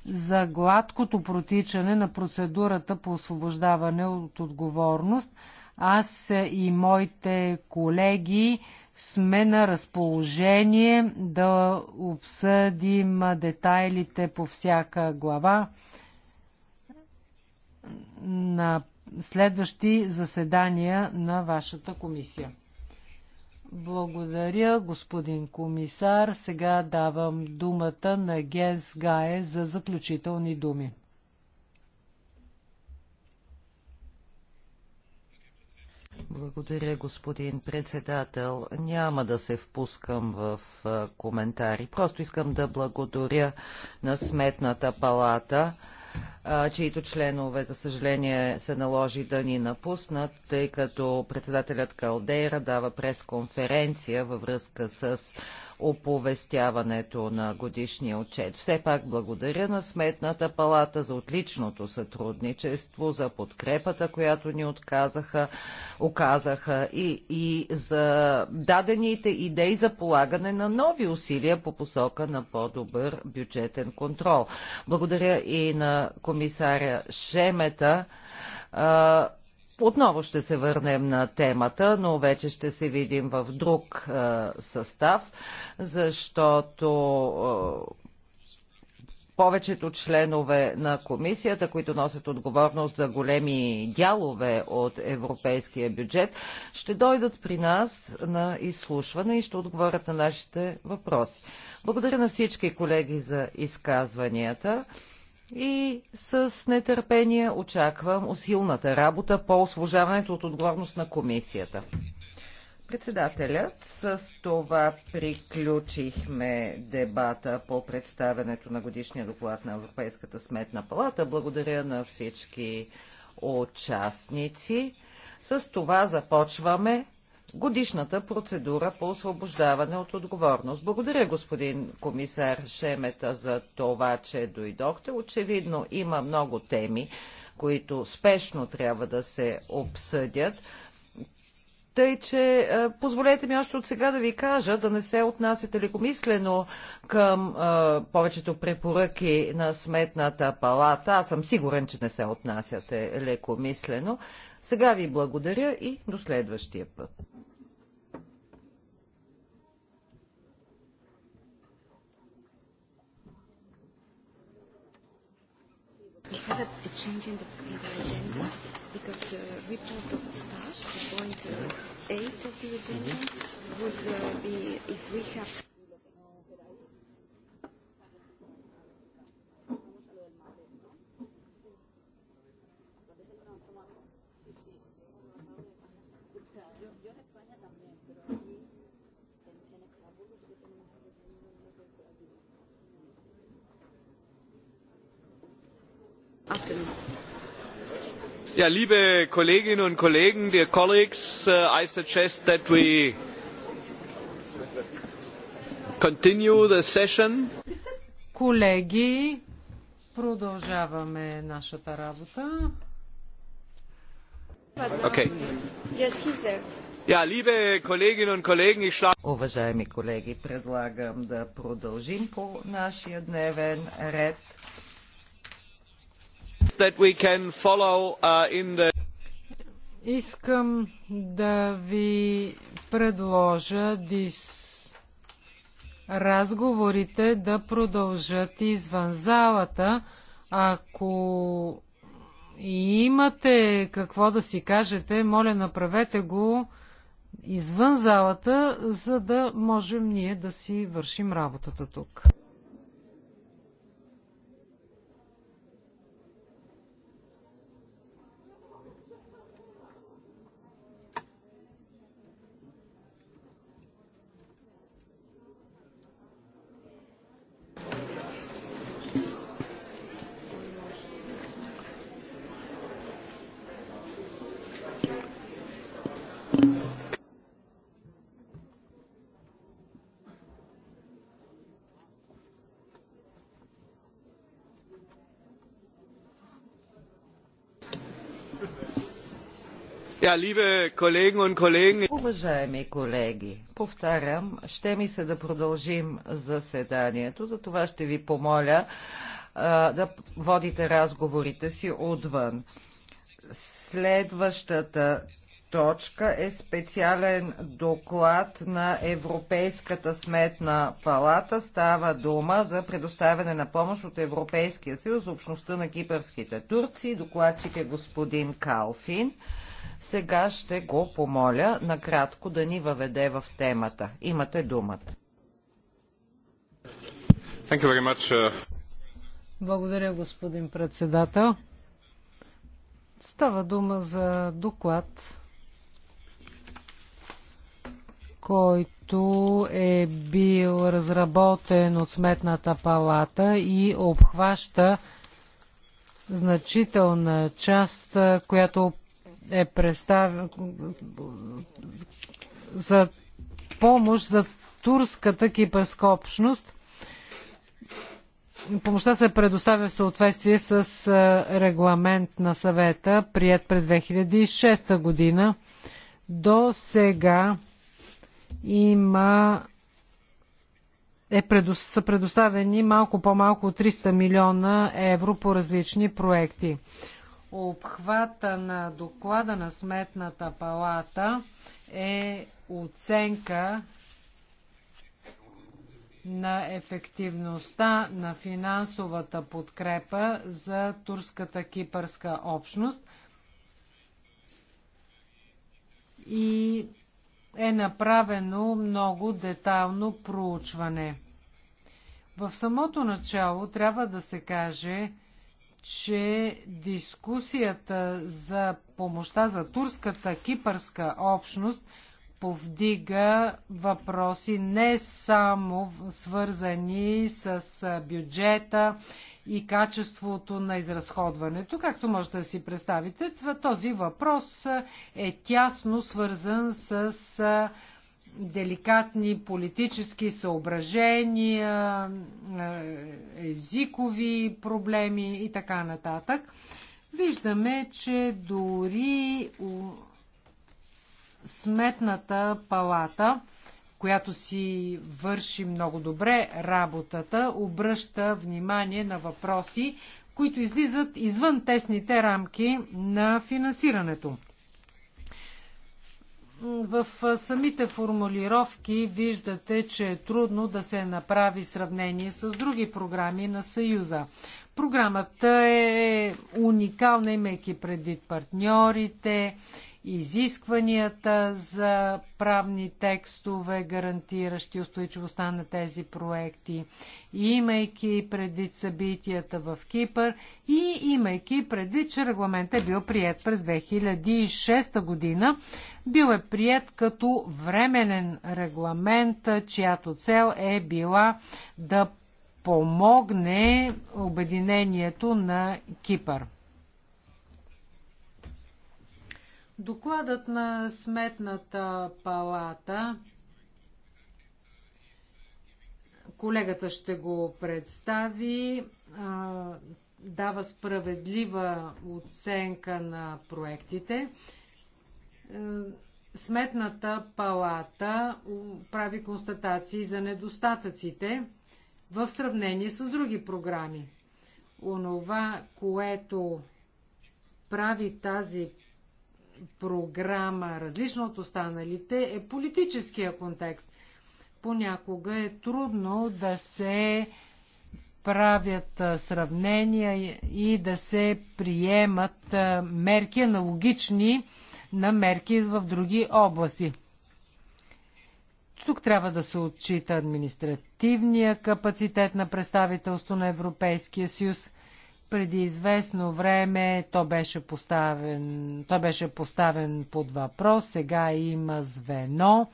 за гладкото протичане на процедурата по освобождаване от отговорност. Аз и моите колеги сме на разположение да обсъдим детайлите по всяка глава на следващи заседания на вашата комисия. Благодаря, господин комисар. Сега давам думата на Генс Гае за заключителни думи. Благодаря, господин председател. Няма да се впускам в коментари. Просто искам да благодаря на Сметната палата чието членове, за съжаление, се наложи да ни напуснат, тъй като председателят Калдейра дава пресконференция във връзка с оповестяването на годишния отчет. Все пак благодаря на Сметната палата за отличното сътрудничество, за подкрепата, която ни отказаха, оказаха и, и за дадените идеи за полагане на нови усилия по посока на по-добър бюджетен контрол. Благодаря и на комисаря Шемета отново ще се върнем на темата, но вече ще се видим в друг е, състав, защото е, повечето членове на комисията, които носят отговорност за големи дялове от европейския бюджет, ще дойдат при нас на изслушване и ще отговорят на нашите въпроси. Благодаря на всички колеги за изказванията и с нетърпение очаквам усилната работа по освобождаването от отговорност на комисията. Председателят, с това приключихме дебата по представенето на годишния доклад на Европейската сметна палата. Благодаря на всички участници. С това започваме годишната процедура по освобождаване от отговорност. Благодаря, господин комисар Шемета, за това, че дойдохте. Очевидно има много теми, които спешно трябва да се обсъдят. Тъй, че е, позволете ми още от сега да ви кажа да не се отнасяте лекомислено към а, е, повечето препоръки на Сметната палата. Аз съм сигурен, че не се отнасяте лекомислено. Сега ви благодаря и до следващия път. We have a, a change in the, in the agenda because the report of stars, the point uh, eight of the agenda, would uh, be if we have. liebe Kolleginnen und Kollegen, dear colleagues, I suggest that we continue the session. Колеги, продължаваме нашата работа. Okay. Yes, he's there. Yeah, liebe Kolleginnen und Kollegen, ich schlage... Уважаеми колеги, предлагам да продължим по нашия дневен ред. Uh, Искам да ви предложа дис... разговорите да продължат извън залата. Ако имате какво да си кажете, моля направете го извън залата, за да можем ние да си вършим работата тук. Уважаеми колеги, повтарям, ще ми се да продължим заседанието, за това ще ви помоля а, да водите разговорите си отвън. Следващата точка е специален доклад на Европейската сметна палата. Става дума за предоставяне на помощ от Европейския съюз, общността на кипърските турци. Докладчик е господин Калфин. Сега ще го помоля накратко да ни въведе в темата. Имате думата. Uh, Благодаря, господин председател. Става дума за доклад, който е бил разработен от Сметната палата и обхваща значителна част, която е представен за помощ за турската кипърска общност. Помощта се предоставя в съответствие с е, регламент на съвета, прият през 2006 година. До сега има е предо... са предоставени малко по-малко 300 милиона евро по различни проекти. Обхвата на доклада на Сметната палата е оценка на ефективността на финансовата подкрепа за турската кипърска общност и е направено много детално проучване. В самото начало трябва да се каже, че дискусията за помощта за турската кипърска общност повдига въпроси не само свързани с бюджета и качеството на изразходването. Както можете да си представите, този въпрос е тясно свързан с деликатни политически съображения, е, езикови проблеми и така нататък. Виждаме, че дори сметната палата, която си върши много добре работата, обръща внимание на въпроси, които излизат извън тесните рамки на финансирането в самите формулировки виждате, че е трудно да се направи сравнение с други програми на Съюза. Програмата е уникална, имайки предвид партньорите изискванията за правни текстове, гарантиращи устойчивостта на тези проекти, имайки предвид събитията в Кипър и имайки предвид, че регламент е бил прият през 2006 година, бил е прият като временен регламент, чиято цел е била да помогне обединението на Кипър. Докладът на Сметната палата, колегата ще го представи, дава справедлива оценка на проектите. Е, Сметната палата прави констатации за недостатъците в сравнение с други програми. Онова, което прави тази програма, различна от останалите, е политическия контекст. Понякога е трудно да се правят сравнения и да се приемат мерки аналогични на мерки в други области. Тук трябва да се отчита административния капацитет на представителство на Европейския съюз. Преди известно време то беше поставен, то беше поставен под въпрос. Сега има звено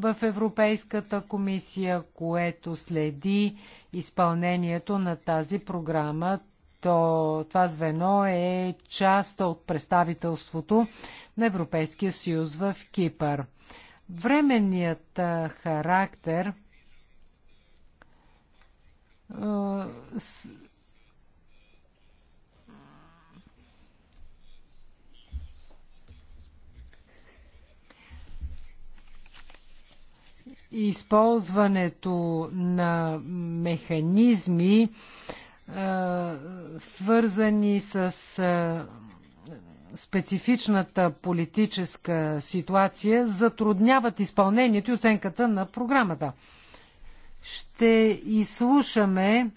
в Европейската комисия, което следи изпълнението на тази програма то това звено е част от представителството на Европейския съюз в Кипър. Временният характер използването на механизми, свързани с специфичната политическа ситуация, затрудняват изпълнението и оценката на програмата. Ще изслушаме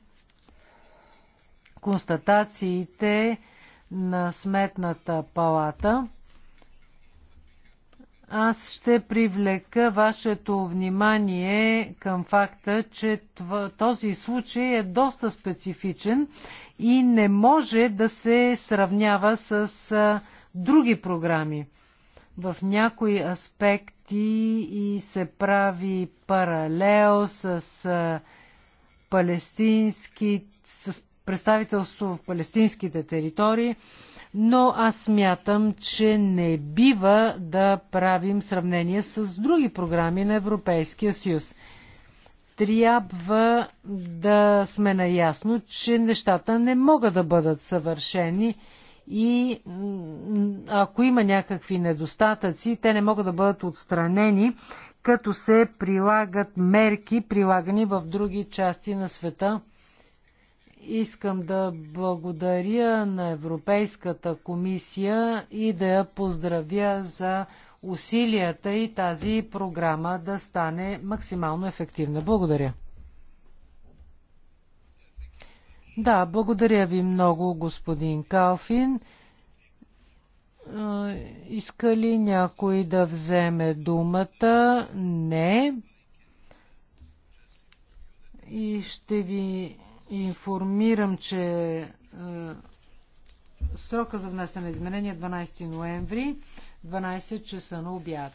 констатациите на Сметната палата аз ще привлека вашето внимание към факта, че този случай е доста специфичен и не може да се сравнява с други програми. В някои аспекти и се прави паралел с палестински, с представителство в палестинските територии но аз смятам, че не бива да правим сравнение с други програми на Европейския съюз. Трябва да сме наясно, че нещата не могат да бъдат съвършени и ако има някакви недостатъци, те не могат да бъдат отстранени, като се прилагат мерки, прилагани в други части на света – Искам да благодаря на Европейската комисия и да я поздравя за усилията и тази програма да стане максимално ефективна. Благодаря. Да, благодаря ви много, господин Калфин. Иска ли някой да вземе думата? Не. И ще ви информирам, че е, срока за внесене на изменения 12 е ноември, 12 часа на обяд.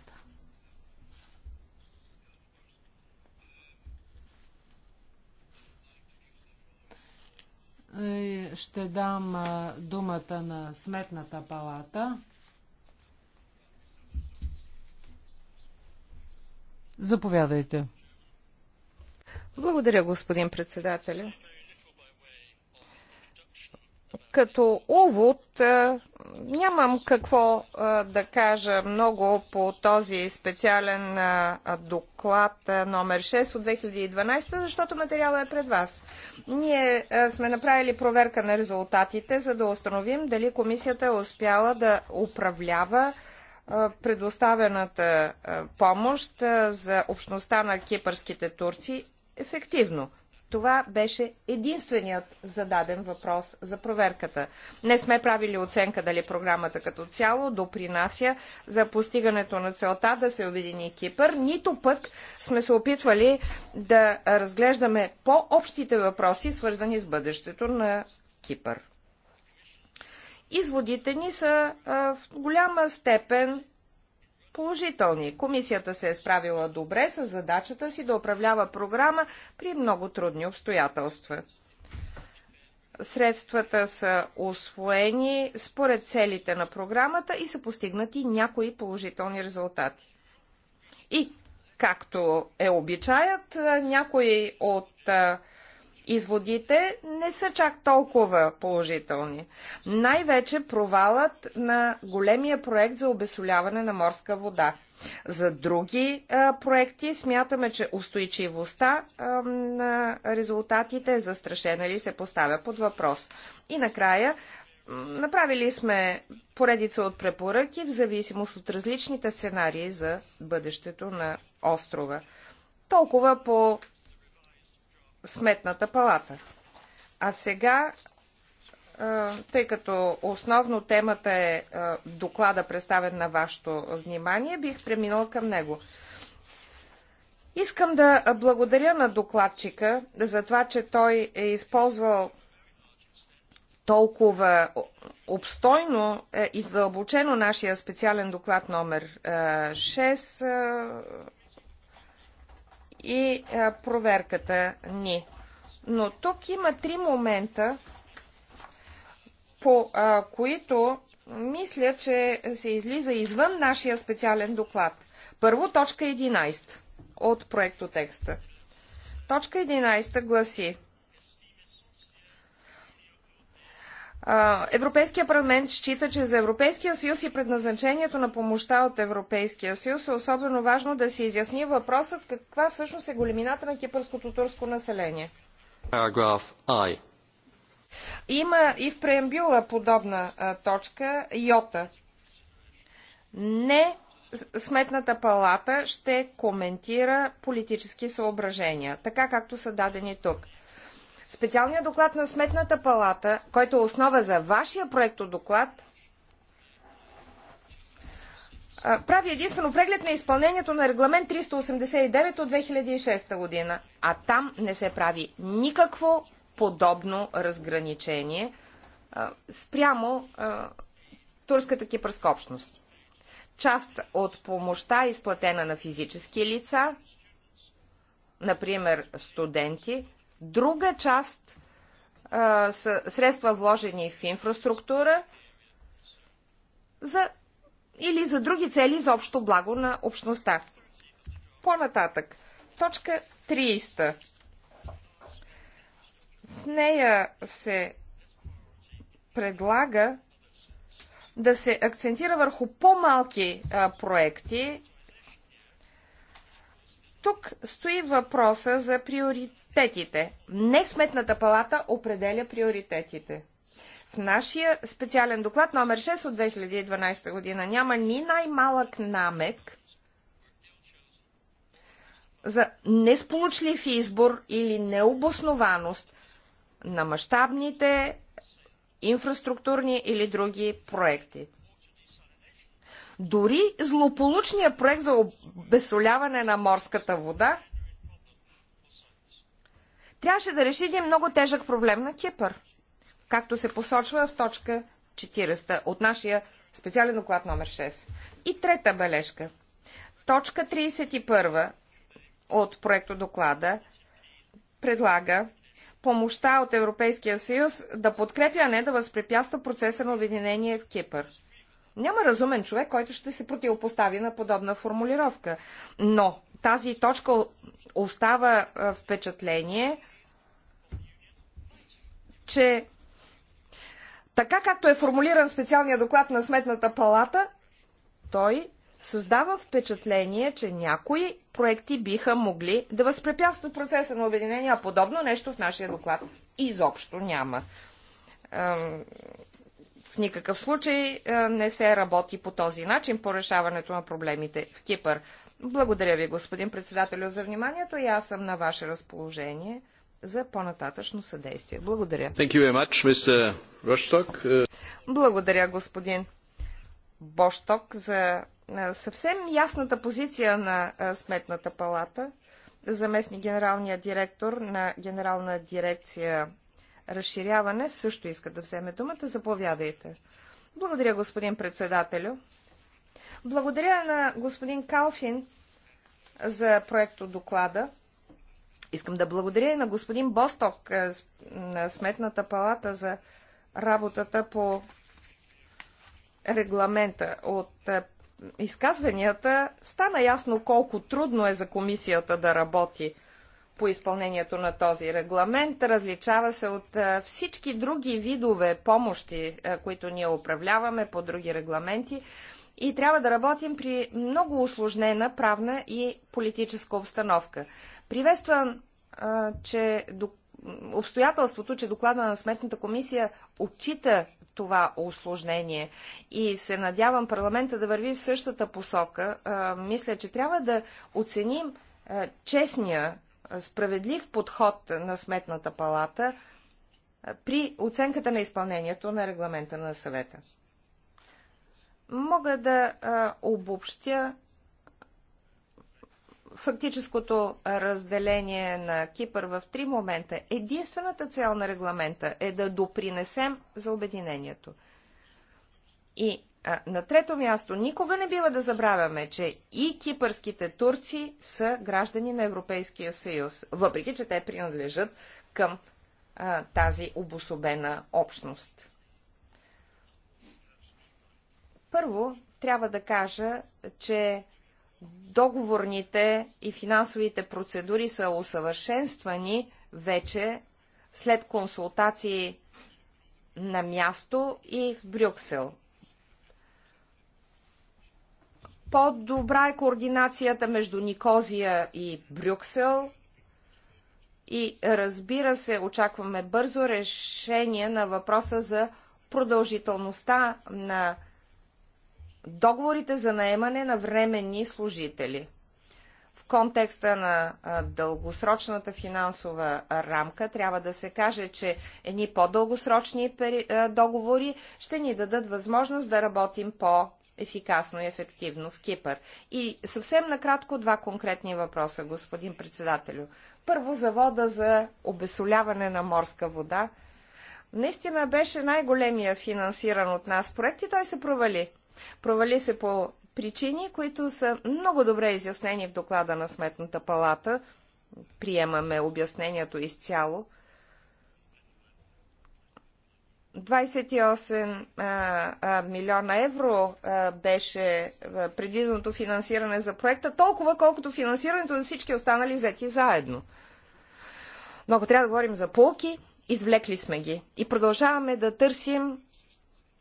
Е, ще дам е, думата на Сметната палата. Заповядайте. Благодаря, господин председателя. Като увод нямам какво да кажа много по този специален доклад номер 6 от 2012, защото материала е пред вас. Ние сме направили проверка на резултатите, за да установим дали комисията е успяла да управлява предоставената помощ за общността на кипърските турци ефективно. Това беше единственият зададен въпрос за проверката. Не сме правили оценка дали програмата като цяло допринася за постигането на целта да се обедини Кипър, нито пък сме се опитвали да разглеждаме по-общите въпроси, свързани с бъдещето на Кипър. Изводите ни са а, в голяма степен положителни. Комисията се е справила добре с задачата си да управлява програма при много трудни обстоятелства. Средствата са освоени според целите на програмата и са постигнати някои положителни резултати. И, както е обичаят, някои от изводите не са чак толкова положителни. Най-вече провалът на големия проект за обесоляване на морска вода. За други а, проекти смятаме, че устойчивостта а, на резултатите е застрашена или се поставя под въпрос. И накрая, направили сме поредица от препоръки в зависимост от различните сценарии за бъдещето на острова. Толкова по Сметната палата. А сега, тъй като основно темата е доклада представен на вашето внимание, бих преминал към него. Искам да благодаря на докладчика за това, че той е използвал толкова обстойно е, и задълбочено нашия специален доклад номер 6 е, и проверката ни. Но тук има три момента, по а, които мисля, че се излиза извън нашия специален доклад. Първо, точка 11 от текста. Точка 11 гласи – Европейския парламент счита, че за Европейския съюз и предназначението на помощта от Европейския съюз е особено важно да се изясни въпросът каква всъщност е големината на кипърското турско население. Параграф I. Има и в преамбюла подобна а, точка Йота. Не Сметната палата ще коментира политически съображения, така както са дадени тук. Специалният доклад на Сметната палата, който е основа за вашия доклад, прави единствено преглед на изпълнението на регламент 389 от 2006 година, а там не се прави никакво подобно разграничение спрямо турската кипърска общност. Част от помощта е изплатена на физически лица, например студенти, Друга част са средства вложени в инфраструктура за, или за други цели за общо благо на общността. По-нататък, точка 30. В нея се предлага да се акцентира върху по-малки проекти тук стои въпроса за приоритетите. Не Сметната палата определя приоритетите. В нашия специален доклад номер 6 от 2012 година няма ни най-малък намек за несполучлив избор или необоснованост на мащабните инфраструктурни или други проекти. Дори злополучния проект за обесоляване на морската вода трябваше да реши един много тежък проблем на Кипър, както се посочва в точка 40 от нашия специален доклад номер 6. И трета бележка. Точка 31 от проекто доклада предлага помощта от Европейския съюз да подкрепя, а не да възпрепятства процеса на обединение в Кипър. Няма разумен човек, който ще се противопостави на подобна формулировка. Но тази точка остава впечатление, че така както е формулиран специалния доклад на Сметната палата, той създава впечатление, че някои проекти биха могли да възпрепятстват процеса на обединение, а подобно нещо в нашия доклад изобщо няма. В никакъв случай не се работи по този начин по решаването на проблемите в Кипър. Благодаря ви, господин председателю, за вниманието и аз съм на ваше разположение за по-нататъчно съдействие. Благодаря. Much, Благодаря, господин Бошток, за съвсем ясната позиция на Сметната палата. Заместник генералния директор на Генерална дирекция разширяване също иска да вземе думата. Заповядайте. Благодаря, господин председателю. Благодаря на господин Калфин за проекто доклада. Искам да благодаря и на господин Босток е, на Сметната палата за работата по регламента. От е, изказванията стана ясно колко трудно е за комисията да работи по изпълнението на този регламент. Различава се от всички други видове помощи, които ние управляваме по други регламенти и трябва да работим при много осложнена правна и политическа обстановка. Приветствам, че обстоятелството, че доклада на Сметната комисия отчита това осложнение и се надявам парламента да върви в същата посока, мисля, че трябва да оценим честния справедлив подход на Сметната палата при оценката на изпълнението на регламента на съвета. Мога да обобщя фактическото разделение на Кипър в три момента. Единствената цел на регламента е да допринесем за обединението. И на трето място, никога не бива да забравяме, че и кипърските турци са граждани на Европейския съюз, въпреки че те принадлежат към а, тази обособена общност. Първо, трябва да кажа, че договорните и финансовите процедури са усъвършенствани вече след консултации на място и в Брюксел. По-добра е координацията между Никозия и Брюксел. И разбира се, очакваме бързо решение на въпроса за продължителността на договорите за наемане на временни служители. В контекста на дългосрочната финансова рамка трябва да се каже, че едни по-дългосрочни договори ще ни дадат възможност да работим по ефикасно и ефективно в Кипър. И съвсем накратко два конкретни въпроса, господин председателю. Първо, завода за обесоляване на морска вода. Наистина беше най-големия финансиран от нас проект и той се провали. Провали се по причини, които са много добре изяснени в доклада на Сметната палата. Приемаме обяснението изцяло – 28 а, милиона евро беше предвиденото финансиране за проекта, толкова колкото финансирането за всички останали взети заедно. Но ако трябва да говорим за полки, извлекли сме ги и продължаваме да търсим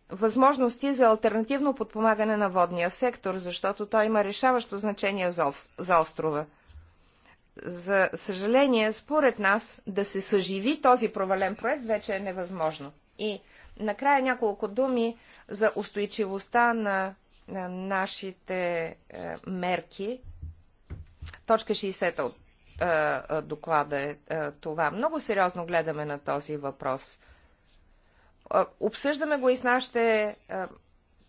възможности за альтернативно подпомагане на водния сектор, защото той има решаващо значение за острова. За съжаление, според нас, да се съживи този провален проект вече е невъзможно. И накрая няколко думи за устойчивостта на, нашите е, мерки. Точка 60 от е, е, доклада е, това. Много сериозно гледаме на този въпрос. обсъждаме го и с нашите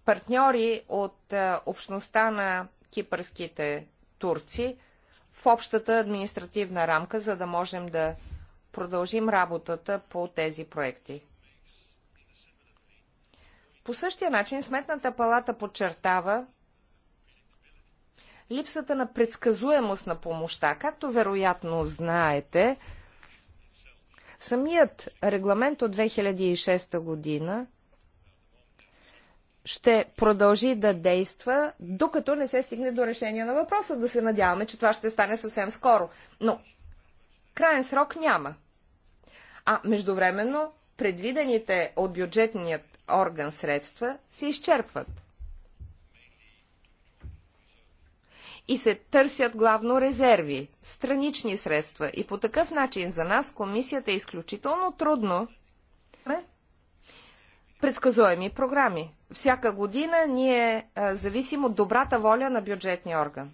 партньори от общността на кипърските турци в общата административна рамка, за да можем да продължим работата по тези проекти. По същия начин Сметната палата подчертава липсата на предсказуемост на помощта. Както вероятно знаете, самият регламент от 2006 година ще продължи да действа, докато не се стигне до решение на въпроса. Да се надяваме, че това ще стане съвсем скоро. Но крайен срок няма. А междувременно предвидените от бюджетният орган средства се изчерпват. И се търсят главно резерви, странични средства. И по такъв начин за нас комисията е изключително трудно предсказуеми програми. Всяка година ние зависим от добрата воля на бюджетния орган.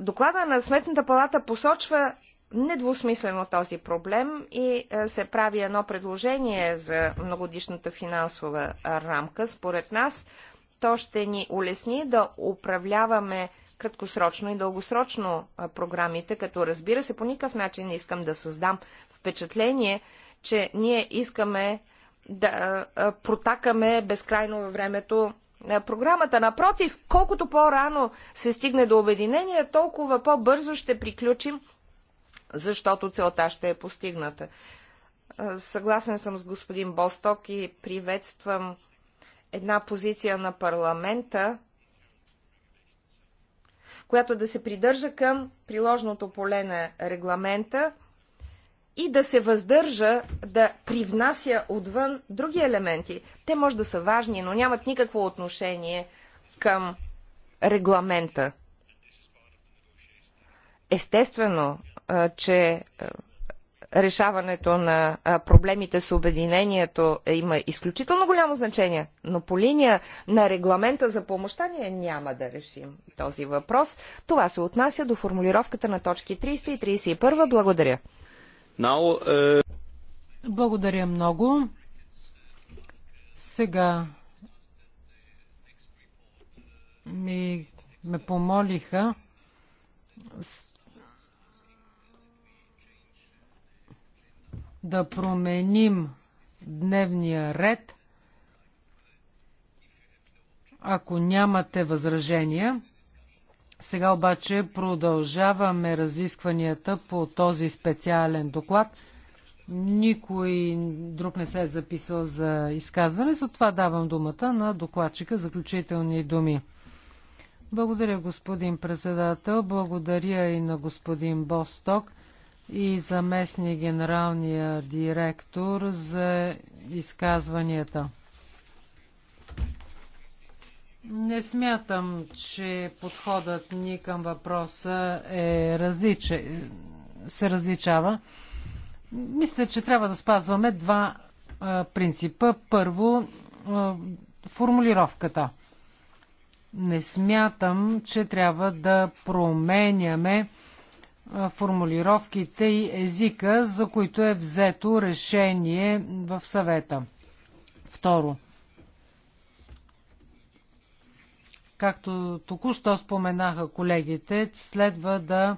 Доклада на Сметната палата посочва недвусмислено този проблем и е, се прави едно предложение за многодишната финансова е, рамка. Според нас то ще ни улесни да управляваме краткосрочно и дългосрочно е, програмите, като разбира се по никакъв начин не искам да създам впечатление, че ние искаме да протакаме безкрайно във времето програмата. Напротив, колкото по-рано се стигне до обединение, толкова по-бързо ще приключим защото целта ще е постигната. Съгласен съм с господин Босток и приветствам една позиция на парламента, която да се придържа към приложното поле на регламента и да се въздържа да привнася отвън други елементи. Те може да са важни, но нямат никакво отношение към регламента. Естествено, че решаването на проблемите с обединението има изключително голямо значение, но по линия на регламента за помощта ние няма да решим този въпрос. Това се отнася до формулировката на точки 300 и 31. Благодаря. Now, uh... Е, Благодаря много. Сега ми ме помолиха да променим дневния ред, ако нямате възражения. Сега обаче продължаваме разискванията по този специален доклад. Никой друг не се е записал за изказване, затова давам думата на докладчика заключителни думи. Благодаря, господин председател. Благодаря и на господин Босток и заместни генералния директор за изказванията. Не смятам, че подходът ни към въпроса е различен, се различава. Мисля, че трябва да спазваме два а, принципа. Първо, а, формулировката. Не смятам, че трябва да променяме формулировките и езика, за които е взето решение в съвета. Второ. Както току-що споменаха колегите, следва да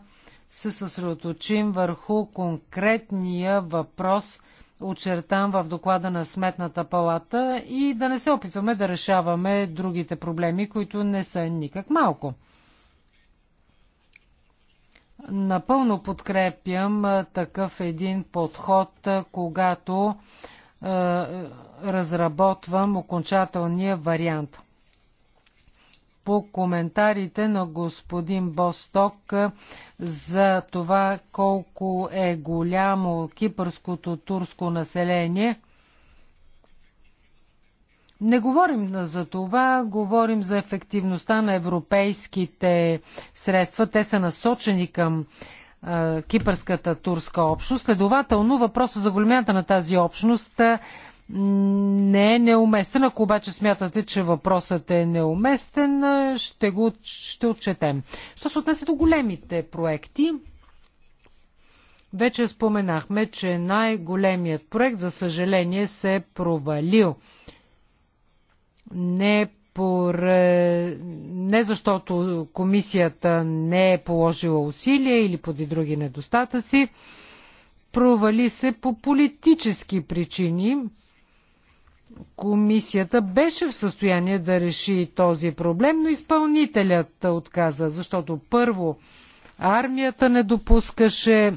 се съсредоточим върху конкретния въпрос, очертан в доклада на Сметната палата и да не се опитваме да решаваме другите проблеми, които не са никак малко. Напълно подкрепям такъв един подход, когато разработвам окончателния вариант. По коментарите на господин Босток за това колко е голямо кипърското турско население, не говорим за това, говорим за ефективността на европейските средства. Те са насочени към е, кипърската турска общност. Следователно, въпросът за големината на тази общност не е неуместен. Ако обаче смятате, че въпросът е неуместен, ще го ще отчетем. Що се отнесе до големите проекти, вече споменахме, че най-големият проект, за съжаление, се е провалил. Не, пор... не защото комисията не е положила усилия или поди други недостатъци, провали се по политически причини. Комисията беше в състояние да реши този проблем, но изпълнителят отказа, защото първо армията не допускаше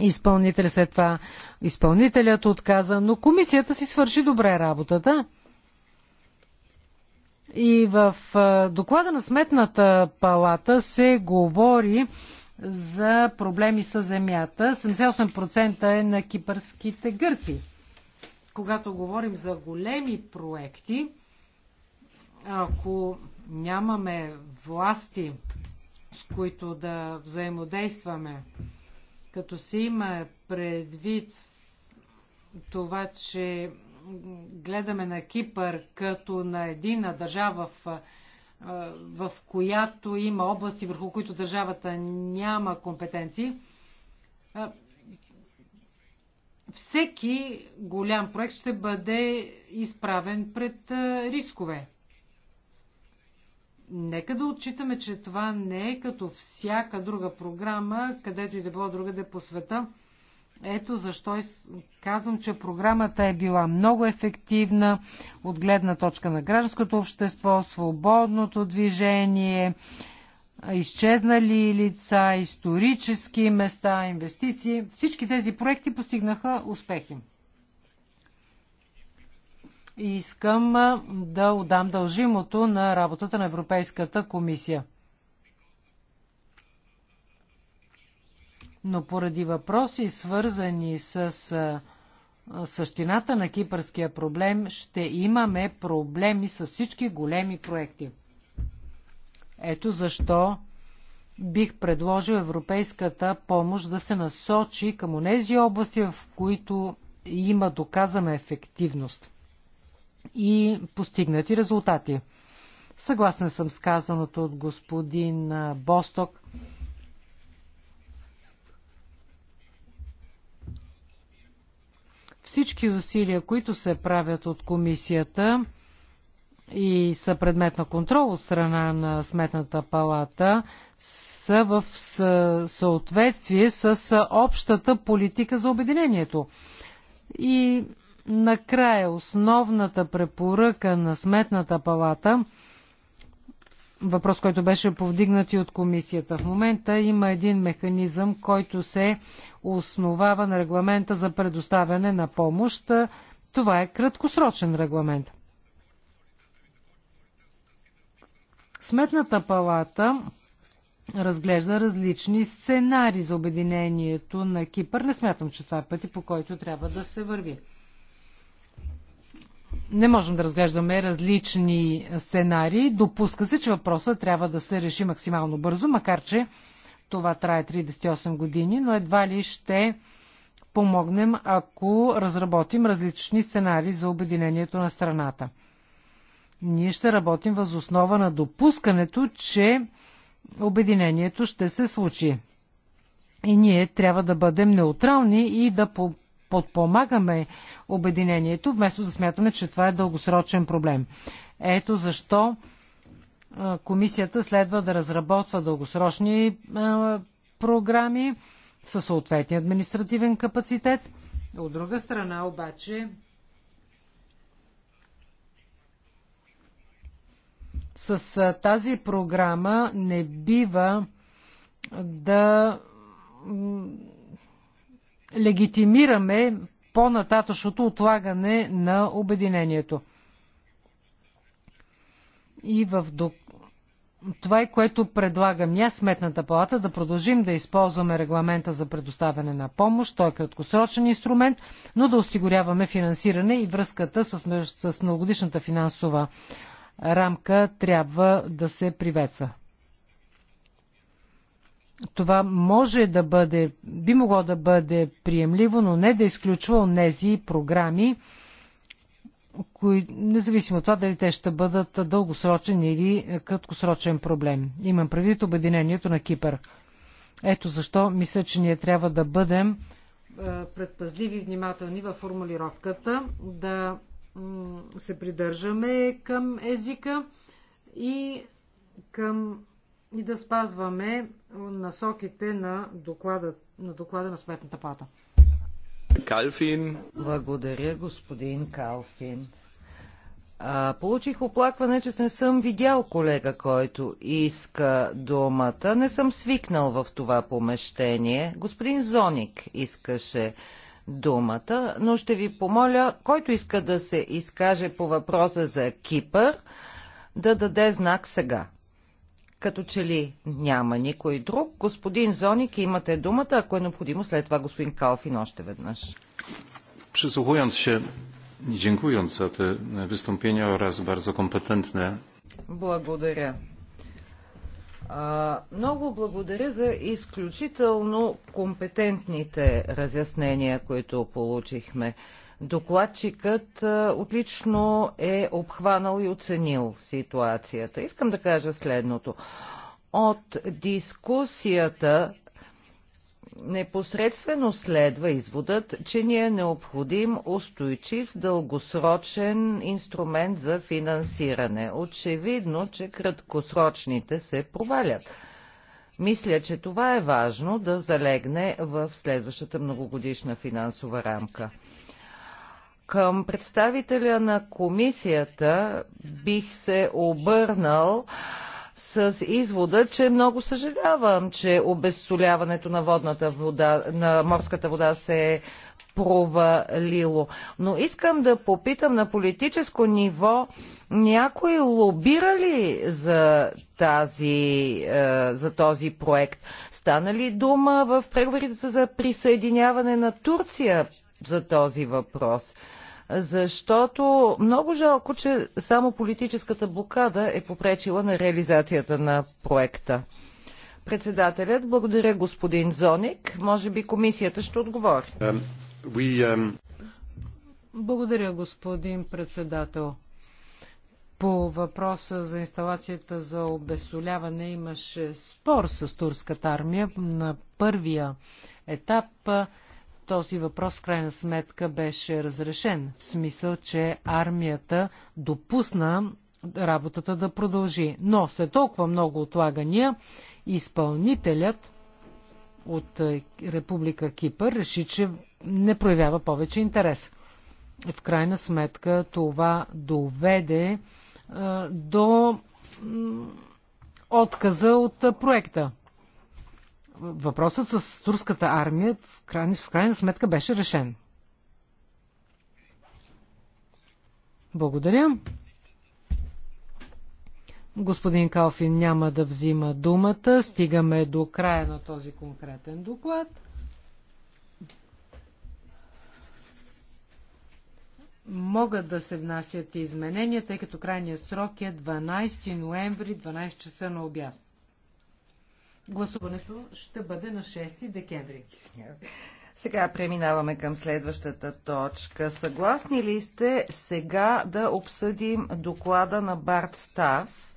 изпълнителя, след това изпълнителят отказа, но комисията си свърши добре работата. И в доклада на Сметната палата се говори за проблеми с земята. 78% е на кипърските гърци. Когато говорим за големи проекти, ако нямаме власти, с които да взаимодействаме, като се има предвид това, че гледаме на Кипър като на едина държава, в, в която има области, върху които държавата няма компетенции, всеки голям проект ще бъде изправен пред рискове. Нека да отчитаме, че това не е като всяка друга програма, където и да било другаде по света – ето защо казвам, че програмата е била много ефективна от гледна точка на гражданското общество, свободното движение, изчезнали лица, исторически места, инвестиции. Всички тези проекти постигнаха успехи. И искам да отдам дължимото на работата на Европейската комисия. но поради въпроси, свързани с същината на кипърския проблем, ще имаме проблеми с всички големи проекти. Ето защо бих предложил европейската помощ да се насочи към онези области, в които има доказана ефективност и постигнати резултати. Съгласен съм с казаното от господин Босток. Всички усилия, които се правят от комисията и са предмет на контрол от страна на Сметната палата, са в съответствие с общата политика за обединението. И накрая основната препоръка на Сметната палата – въпрос, който беше повдигнат и от комисията. В момента има един механизъм, който се основава на регламента за предоставяне на помощ. Това е краткосрочен регламент. Сметната палата разглежда различни сценари за обединението на Кипър. Не смятам, че това е пъти, по който трябва да се върви не можем да разглеждаме различни сценарии. Допуска се, че въпросът трябва да се реши максимално бързо, макар че това трае 38 години, но едва ли ще помогнем, ако разработим различни сценарии за обединението на страната. Ние ще работим въз основа на допускането, че обединението ще се случи. И ние трябва да бъдем неутрални и да подпомагаме обединението, вместо да смятаме, че това е дългосрочен проблем. Ето защо комисията следва да разработва дългосрочни програми със съответния административен капацитет. От друга страна обаче с тази програма не бива да легитимираме по-нататъчното отлагане на обединението. И в док... това е което предлагам я Сметната палата да продължим да използваме регламента за предоставяне на помощ. Той е краткосрочен инструмент, но да осигуряваме финансиране и връзката с, с многогодишната финансова рамка трябва да се приветства това може да бъде, би могло да бъде приемливо, но не да изключва тези програми, кои, независимо от това дали те ще бъдат дългосрочен или краткосрочен проблем. Имам предвид обединението на Кипър. Ето защо мисля, че ние трябва да бъдем е, предпазливи и внимателни във формулировката, да се придържаме към езика и към и да спазваме насоките на доклада на, доклада на Сметната плата. Калфин. Благодаря, господин Калфин. А, получих оплакване, че не съм видял колега, който иска думата. Не съм свикнал в това помещение. Господин Зоник искаше думата, но ще ви помоля, който иска да се изкаже по въпроса за Кипър, да даде знак сега като че ли няма никой друг. Господин Зоник, имате думата, ако е необходимо, след това господин Калфин още веднъж. Przysłuchując się i dziękując za te wystąpienia oraz bardzo kompetentne. Благодаря. А, много благодаря за изключително компетентните разяснения, които получихме. Докладчикът е, отлично е обхванал и оценил ситуацията. Искам да кажа следното. От дискусията непосредствено следва изводът, че ни е необходим устойчив дългосрочен инструмент за финансиране. Очевидно, че краткосрочните се провалят. Мисля, че това е важно да залегне в следващата многогодишна финансова рамка. Към представителя на комисията бих се обърнал с извода, че много съжалявам, че обезсоляването на водната вода, на морската вода се е провалило. Но искам да попитам на политическо ниво, някой лобира ли за, тази, е, за този проект? Стана ли дума в преговорите за присъединяване на Турция за този въпрос? защото много жалко, че само политическата блокада е попречила на реализацията на проекта. Председателят, благодаря господин Зоник. Може би комисията ще отговори. Um, we, um... Благодаря, господин председател. По въпроса за инсталацията за обесоляване имаше спор с турската армия на първия етап този въпрос в крайна сметка беше разрешен, в смисъл, че армията допусна работата да продължи. Но след толкова много отлагания, изпълнителят от е, Република Кипър реши, че не проявява повече интерес. В крайна сметка това доведе а, е, до отказа от е, проекта въпросът с турската армия в крайна, в крайна сметка беше решен. Благодаря. Господин Калфин няма да взима думата. Стигаме до края на този конкретен доклад. Могат да се внасят и изменения, тъй като крайният срок е 12 ноември, 12 часа на обяд. Гласуването ще бъде на 6 декември. Сега преминаваме към следващата точка. Съгласни ли сте сега да обсъдим доклада на Барт Старс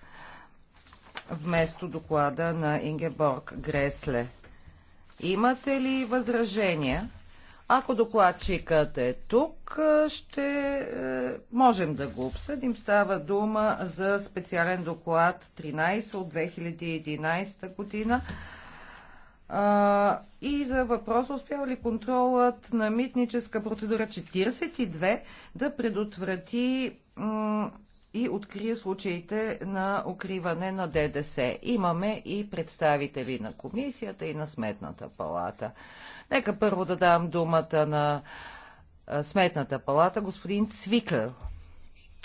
вместо доклада на Ингеборг Гресле? Имате ли възражения? Ако докладчикът е тук, ще е, можем да го обсъдим. Става дума за специален доклад 13 от 2011 година и за въпроса успява ли контролът на митническа процедура 42 да предотврати и открие случаите на укриване на ДДС. Имаме и представители на комисията и на Сметната палата. Нека първо да дам думата на Сметната палата, господин Цвикър.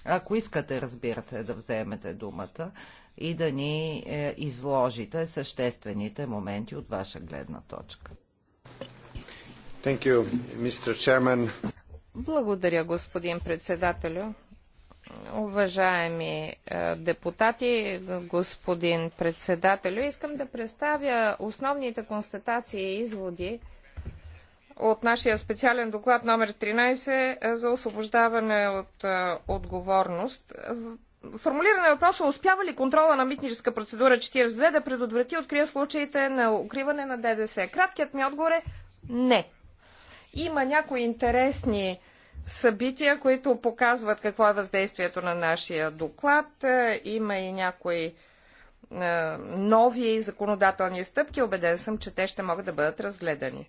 Ако искате, разбирате, да вземете думата и да ни е, изложите съществените моменти от ваша гледна точка. Thank you, Mr. Chairman. Благодаря, господин председателю. Уважаеми е, депутати, господин председателю, искам да представя основните констатации и изводи от нашия специален доклад номер 13 е, за освобождаване от е, отговорност. Формулиране въпроса, успява ли контрола на митническа процедура 42 да предотврати открия случаите на укриване на ДДС? Краткият ми отговор е не. Има някои интересни събития, които показват какво е въздействието на нашия доклад. Е, има и някои е, нови законодателни стъпки, убеден съм, че те ще могат да бъдат разгледани.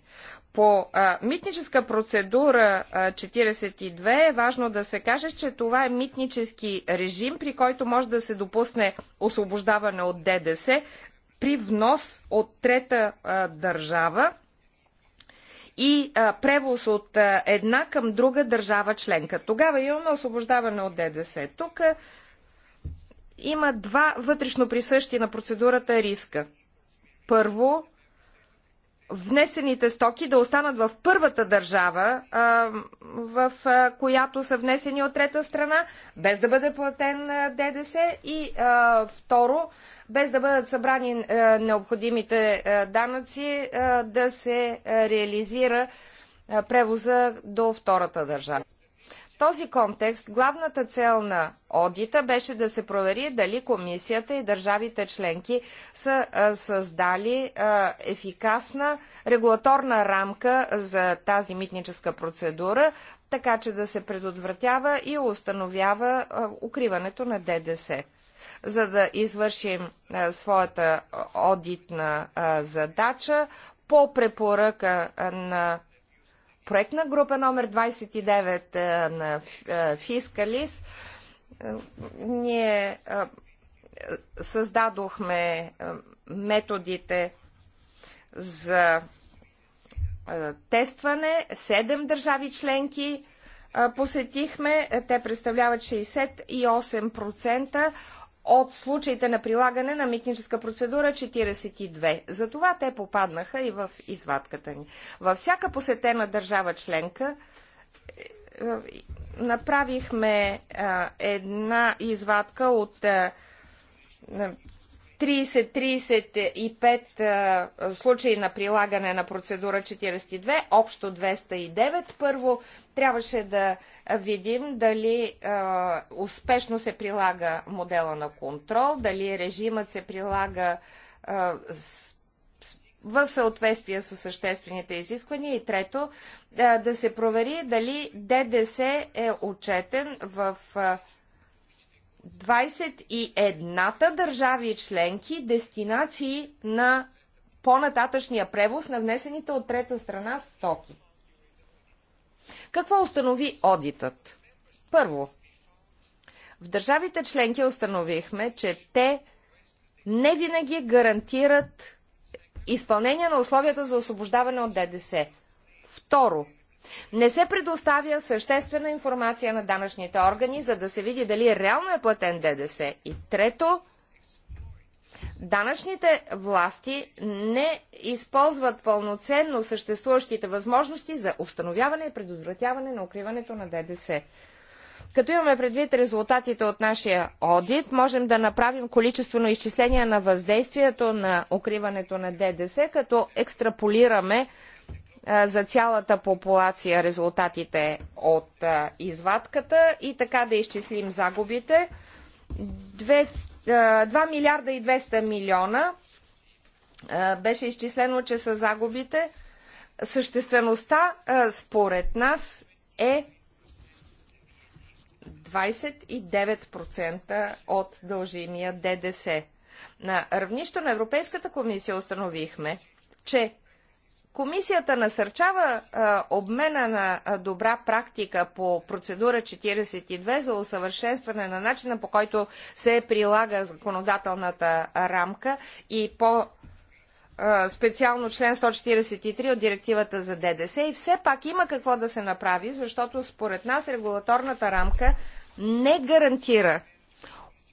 По е, митническа процедура 42 е важно да се каже, че това е митнически режим, при който може да се допусне освобождаване от ДДС при внос от трета държава и превоз от една към друга държава членка. Тогава имаме освобождаване от ДДС. Тук има два вътрешно присъщи на процедурата риска. Първо, внесените стоки да останат в първата държава, в която са внесени от трета страна, без да бъде платен ДДС и второ, без да бъдат събрани необходимите данъци, да се реализира превоза до втората държава този контекст главната цел на одита беше да се провери дали комисията и държавите членки са създали ефикасна регулаторна рамка за тази митническа процедура, така че да се предотвратява и установява укриването на ДДС. За да извършим своята одитна задача по препоръка на проектна група номер 29 е, на е, Фискалис е, ние създадохме методите за тестване. Седем държави членки посетихме. Те представляват 68% от случаите на прилагане на митническа процедура 42. Затова те попаднаха и в извадката ни. Във всяка посетена държава членка е, е, направихме е, една извадка от 30-35 случаи на прилагане на процедура 42, общо 209. Първо Трябваше да видим дали а, успешно се прилага модела на контрол, дали режимът се прилага а, с, в съответствие с съществените изисквания и трето, а, да се провери дали ДДС е отчетен в 21-та държави членки дестинации на по-нататъчния превоз на внесените от трета страна стоки. Какво установи одитът? Първо, в държавите членки установихме, че те не винаги гарантират изпълнение на условията за освобождаване от ДДС. Второ, не се предоставя съществена информация на данъчните органи, за да се види дали реално е платен ДДС. И трето, Данъчните власти не използват пълноценно съществуващите възможности за установяване и предотвратяване на укриването на ДДС. Като имаме предвид резултатите от нашия одит, можем да направим количествено изчисление на въздействието на укриването на ДДС, като екстраполираме за цялата популация резултатите от извадката и така да изчислим загубите 2, милиарда и 200 милиона беше изчислено, че са загубите. Съществеността според нас е 29% от дължимия ДДС. На равнището на Европейската комисия установихме, че Комисията насърчава а, обмена на а, добра практика по процедура 42 за усъвършенстване на начина по който се прилага законодателната рамка и по специално член 143 от директивата за ДДС. И все пак има какво да се направи, защото според нас регулаторната рамка не гарантира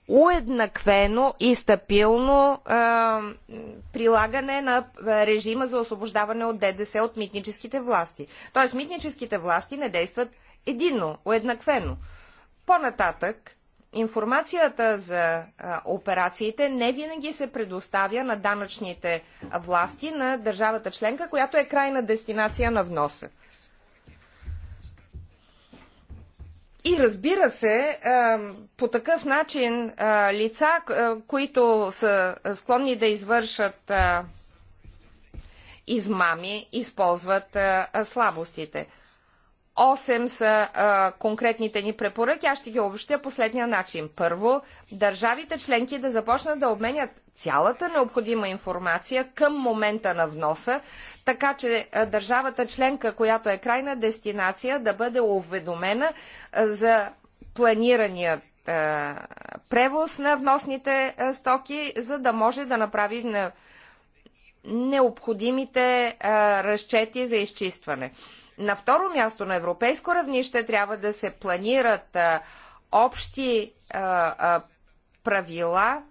уеднаквено и стабилно прилагане на режима за освобождаване от ДДС от митническите власти. Тоест, митническите власти не действат единно, уеднаквено. По-нататък, информацията за а, операциите не винаги се предоставя на данъчните власти на държавата членка, която е крайна дестинация на вноса. И разбира се, по такъв начин лица, които са склонни да извършат измами, използват слабостите. Осем са а, конкретните ни препоръки. Аз ще ги обобщя последния начин. Първо, държавите членки да започнат да обменят цялата необходима информация към момента на вноса, така че държавата членка, която е крайна дестинация, да бъде уведомена за планирания превоз на вносните стоки, за да може да направи необходимите разчети за изчистване. На второ място на европейско равнище трябва да се планират общи правила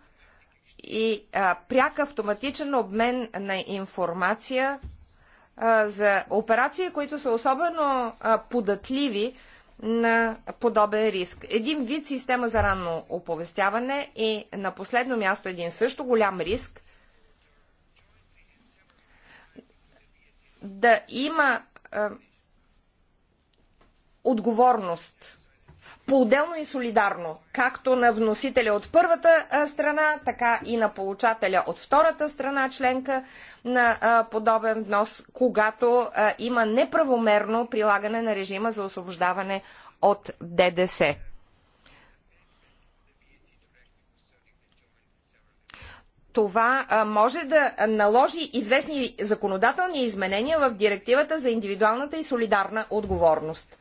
и пряк автоматичен обмен на информация за операции, които са особено податливи на подобен риск. Един вид система за ранно оповестяване и на последно място един също голям риск да има отговорност по-отделно и солидарно, както на вносителя от първата страна, така и на получателя от втората страна, членка на подобен внос, когато има неправомерно прилагане на режима за освобождаване от ДДС. това може да наложи известни законодателни изменения в директивата за индивидуалната и солидарна отговорност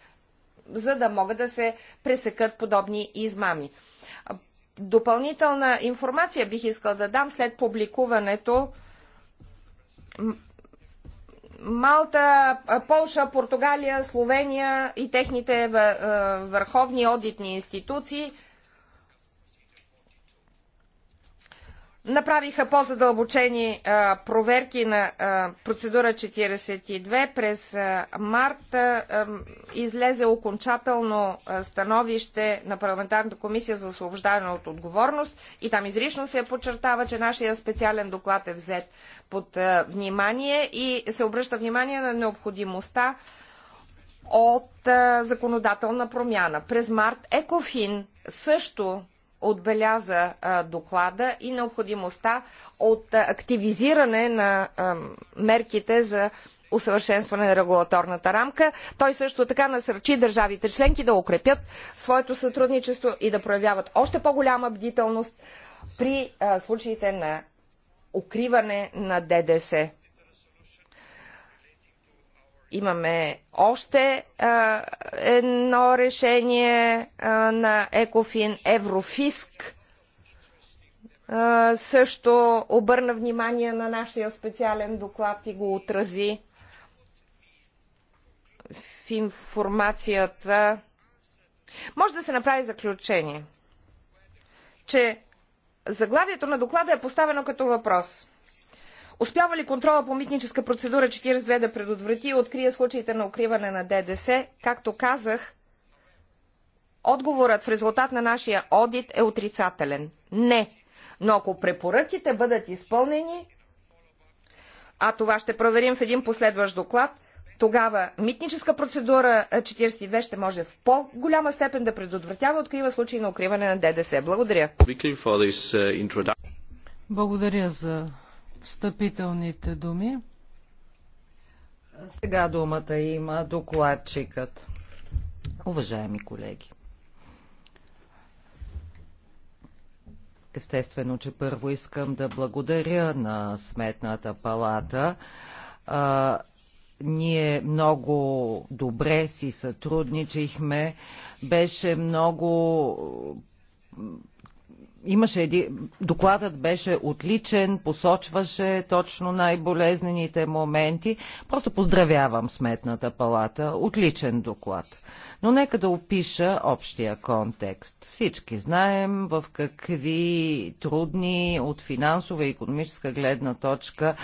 за да могат да се пресекат подобни измами. Допълнителна информация бих искал да дам след публикуването. Малта, Полша, Португалия, Словения и техните върховни одитни институции – направиха по-задълбочени проверки на а, процедура 42. През а, март а, излезе окончателно становище на парламентарната комисия за освобождаване от отговорност и там изрично се подчертава, че нашия специален доклад е взет под внимание и се обръща внимание на необходимостта от законодателна промяна. През март Екофин също отбеляза доклада и необходимостта от активизиране на мерките за усъвършенстване на регулаторната рамка. Той също така насърчи държавите членки да укрепят своето сътрудничество и да проявяват още по-голяма бдителност при случаите на укриване на ДДС. Имаме още а, едно решение а, на Екофин Еврофиск. А, също обърна внимание на нашия специален доклад и го отрази в информацията. Може да се направи заключение, че заглавието на доклада е поставено като въпрос – Успява ли контрола по митническа процедура 42 да предотврати и открие случаите на укриване на ДДС? Както казах, отговорът в резултат на нашия одит е отрицателен. Не. Но ако препоръките бъдат изпълнени, а това ще проверим в един последващ доклад, тогава митническа процедура 42 ще може в по-голяма степен да предотвратява открива случаи на укриване на ДДС. Благодаря. Uh, Благодаря за встъпителните думи. Сега думата има докладчикът. Уважаеми колеги, естествено, че първо искам да благодаря на Сметната палата. А, ние много добре си сътрудничихме. Беше много имаше един, докладът беше отличен, посочваше точно най-болезнените моменти. Просто поздравявам Сметната палата. Отличен доклад. Но нека да опиша общия контекст. Всички знаем в какви трудни от финансова и економическа гледна точка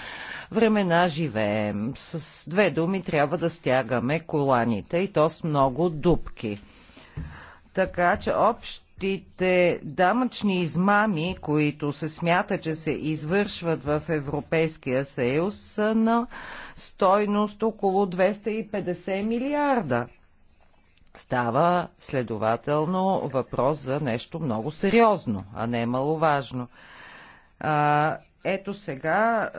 времена живеем. С две думи трябва да стягаме коланите и то с много дубки. Така че общ честите дамъчни измами, които се смята, че се извършват в Европейския съюз, са на стойност около 250 милиарда. Става, следователно, въпрос за нещо много сериозно, а не маловажно. А, ето сега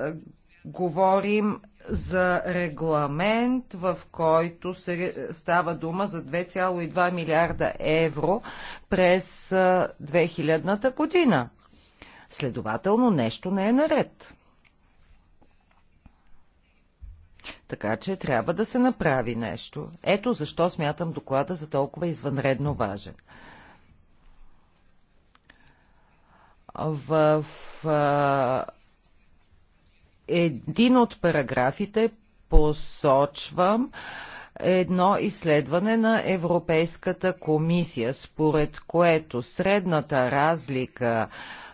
говорим за регламент, в който се става дума за 2,2 милиарда евро през 2000-та година. Следователно нещо не е наред. Така че трябва да се направи нещо. Ето защо смятам доклада за толкова извънредно важен. В в един от параграфите посочвам едно изследване на Европейската комисия, според което средната разлика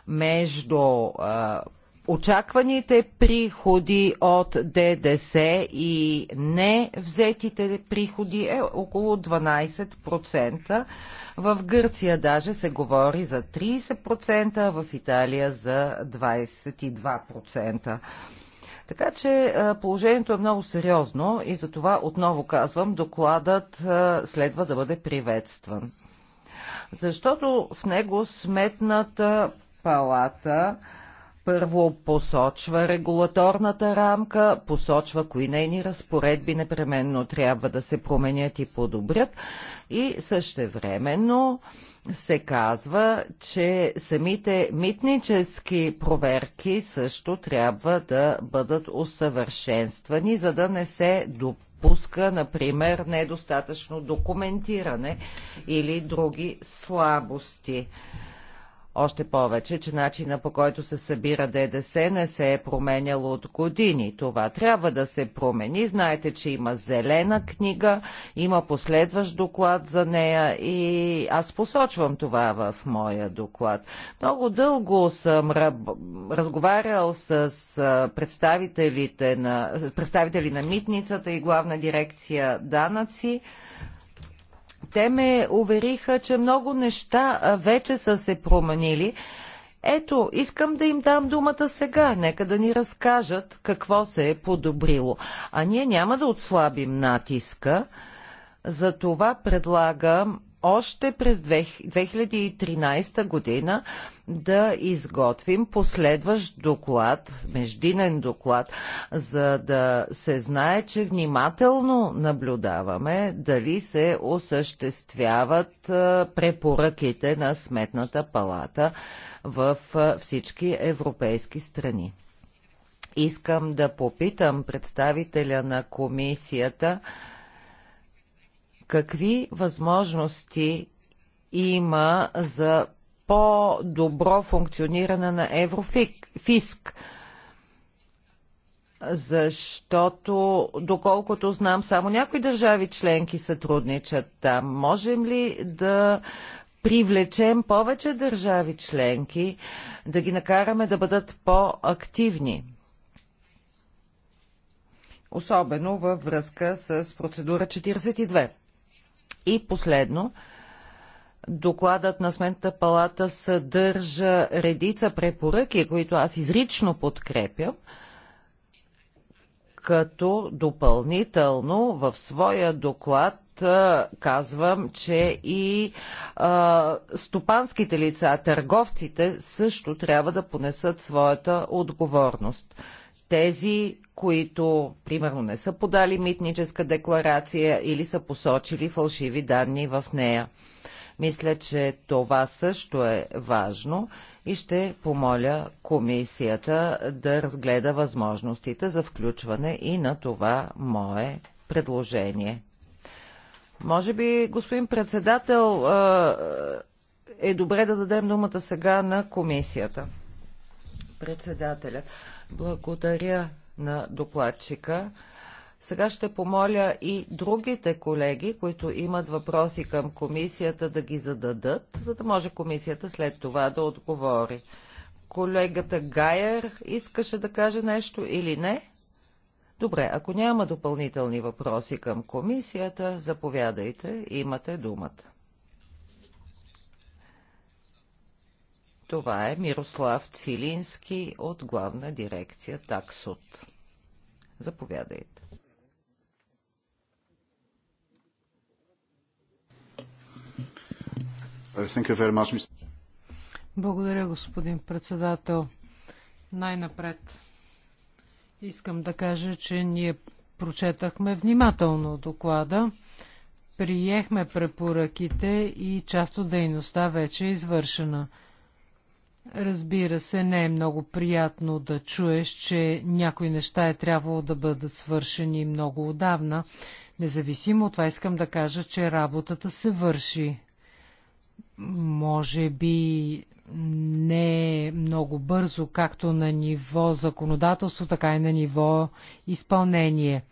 между очакваните приходи от ДДС и не взетите приходи е около 12%. В Гърция даже се говори за 30%, а в Италия за 22%. Така че е, положението е много сериозно и за това отново казвам, докладът е, следва да бъде приветстван. Защото в него сметната палата първо посочва регулаторната рамка, посочва кои нейни разпоредби непременно трябва да се променят и подобрят и същевременно времено се казва, че самите митнически проверки също трябва да бъдат усъвършенствани, за да не се допуска, например, недостатъчно документиране или други слабости. Още повече, че начина по който се събира ДДС не се е променяло от години. Това трябва да се промени. Знаете, че има зелена книга, има последващ доклад за нея и аз посочвам това в моя доклад. Много дълго съм разговарял с представителите на... представители на митницата и главна дирекция данъци те ме увериха, че много неща вече са се променили. Ето, искам да им дам думата сега, нека да ни разкажат какво се е подобрило. А ние няма да отслабим натиска, затова предлагам още през 2013 година да изготвим последващ доклад, междинен доклад, за да се знае, че внимателно наблюдаваме дали се осъществяват препоръките на Сметната палата в всички европейски страни. Искам да попитам представителя на комисията, Какви възможности има за по-добро функциониране на Еврофиск? защото, доколкото знам, само някои държави членки сътрудничат там. Можем ли да привлечем повече държави членки, да ги накараме да бъдат по-активни? Особено във връзка с процедура 42. И последно, докладът на Сметната палата съдържа редица препоръки, които аз изрично подкрепям, като допълнително в своя доклад казвам, че и а, стопанските лица, търговците също трябва да понесат своята отговорност тези, които примерно не са подали митническа декларация или са посочили фалшиви данни в нея. Мисля, че това също е важно и ще помоля комисията да разгледа възможностите за включване и на това мое предложение. Може би, господин председател, е, е добре да дадем думата сега на комисията. Председателят. Благодаря на докладчика. Сега ще помоля и другите колеги, които имат въпроси към комисията, да ги зададат, за да може комисията след това да отговори. Колегата Гайер искаше да каже нещо или не? Добре, ако няма допълнителни въпроси към комисията, заповядайте, имате думата. Това е Мирослав Цилински от главна дирекция Таксот. Заповядайте. Благодаря, господин председател. Най-напред искам да кажа, че ние прочетахме внимателно доклада, приехме препоръките и част от дейността вече е извършена. Разбира се, не е много приятно да чуеш, че някои неща е трябвало да бъдат свършени много отдавна. Независимо от това искам да кажа, че работата се върши. Може би не е много бързо, както на ниво законодателство, така и на ниво изпълнение.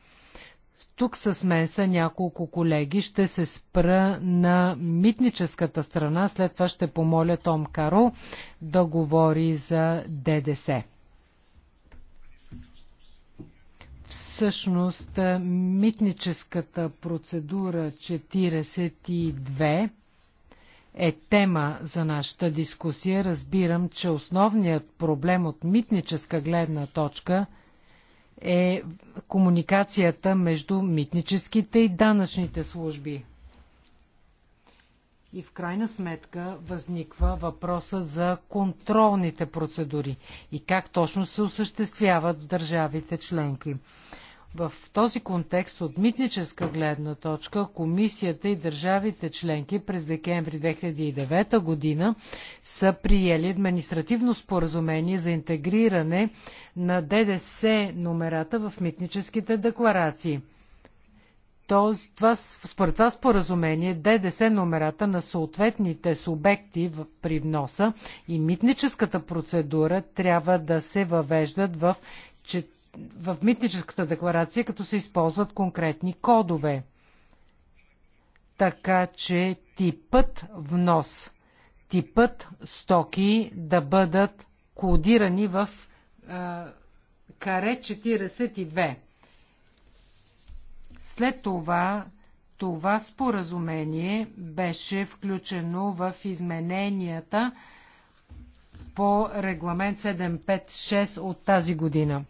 Тук с мен са няколко колеги. Ще се спра на митническата страна. След това ще помоля Том Каро да говори за ДДС. Всъщност, митническата процедура 42 е тема за нашата дискусия. Разбирам, че основният проблем от митническа гледна точка – е комуникацията между митническите и данъчните служби. И в крайна сметка възниква въпроса за контролните процедури и как точно се осъществяват в държавите членки. В този контекст от митническа гледна точка комисията и държавите членки през декември 2009 година са приели административно споразумение за интегриране на ДДС номерата в митническите декларации. това, според това споразумение ДДС номерата на съответните субекти в, при вноса и митническата процедура трябва да се въвеждат в в митническата декларация, като се използват конкретни кодове. Така че типът внос, типът стоки да бъдат кодирани в а, каре 42. След това това споразумение беше включено в измененията по регламент 756 от тази година.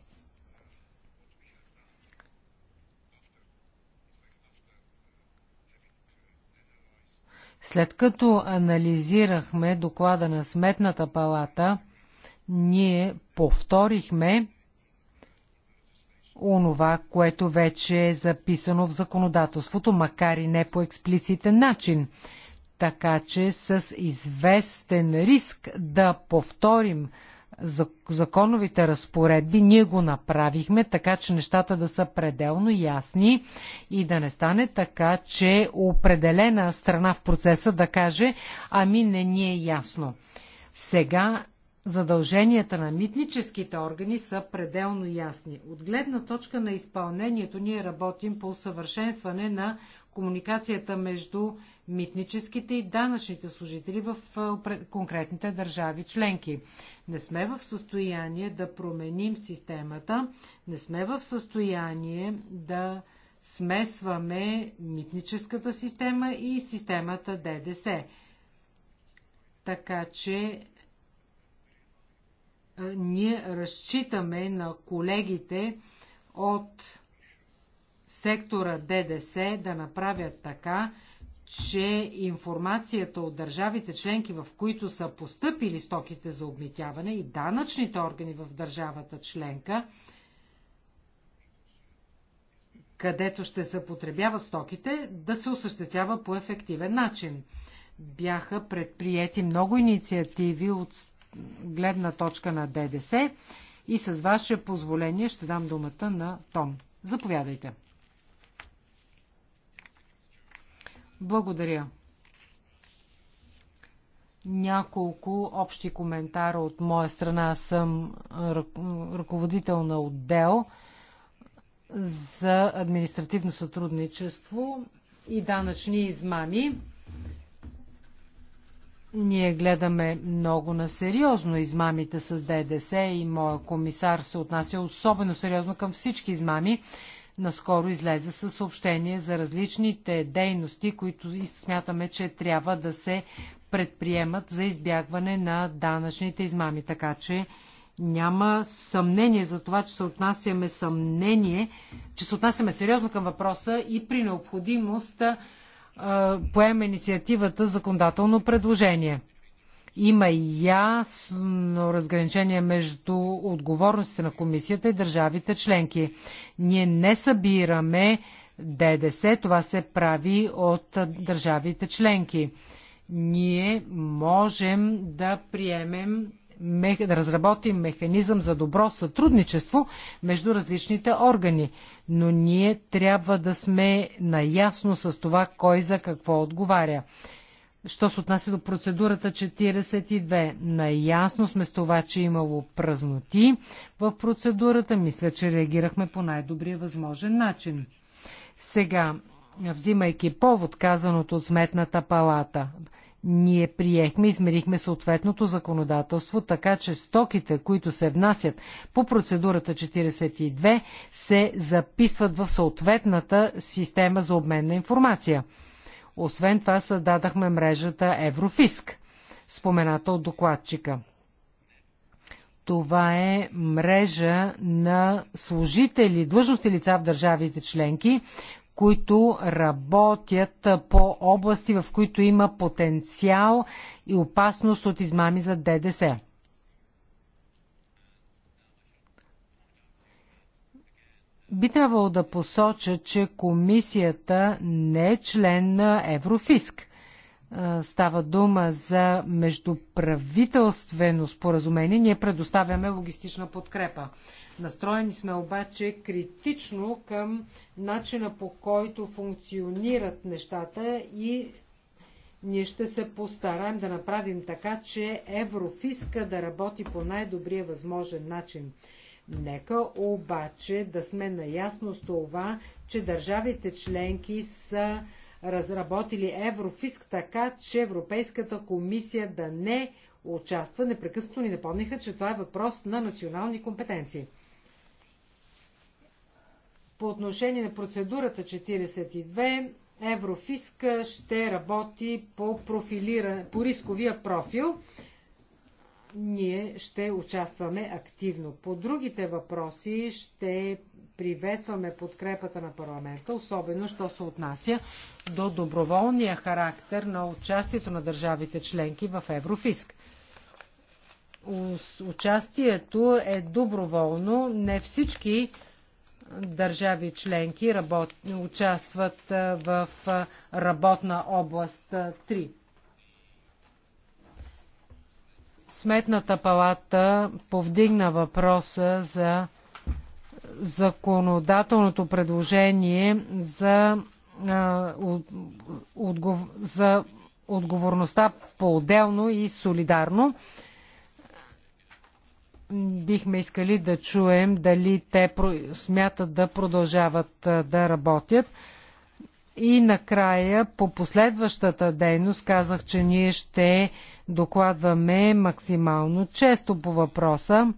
След като анализирахме доклада на Сметната палата, ние повторихме онова, което вече е записано в законодателството, макар и не по експлицитен начин. Така че с известен риск да повторим законовите разпоредби, ние го направихме така, че нещата да са пределно ясни и да не стане така, че определена страна в процеса да каже, ами не ни е ясно. Сега задълженията на митническите органи са пределно ясни. От гледна точка на изпълнението ние работим по усъвършенстване на комуникацията между митническите и данъчните служители в конкретните държави членки. Не сме в състояние да променим системата, не сме в състояние да смесваме митническата система и системата ДДС. Така че ние разчитаме на колегите от сектора ДДС да направят така, че информацията от държавите членки, в които са поступили стоките за обмитяване и данъчните органи в държавата членка, където ще се потребяват стоките, да се осъществява по ефективен начин. Бяха предприяти много инициативи от гледна точка на ДДС и с ваше позволение ще дам думата на Том. Заповядайте. Благодаря. Няколко общи коментара от моя страна. Аз съм ръководител на отдел за административно сътрудничество и данъчни измами. Ние гледаме много на сериозно измамите с ДДС и моя комисар се отнася особено сериозно към всички измами, наскоро излезе със съобщение за различните дейности, които смятаме, че трябва да се предприемат за избягване на данъчните измами. Така че няма съмнение за това, че се отнасяме съмнение, че се отнасяме сериозно към въпроса и при необходимост поема инициативата законодателно предложение. Има ясно разграничение между отговорностите на комисията и държавите членки. Ние не събираме ДДС, това се прави от държавите членки. Ние можем да приемем да разработим механизъм за добро сътрудничество между различните органи. Но ние трябва да сме наясно с това кой за какво отговаря. Що се отнася до процедурата 42, наясно сме с това, че е имало празноти в процедурата. Мисля, че реагирахме по най-добрия възможен начин. Сега, взимайки повод казаното от Сметната палата, ние приехме, измерихме съответното законодателство, така че стоките, които се внасят по процедурата 42, се записват в съответната система за обмен на информация. Освен това създадахме мрежата Еврофиск, спомената от докладчика. Това е мрежа на служители, длъжности лица в държавите членки, които работят по области, в които има потенциал и опасност от измами за ДДС. Би трябвало да посоча, че комисията не е член на Еврофиск. Става дума за междуправителствено споразумение. Ние предоставяме логистична подкрепа. Настроени сме обаче критично към начина по който функционират нещата и ние ще се постараем да направим така, че Еврофиска да работи по най-добрия възможен начин. Нека обаче да сме наясно с това, че държавите членки са разработили Еврофиск така, че Европейската комисия да не участва. Непрекъснато ни напомниха, че това е въпрос на национални компетенции. По отношение на процедурата 42, Еврофиск ще работи по, по рисковия профил ние ще участваме активно. По другите въпроси ще приветстваме подкрепата на парламента, особено що се отнася до доброволния характер на участието на държавите членки в Еврофиск. Участието е доброволно. Не всички държави членки работ... участват в работна област 3. Сметната палата повдигна въпроса за законодателното предложение за, за отговорността по-отделно и солидарно. Бихме искали да чуем дали те смятат да продължават да работят. И накрая, по последващата дейност, казах, че ние ще докладваме максимално често по въпроса.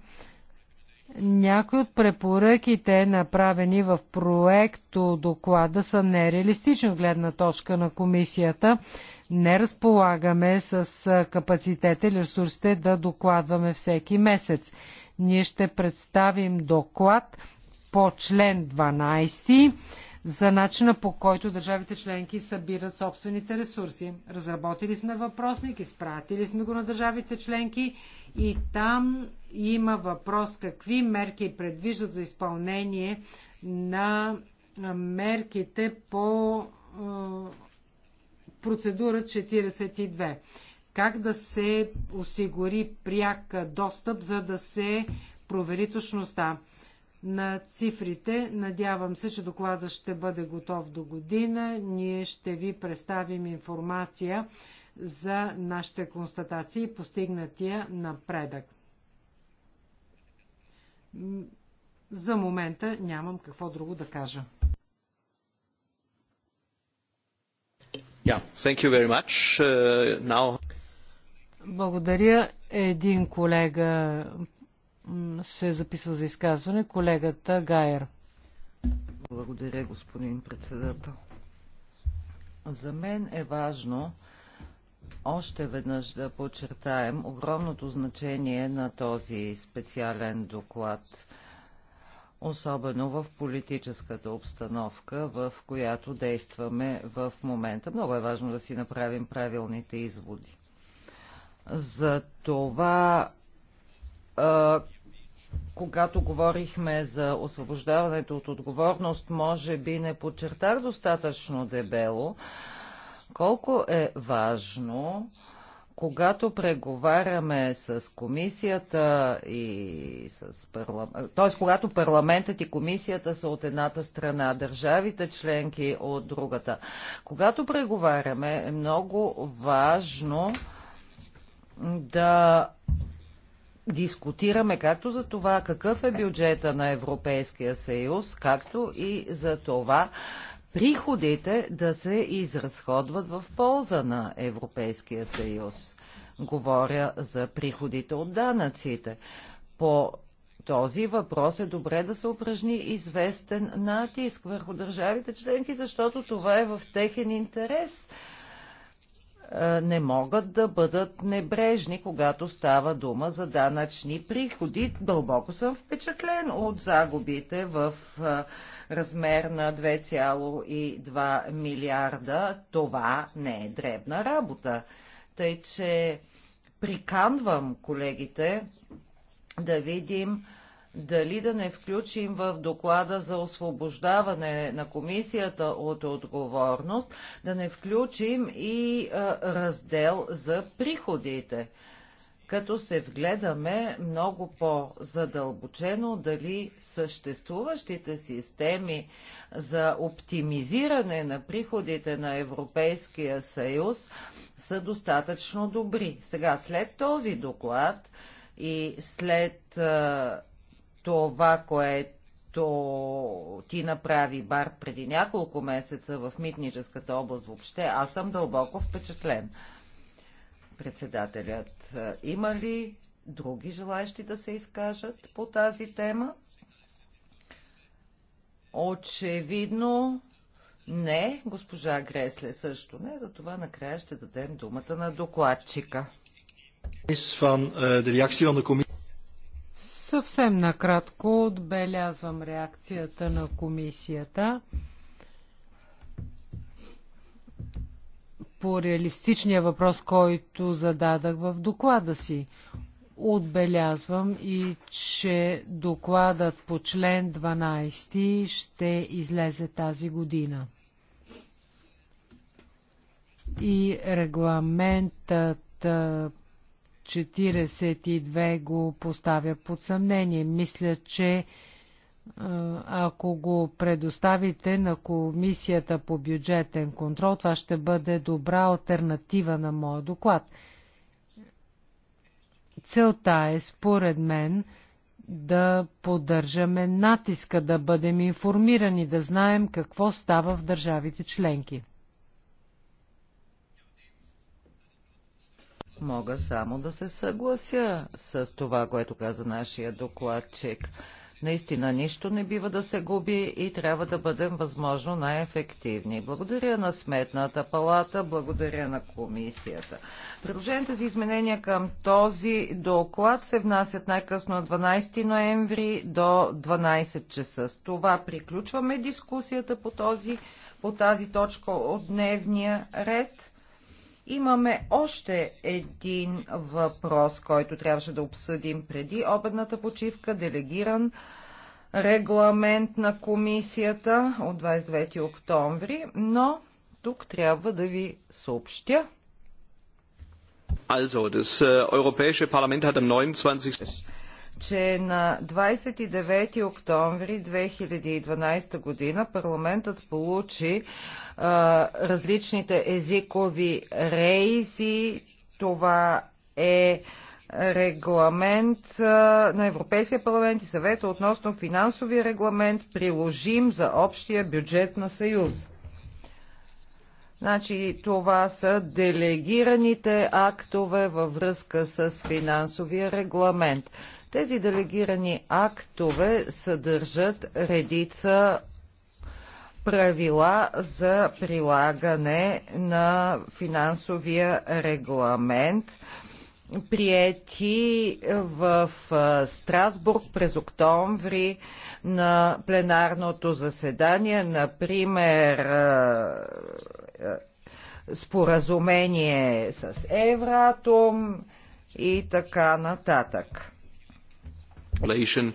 Някои от препоръките, направени в проекто доклада, са нереалистични от гледна точка на комисията. Не разполагаме с капацитета или ресурсите да докладваме всеки месец. Ние ще представим доклад по член 12 за начина по който държавите членки събират собствените ресурси. Разработили сме въпросник, изпратили сме го на държавите членки и там има въпрос какви мерки предвиждат за изпълнение на мерките по процедура 42. Как да се осигури пряк достъп, за да се провери точността на цифрите. Надявам се, че докладът ще бъде готов до година. Ние ще ви представим информация за нашите констатации и постигнатия напредък. За момента нямам какво друго да кажа. Yeah, thank you very much. Uh, now... Благодаря. Един колега се записва за изказване колегата Гайер. Благодаря, господин председател. За мен е важно още веднъж да подчертаем огромното значение на този специален доклад, особено в политическата обстановка, в която действаме в момента. Много е важно да си направим правилните изводи. За това когато говорихме за освобождаването от отговорност, може би не подчертах достатъчно дебело, колко е важно, когато преговаряме с комисията и с парламент, т.е. когато парламентът и комисията са от едната страна, държавите членки от другата, когато преговаряме е много важно да дискутираме както за това какъв е бюджета на Европейския съюз, както и за това приходите да се изразходват в полза на Европейския съюз. Говоря за приходите от данъците. По този въпрос е добре да се упражни известен натиск върху държавите членки, защото това е в техен интерес е, не могат да бъдат небрежни, когато става дума за данъчни приходи. Дълбоко съм впечатлен от загубите в е, размер на 2,2 милиарда. Това не е дребна работа. Тъй, че приканвам колегите да видим дали да не включим в доклада за освобождаване на комисията от отговорност, да не включим и а, раздел за приходите, като се вгледаме много по-задълбочено дали съществуващите системи за оптимизиране на приходите на Европейския съюз са достатъчно добри. Сега, след този доклад и след а, това, което ти направи бар преди няколко месеца в митническата област въобще, аз съм дълбоко впечатлен. Председателят, е, има ли други желаящи да се изкажат по тази тема? Очевидно не. Госпожа Гресле също не. Затова накрая ще дадем думата на докладчика. Из van uh, de Съвсем накратко отбелязвам реакцията на комисията. По реалистичния въпрос, който зададах в доклада си, отбелязвам и, че докладът по член 12 ще излезе тази година. И регламентът 42 го поставя под съмнение. Мисля, че е, ако го предоставите на Комисията по бюджетен контрол, това ще бъде добра альтернатива на моя доклад. Целта е, според мен, да поддържаме натиска, да бъдем информирани, да знаем какво става в държавите членки. Мога само да се съглася с това, което каза нашия докладчик. Наистина нищо не бива да се губи и трябва да бъдем възможно най-ефективни. Благодаря на Сметната палата, благодаря на комисията. Предложенията за изменения към този доклад се внасят най-късно на 12 ноември до 12 часа. С това приключваме дискусията по, този, по тази точка от дневния ред. Имаме още един въпрос, който трябваше да обсъдим преди обедната почивка, делегиран регламент на комисията от 29 октомври, но тук трябва да ви съобщя. Also, das е, Europäische Parlament hat am 29 че на 29 октомври 2012 година парламентът получи а, различните езикови рейзи. Това е регламент на Европейския парламент и съвета относно финансови регламент, приложим за общия бюджет на Съюз. Значи това са делегираните актове във връзка с финансовия регламент. Тези делегирани актове съдържат редица правила за прилагане на финансовия регламент, приети в Страсбург през октомври на пленарното заседание, например споразумение с Евратом и така нататък. E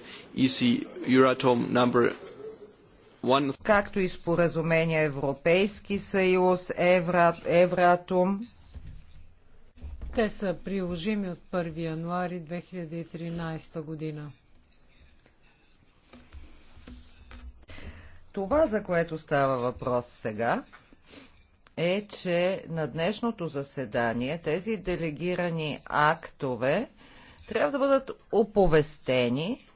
както и споразумения Европейски съюз, Еврат, Евратум. Те са приложими от 1 януари 2013 година. Това, за което става въпрос сега, е, че на днешното заседание тези делегирани актове трябва да бъдат оповестени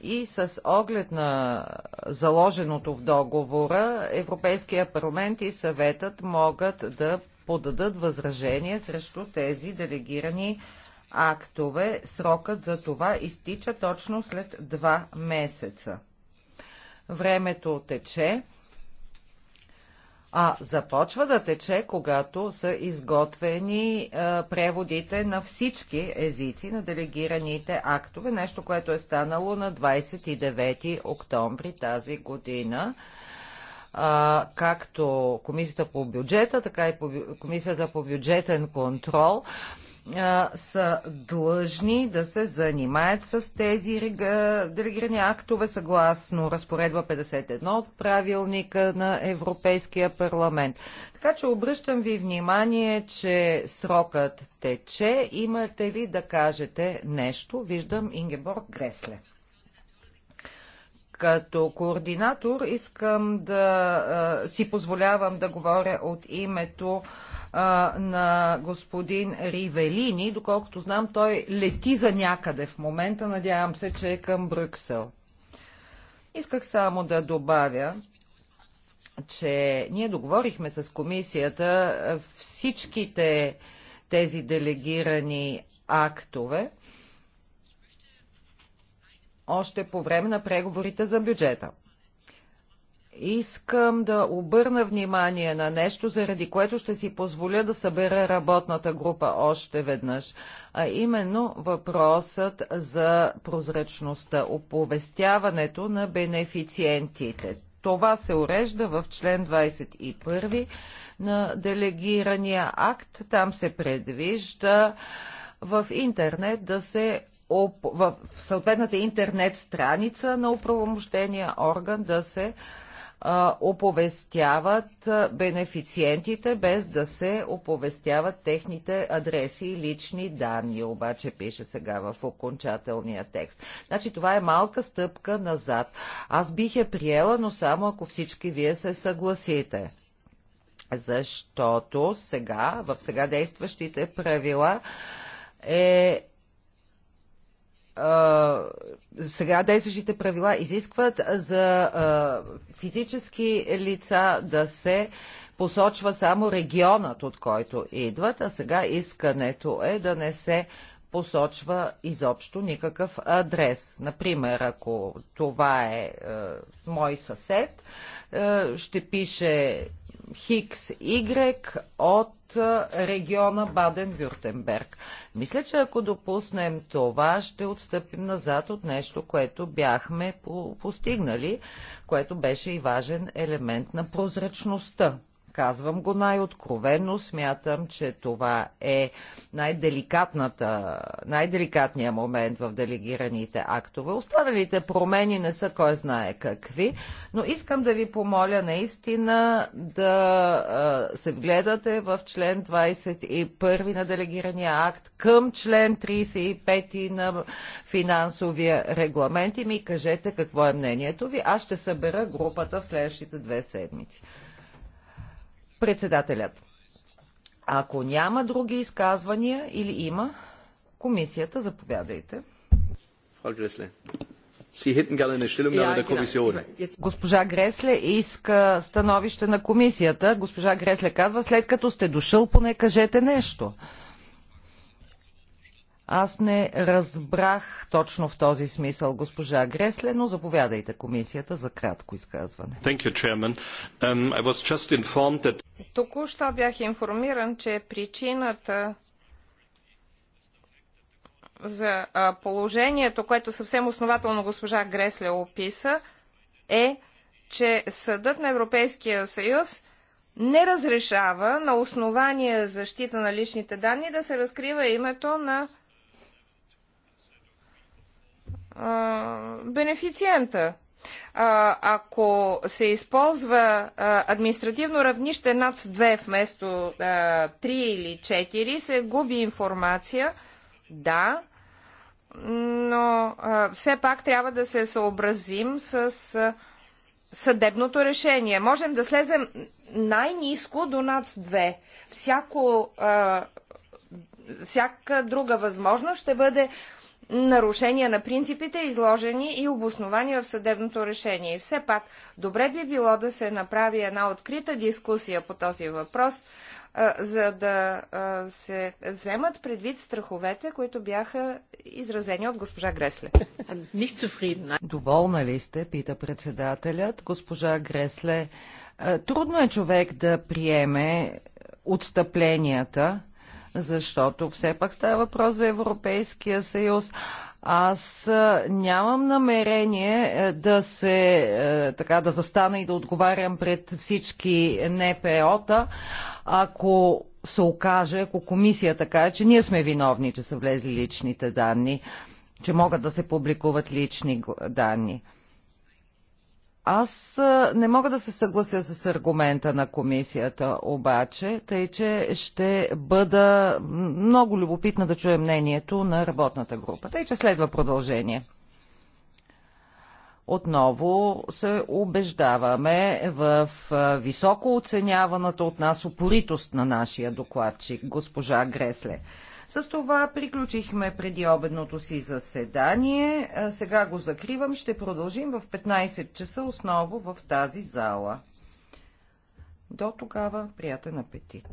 и с оглед на заложеното в договора, Европейския парламент и съветът могат да подадат възражение срещу тези делегирани актове. Срокът за това изтича точно след два месеца. Времето тече а започва да тече, когато са изготвени а, е, преводите на всички езици на делегираните актове, нещо, което е станало на 29 октомври тази година. А, както Комисията по бюджета, така и по, Комисията по бюджетен контрол. А, са длъжни да се занимаят с тези делегирани актове съгласно разпоредба 51 от правилника на Европейския парламент. Така че обръщам ви внимание, че срокът тече. Имате ли да кажете нещо? Виждам Ингеборг Гресле. Като координатор искам да си позволявам да говоря от името на господин Ривелини. Доколкото знам, той лети за някъде в момента. Надявам се, че е към Брюксел. Исках само да добавя, че ние договорихме с комисията всичките тези делегирани актове още по време на преговорите за бюджета. Искам да обърна внимание на нещо, заради което ще си позволя да събера работната група още веднъж, а именно въпросът за прозрачността, оповестяването на бенефициентите. Това се урежда в член 21 на делегирания акт. Там се предвижда в интернет да се в съответната интернет страница на управомощения орган да се оповестяват бенефициентите, без да се оповестяват техните адреси и лични данни, обаче пише сега в окончателния текст. Значи това е малка стъпка назад. Аз бих я приела, но само ако всички вие се съгласите. Защото сега, в сега действащите правила, е сега действащите правила изискват за а, физически лица да се посочва само регионът, от който идват, а сега искането е да не се посочва изобщо никакъв адрес. Например, ако това е, е мой съсед, е, ще пише Хикс Y от региона Баден-Вюртенберг. Мисля, че ако допуснем това, ще отстъпим назад от нещо, което бяхме постигнали, което беше и важен елемент на прозрачността. Казвам го най-откровенно, смятам, че това е най-деликатната, най момент в делегираните актове. Останалите промени не са кой знае какви, но искам да ви помоля наистина да се вгледате в член 21 на делегирания акт към член 35 на финансовия регламент и ми кажете какво е мнението ви. Аз ще събера групата в следващите две седмици. Председателят. Ако няма други изказвания или има, комисията заповядайте. Е е Госпожа Гресле иска становище на комисията. Госпожа Гресле казва, след като сте дошъл, поне кажете нещо. Аз не разбрах точно в този смисъл госпожа Гресле, но заповядайте комисията за кратко изказване. Um, that... Току-що бях информиран, че причината за положението, което съвсем основателно госпожа Гресле описа, е, че Съдът на Европейския съюз не разрешава на основание защита на личните данни да се разкрива името на бенефициента. А, ако се използва а, административно равнище над 2 вместо а, 3 или 4, се губи информация. Да, но а, все пак трябва да се съобразим с а, съдебното решение. Можем да слезем най-низко до над 2. Всяко, а, всяка друга възможност ще бъде нарушения на принципите, изложени и обосновани в съдебното решение. И все пак, добре би било да се направи една открита дискусия по този въпрос, за да се вземат предвид страховете, които бяха изразени от госпожа Гресле. Доволна ли сте, пита председателят. Госпожа Гресле, трудно е човек да приеме отстъпленията, защото все пак става въпрос за Европейския съюз. Аз нямам намерение е, да се е, така да застана и да отговарям пред всички НПО-та, ако се окаже, ако комисията каже, че ние сме виновни, че са влезли личните данни, че могат да се публикуват лични данни. Аз не мога да се съглася с аргумента на комисията, обаче, тъй че ще бъда много любопитна да чуя мнението на работната група. Тъй че следва продължение. Отново се убеждаваме в високо оценяваната от нас опоритост на нашия докладчик, госпожа Гресле. С това приключихме преди обедното си заседание. Сега го закривам. Ще продължим в 15 часа осново в тази зала. До тогава приятен апетит!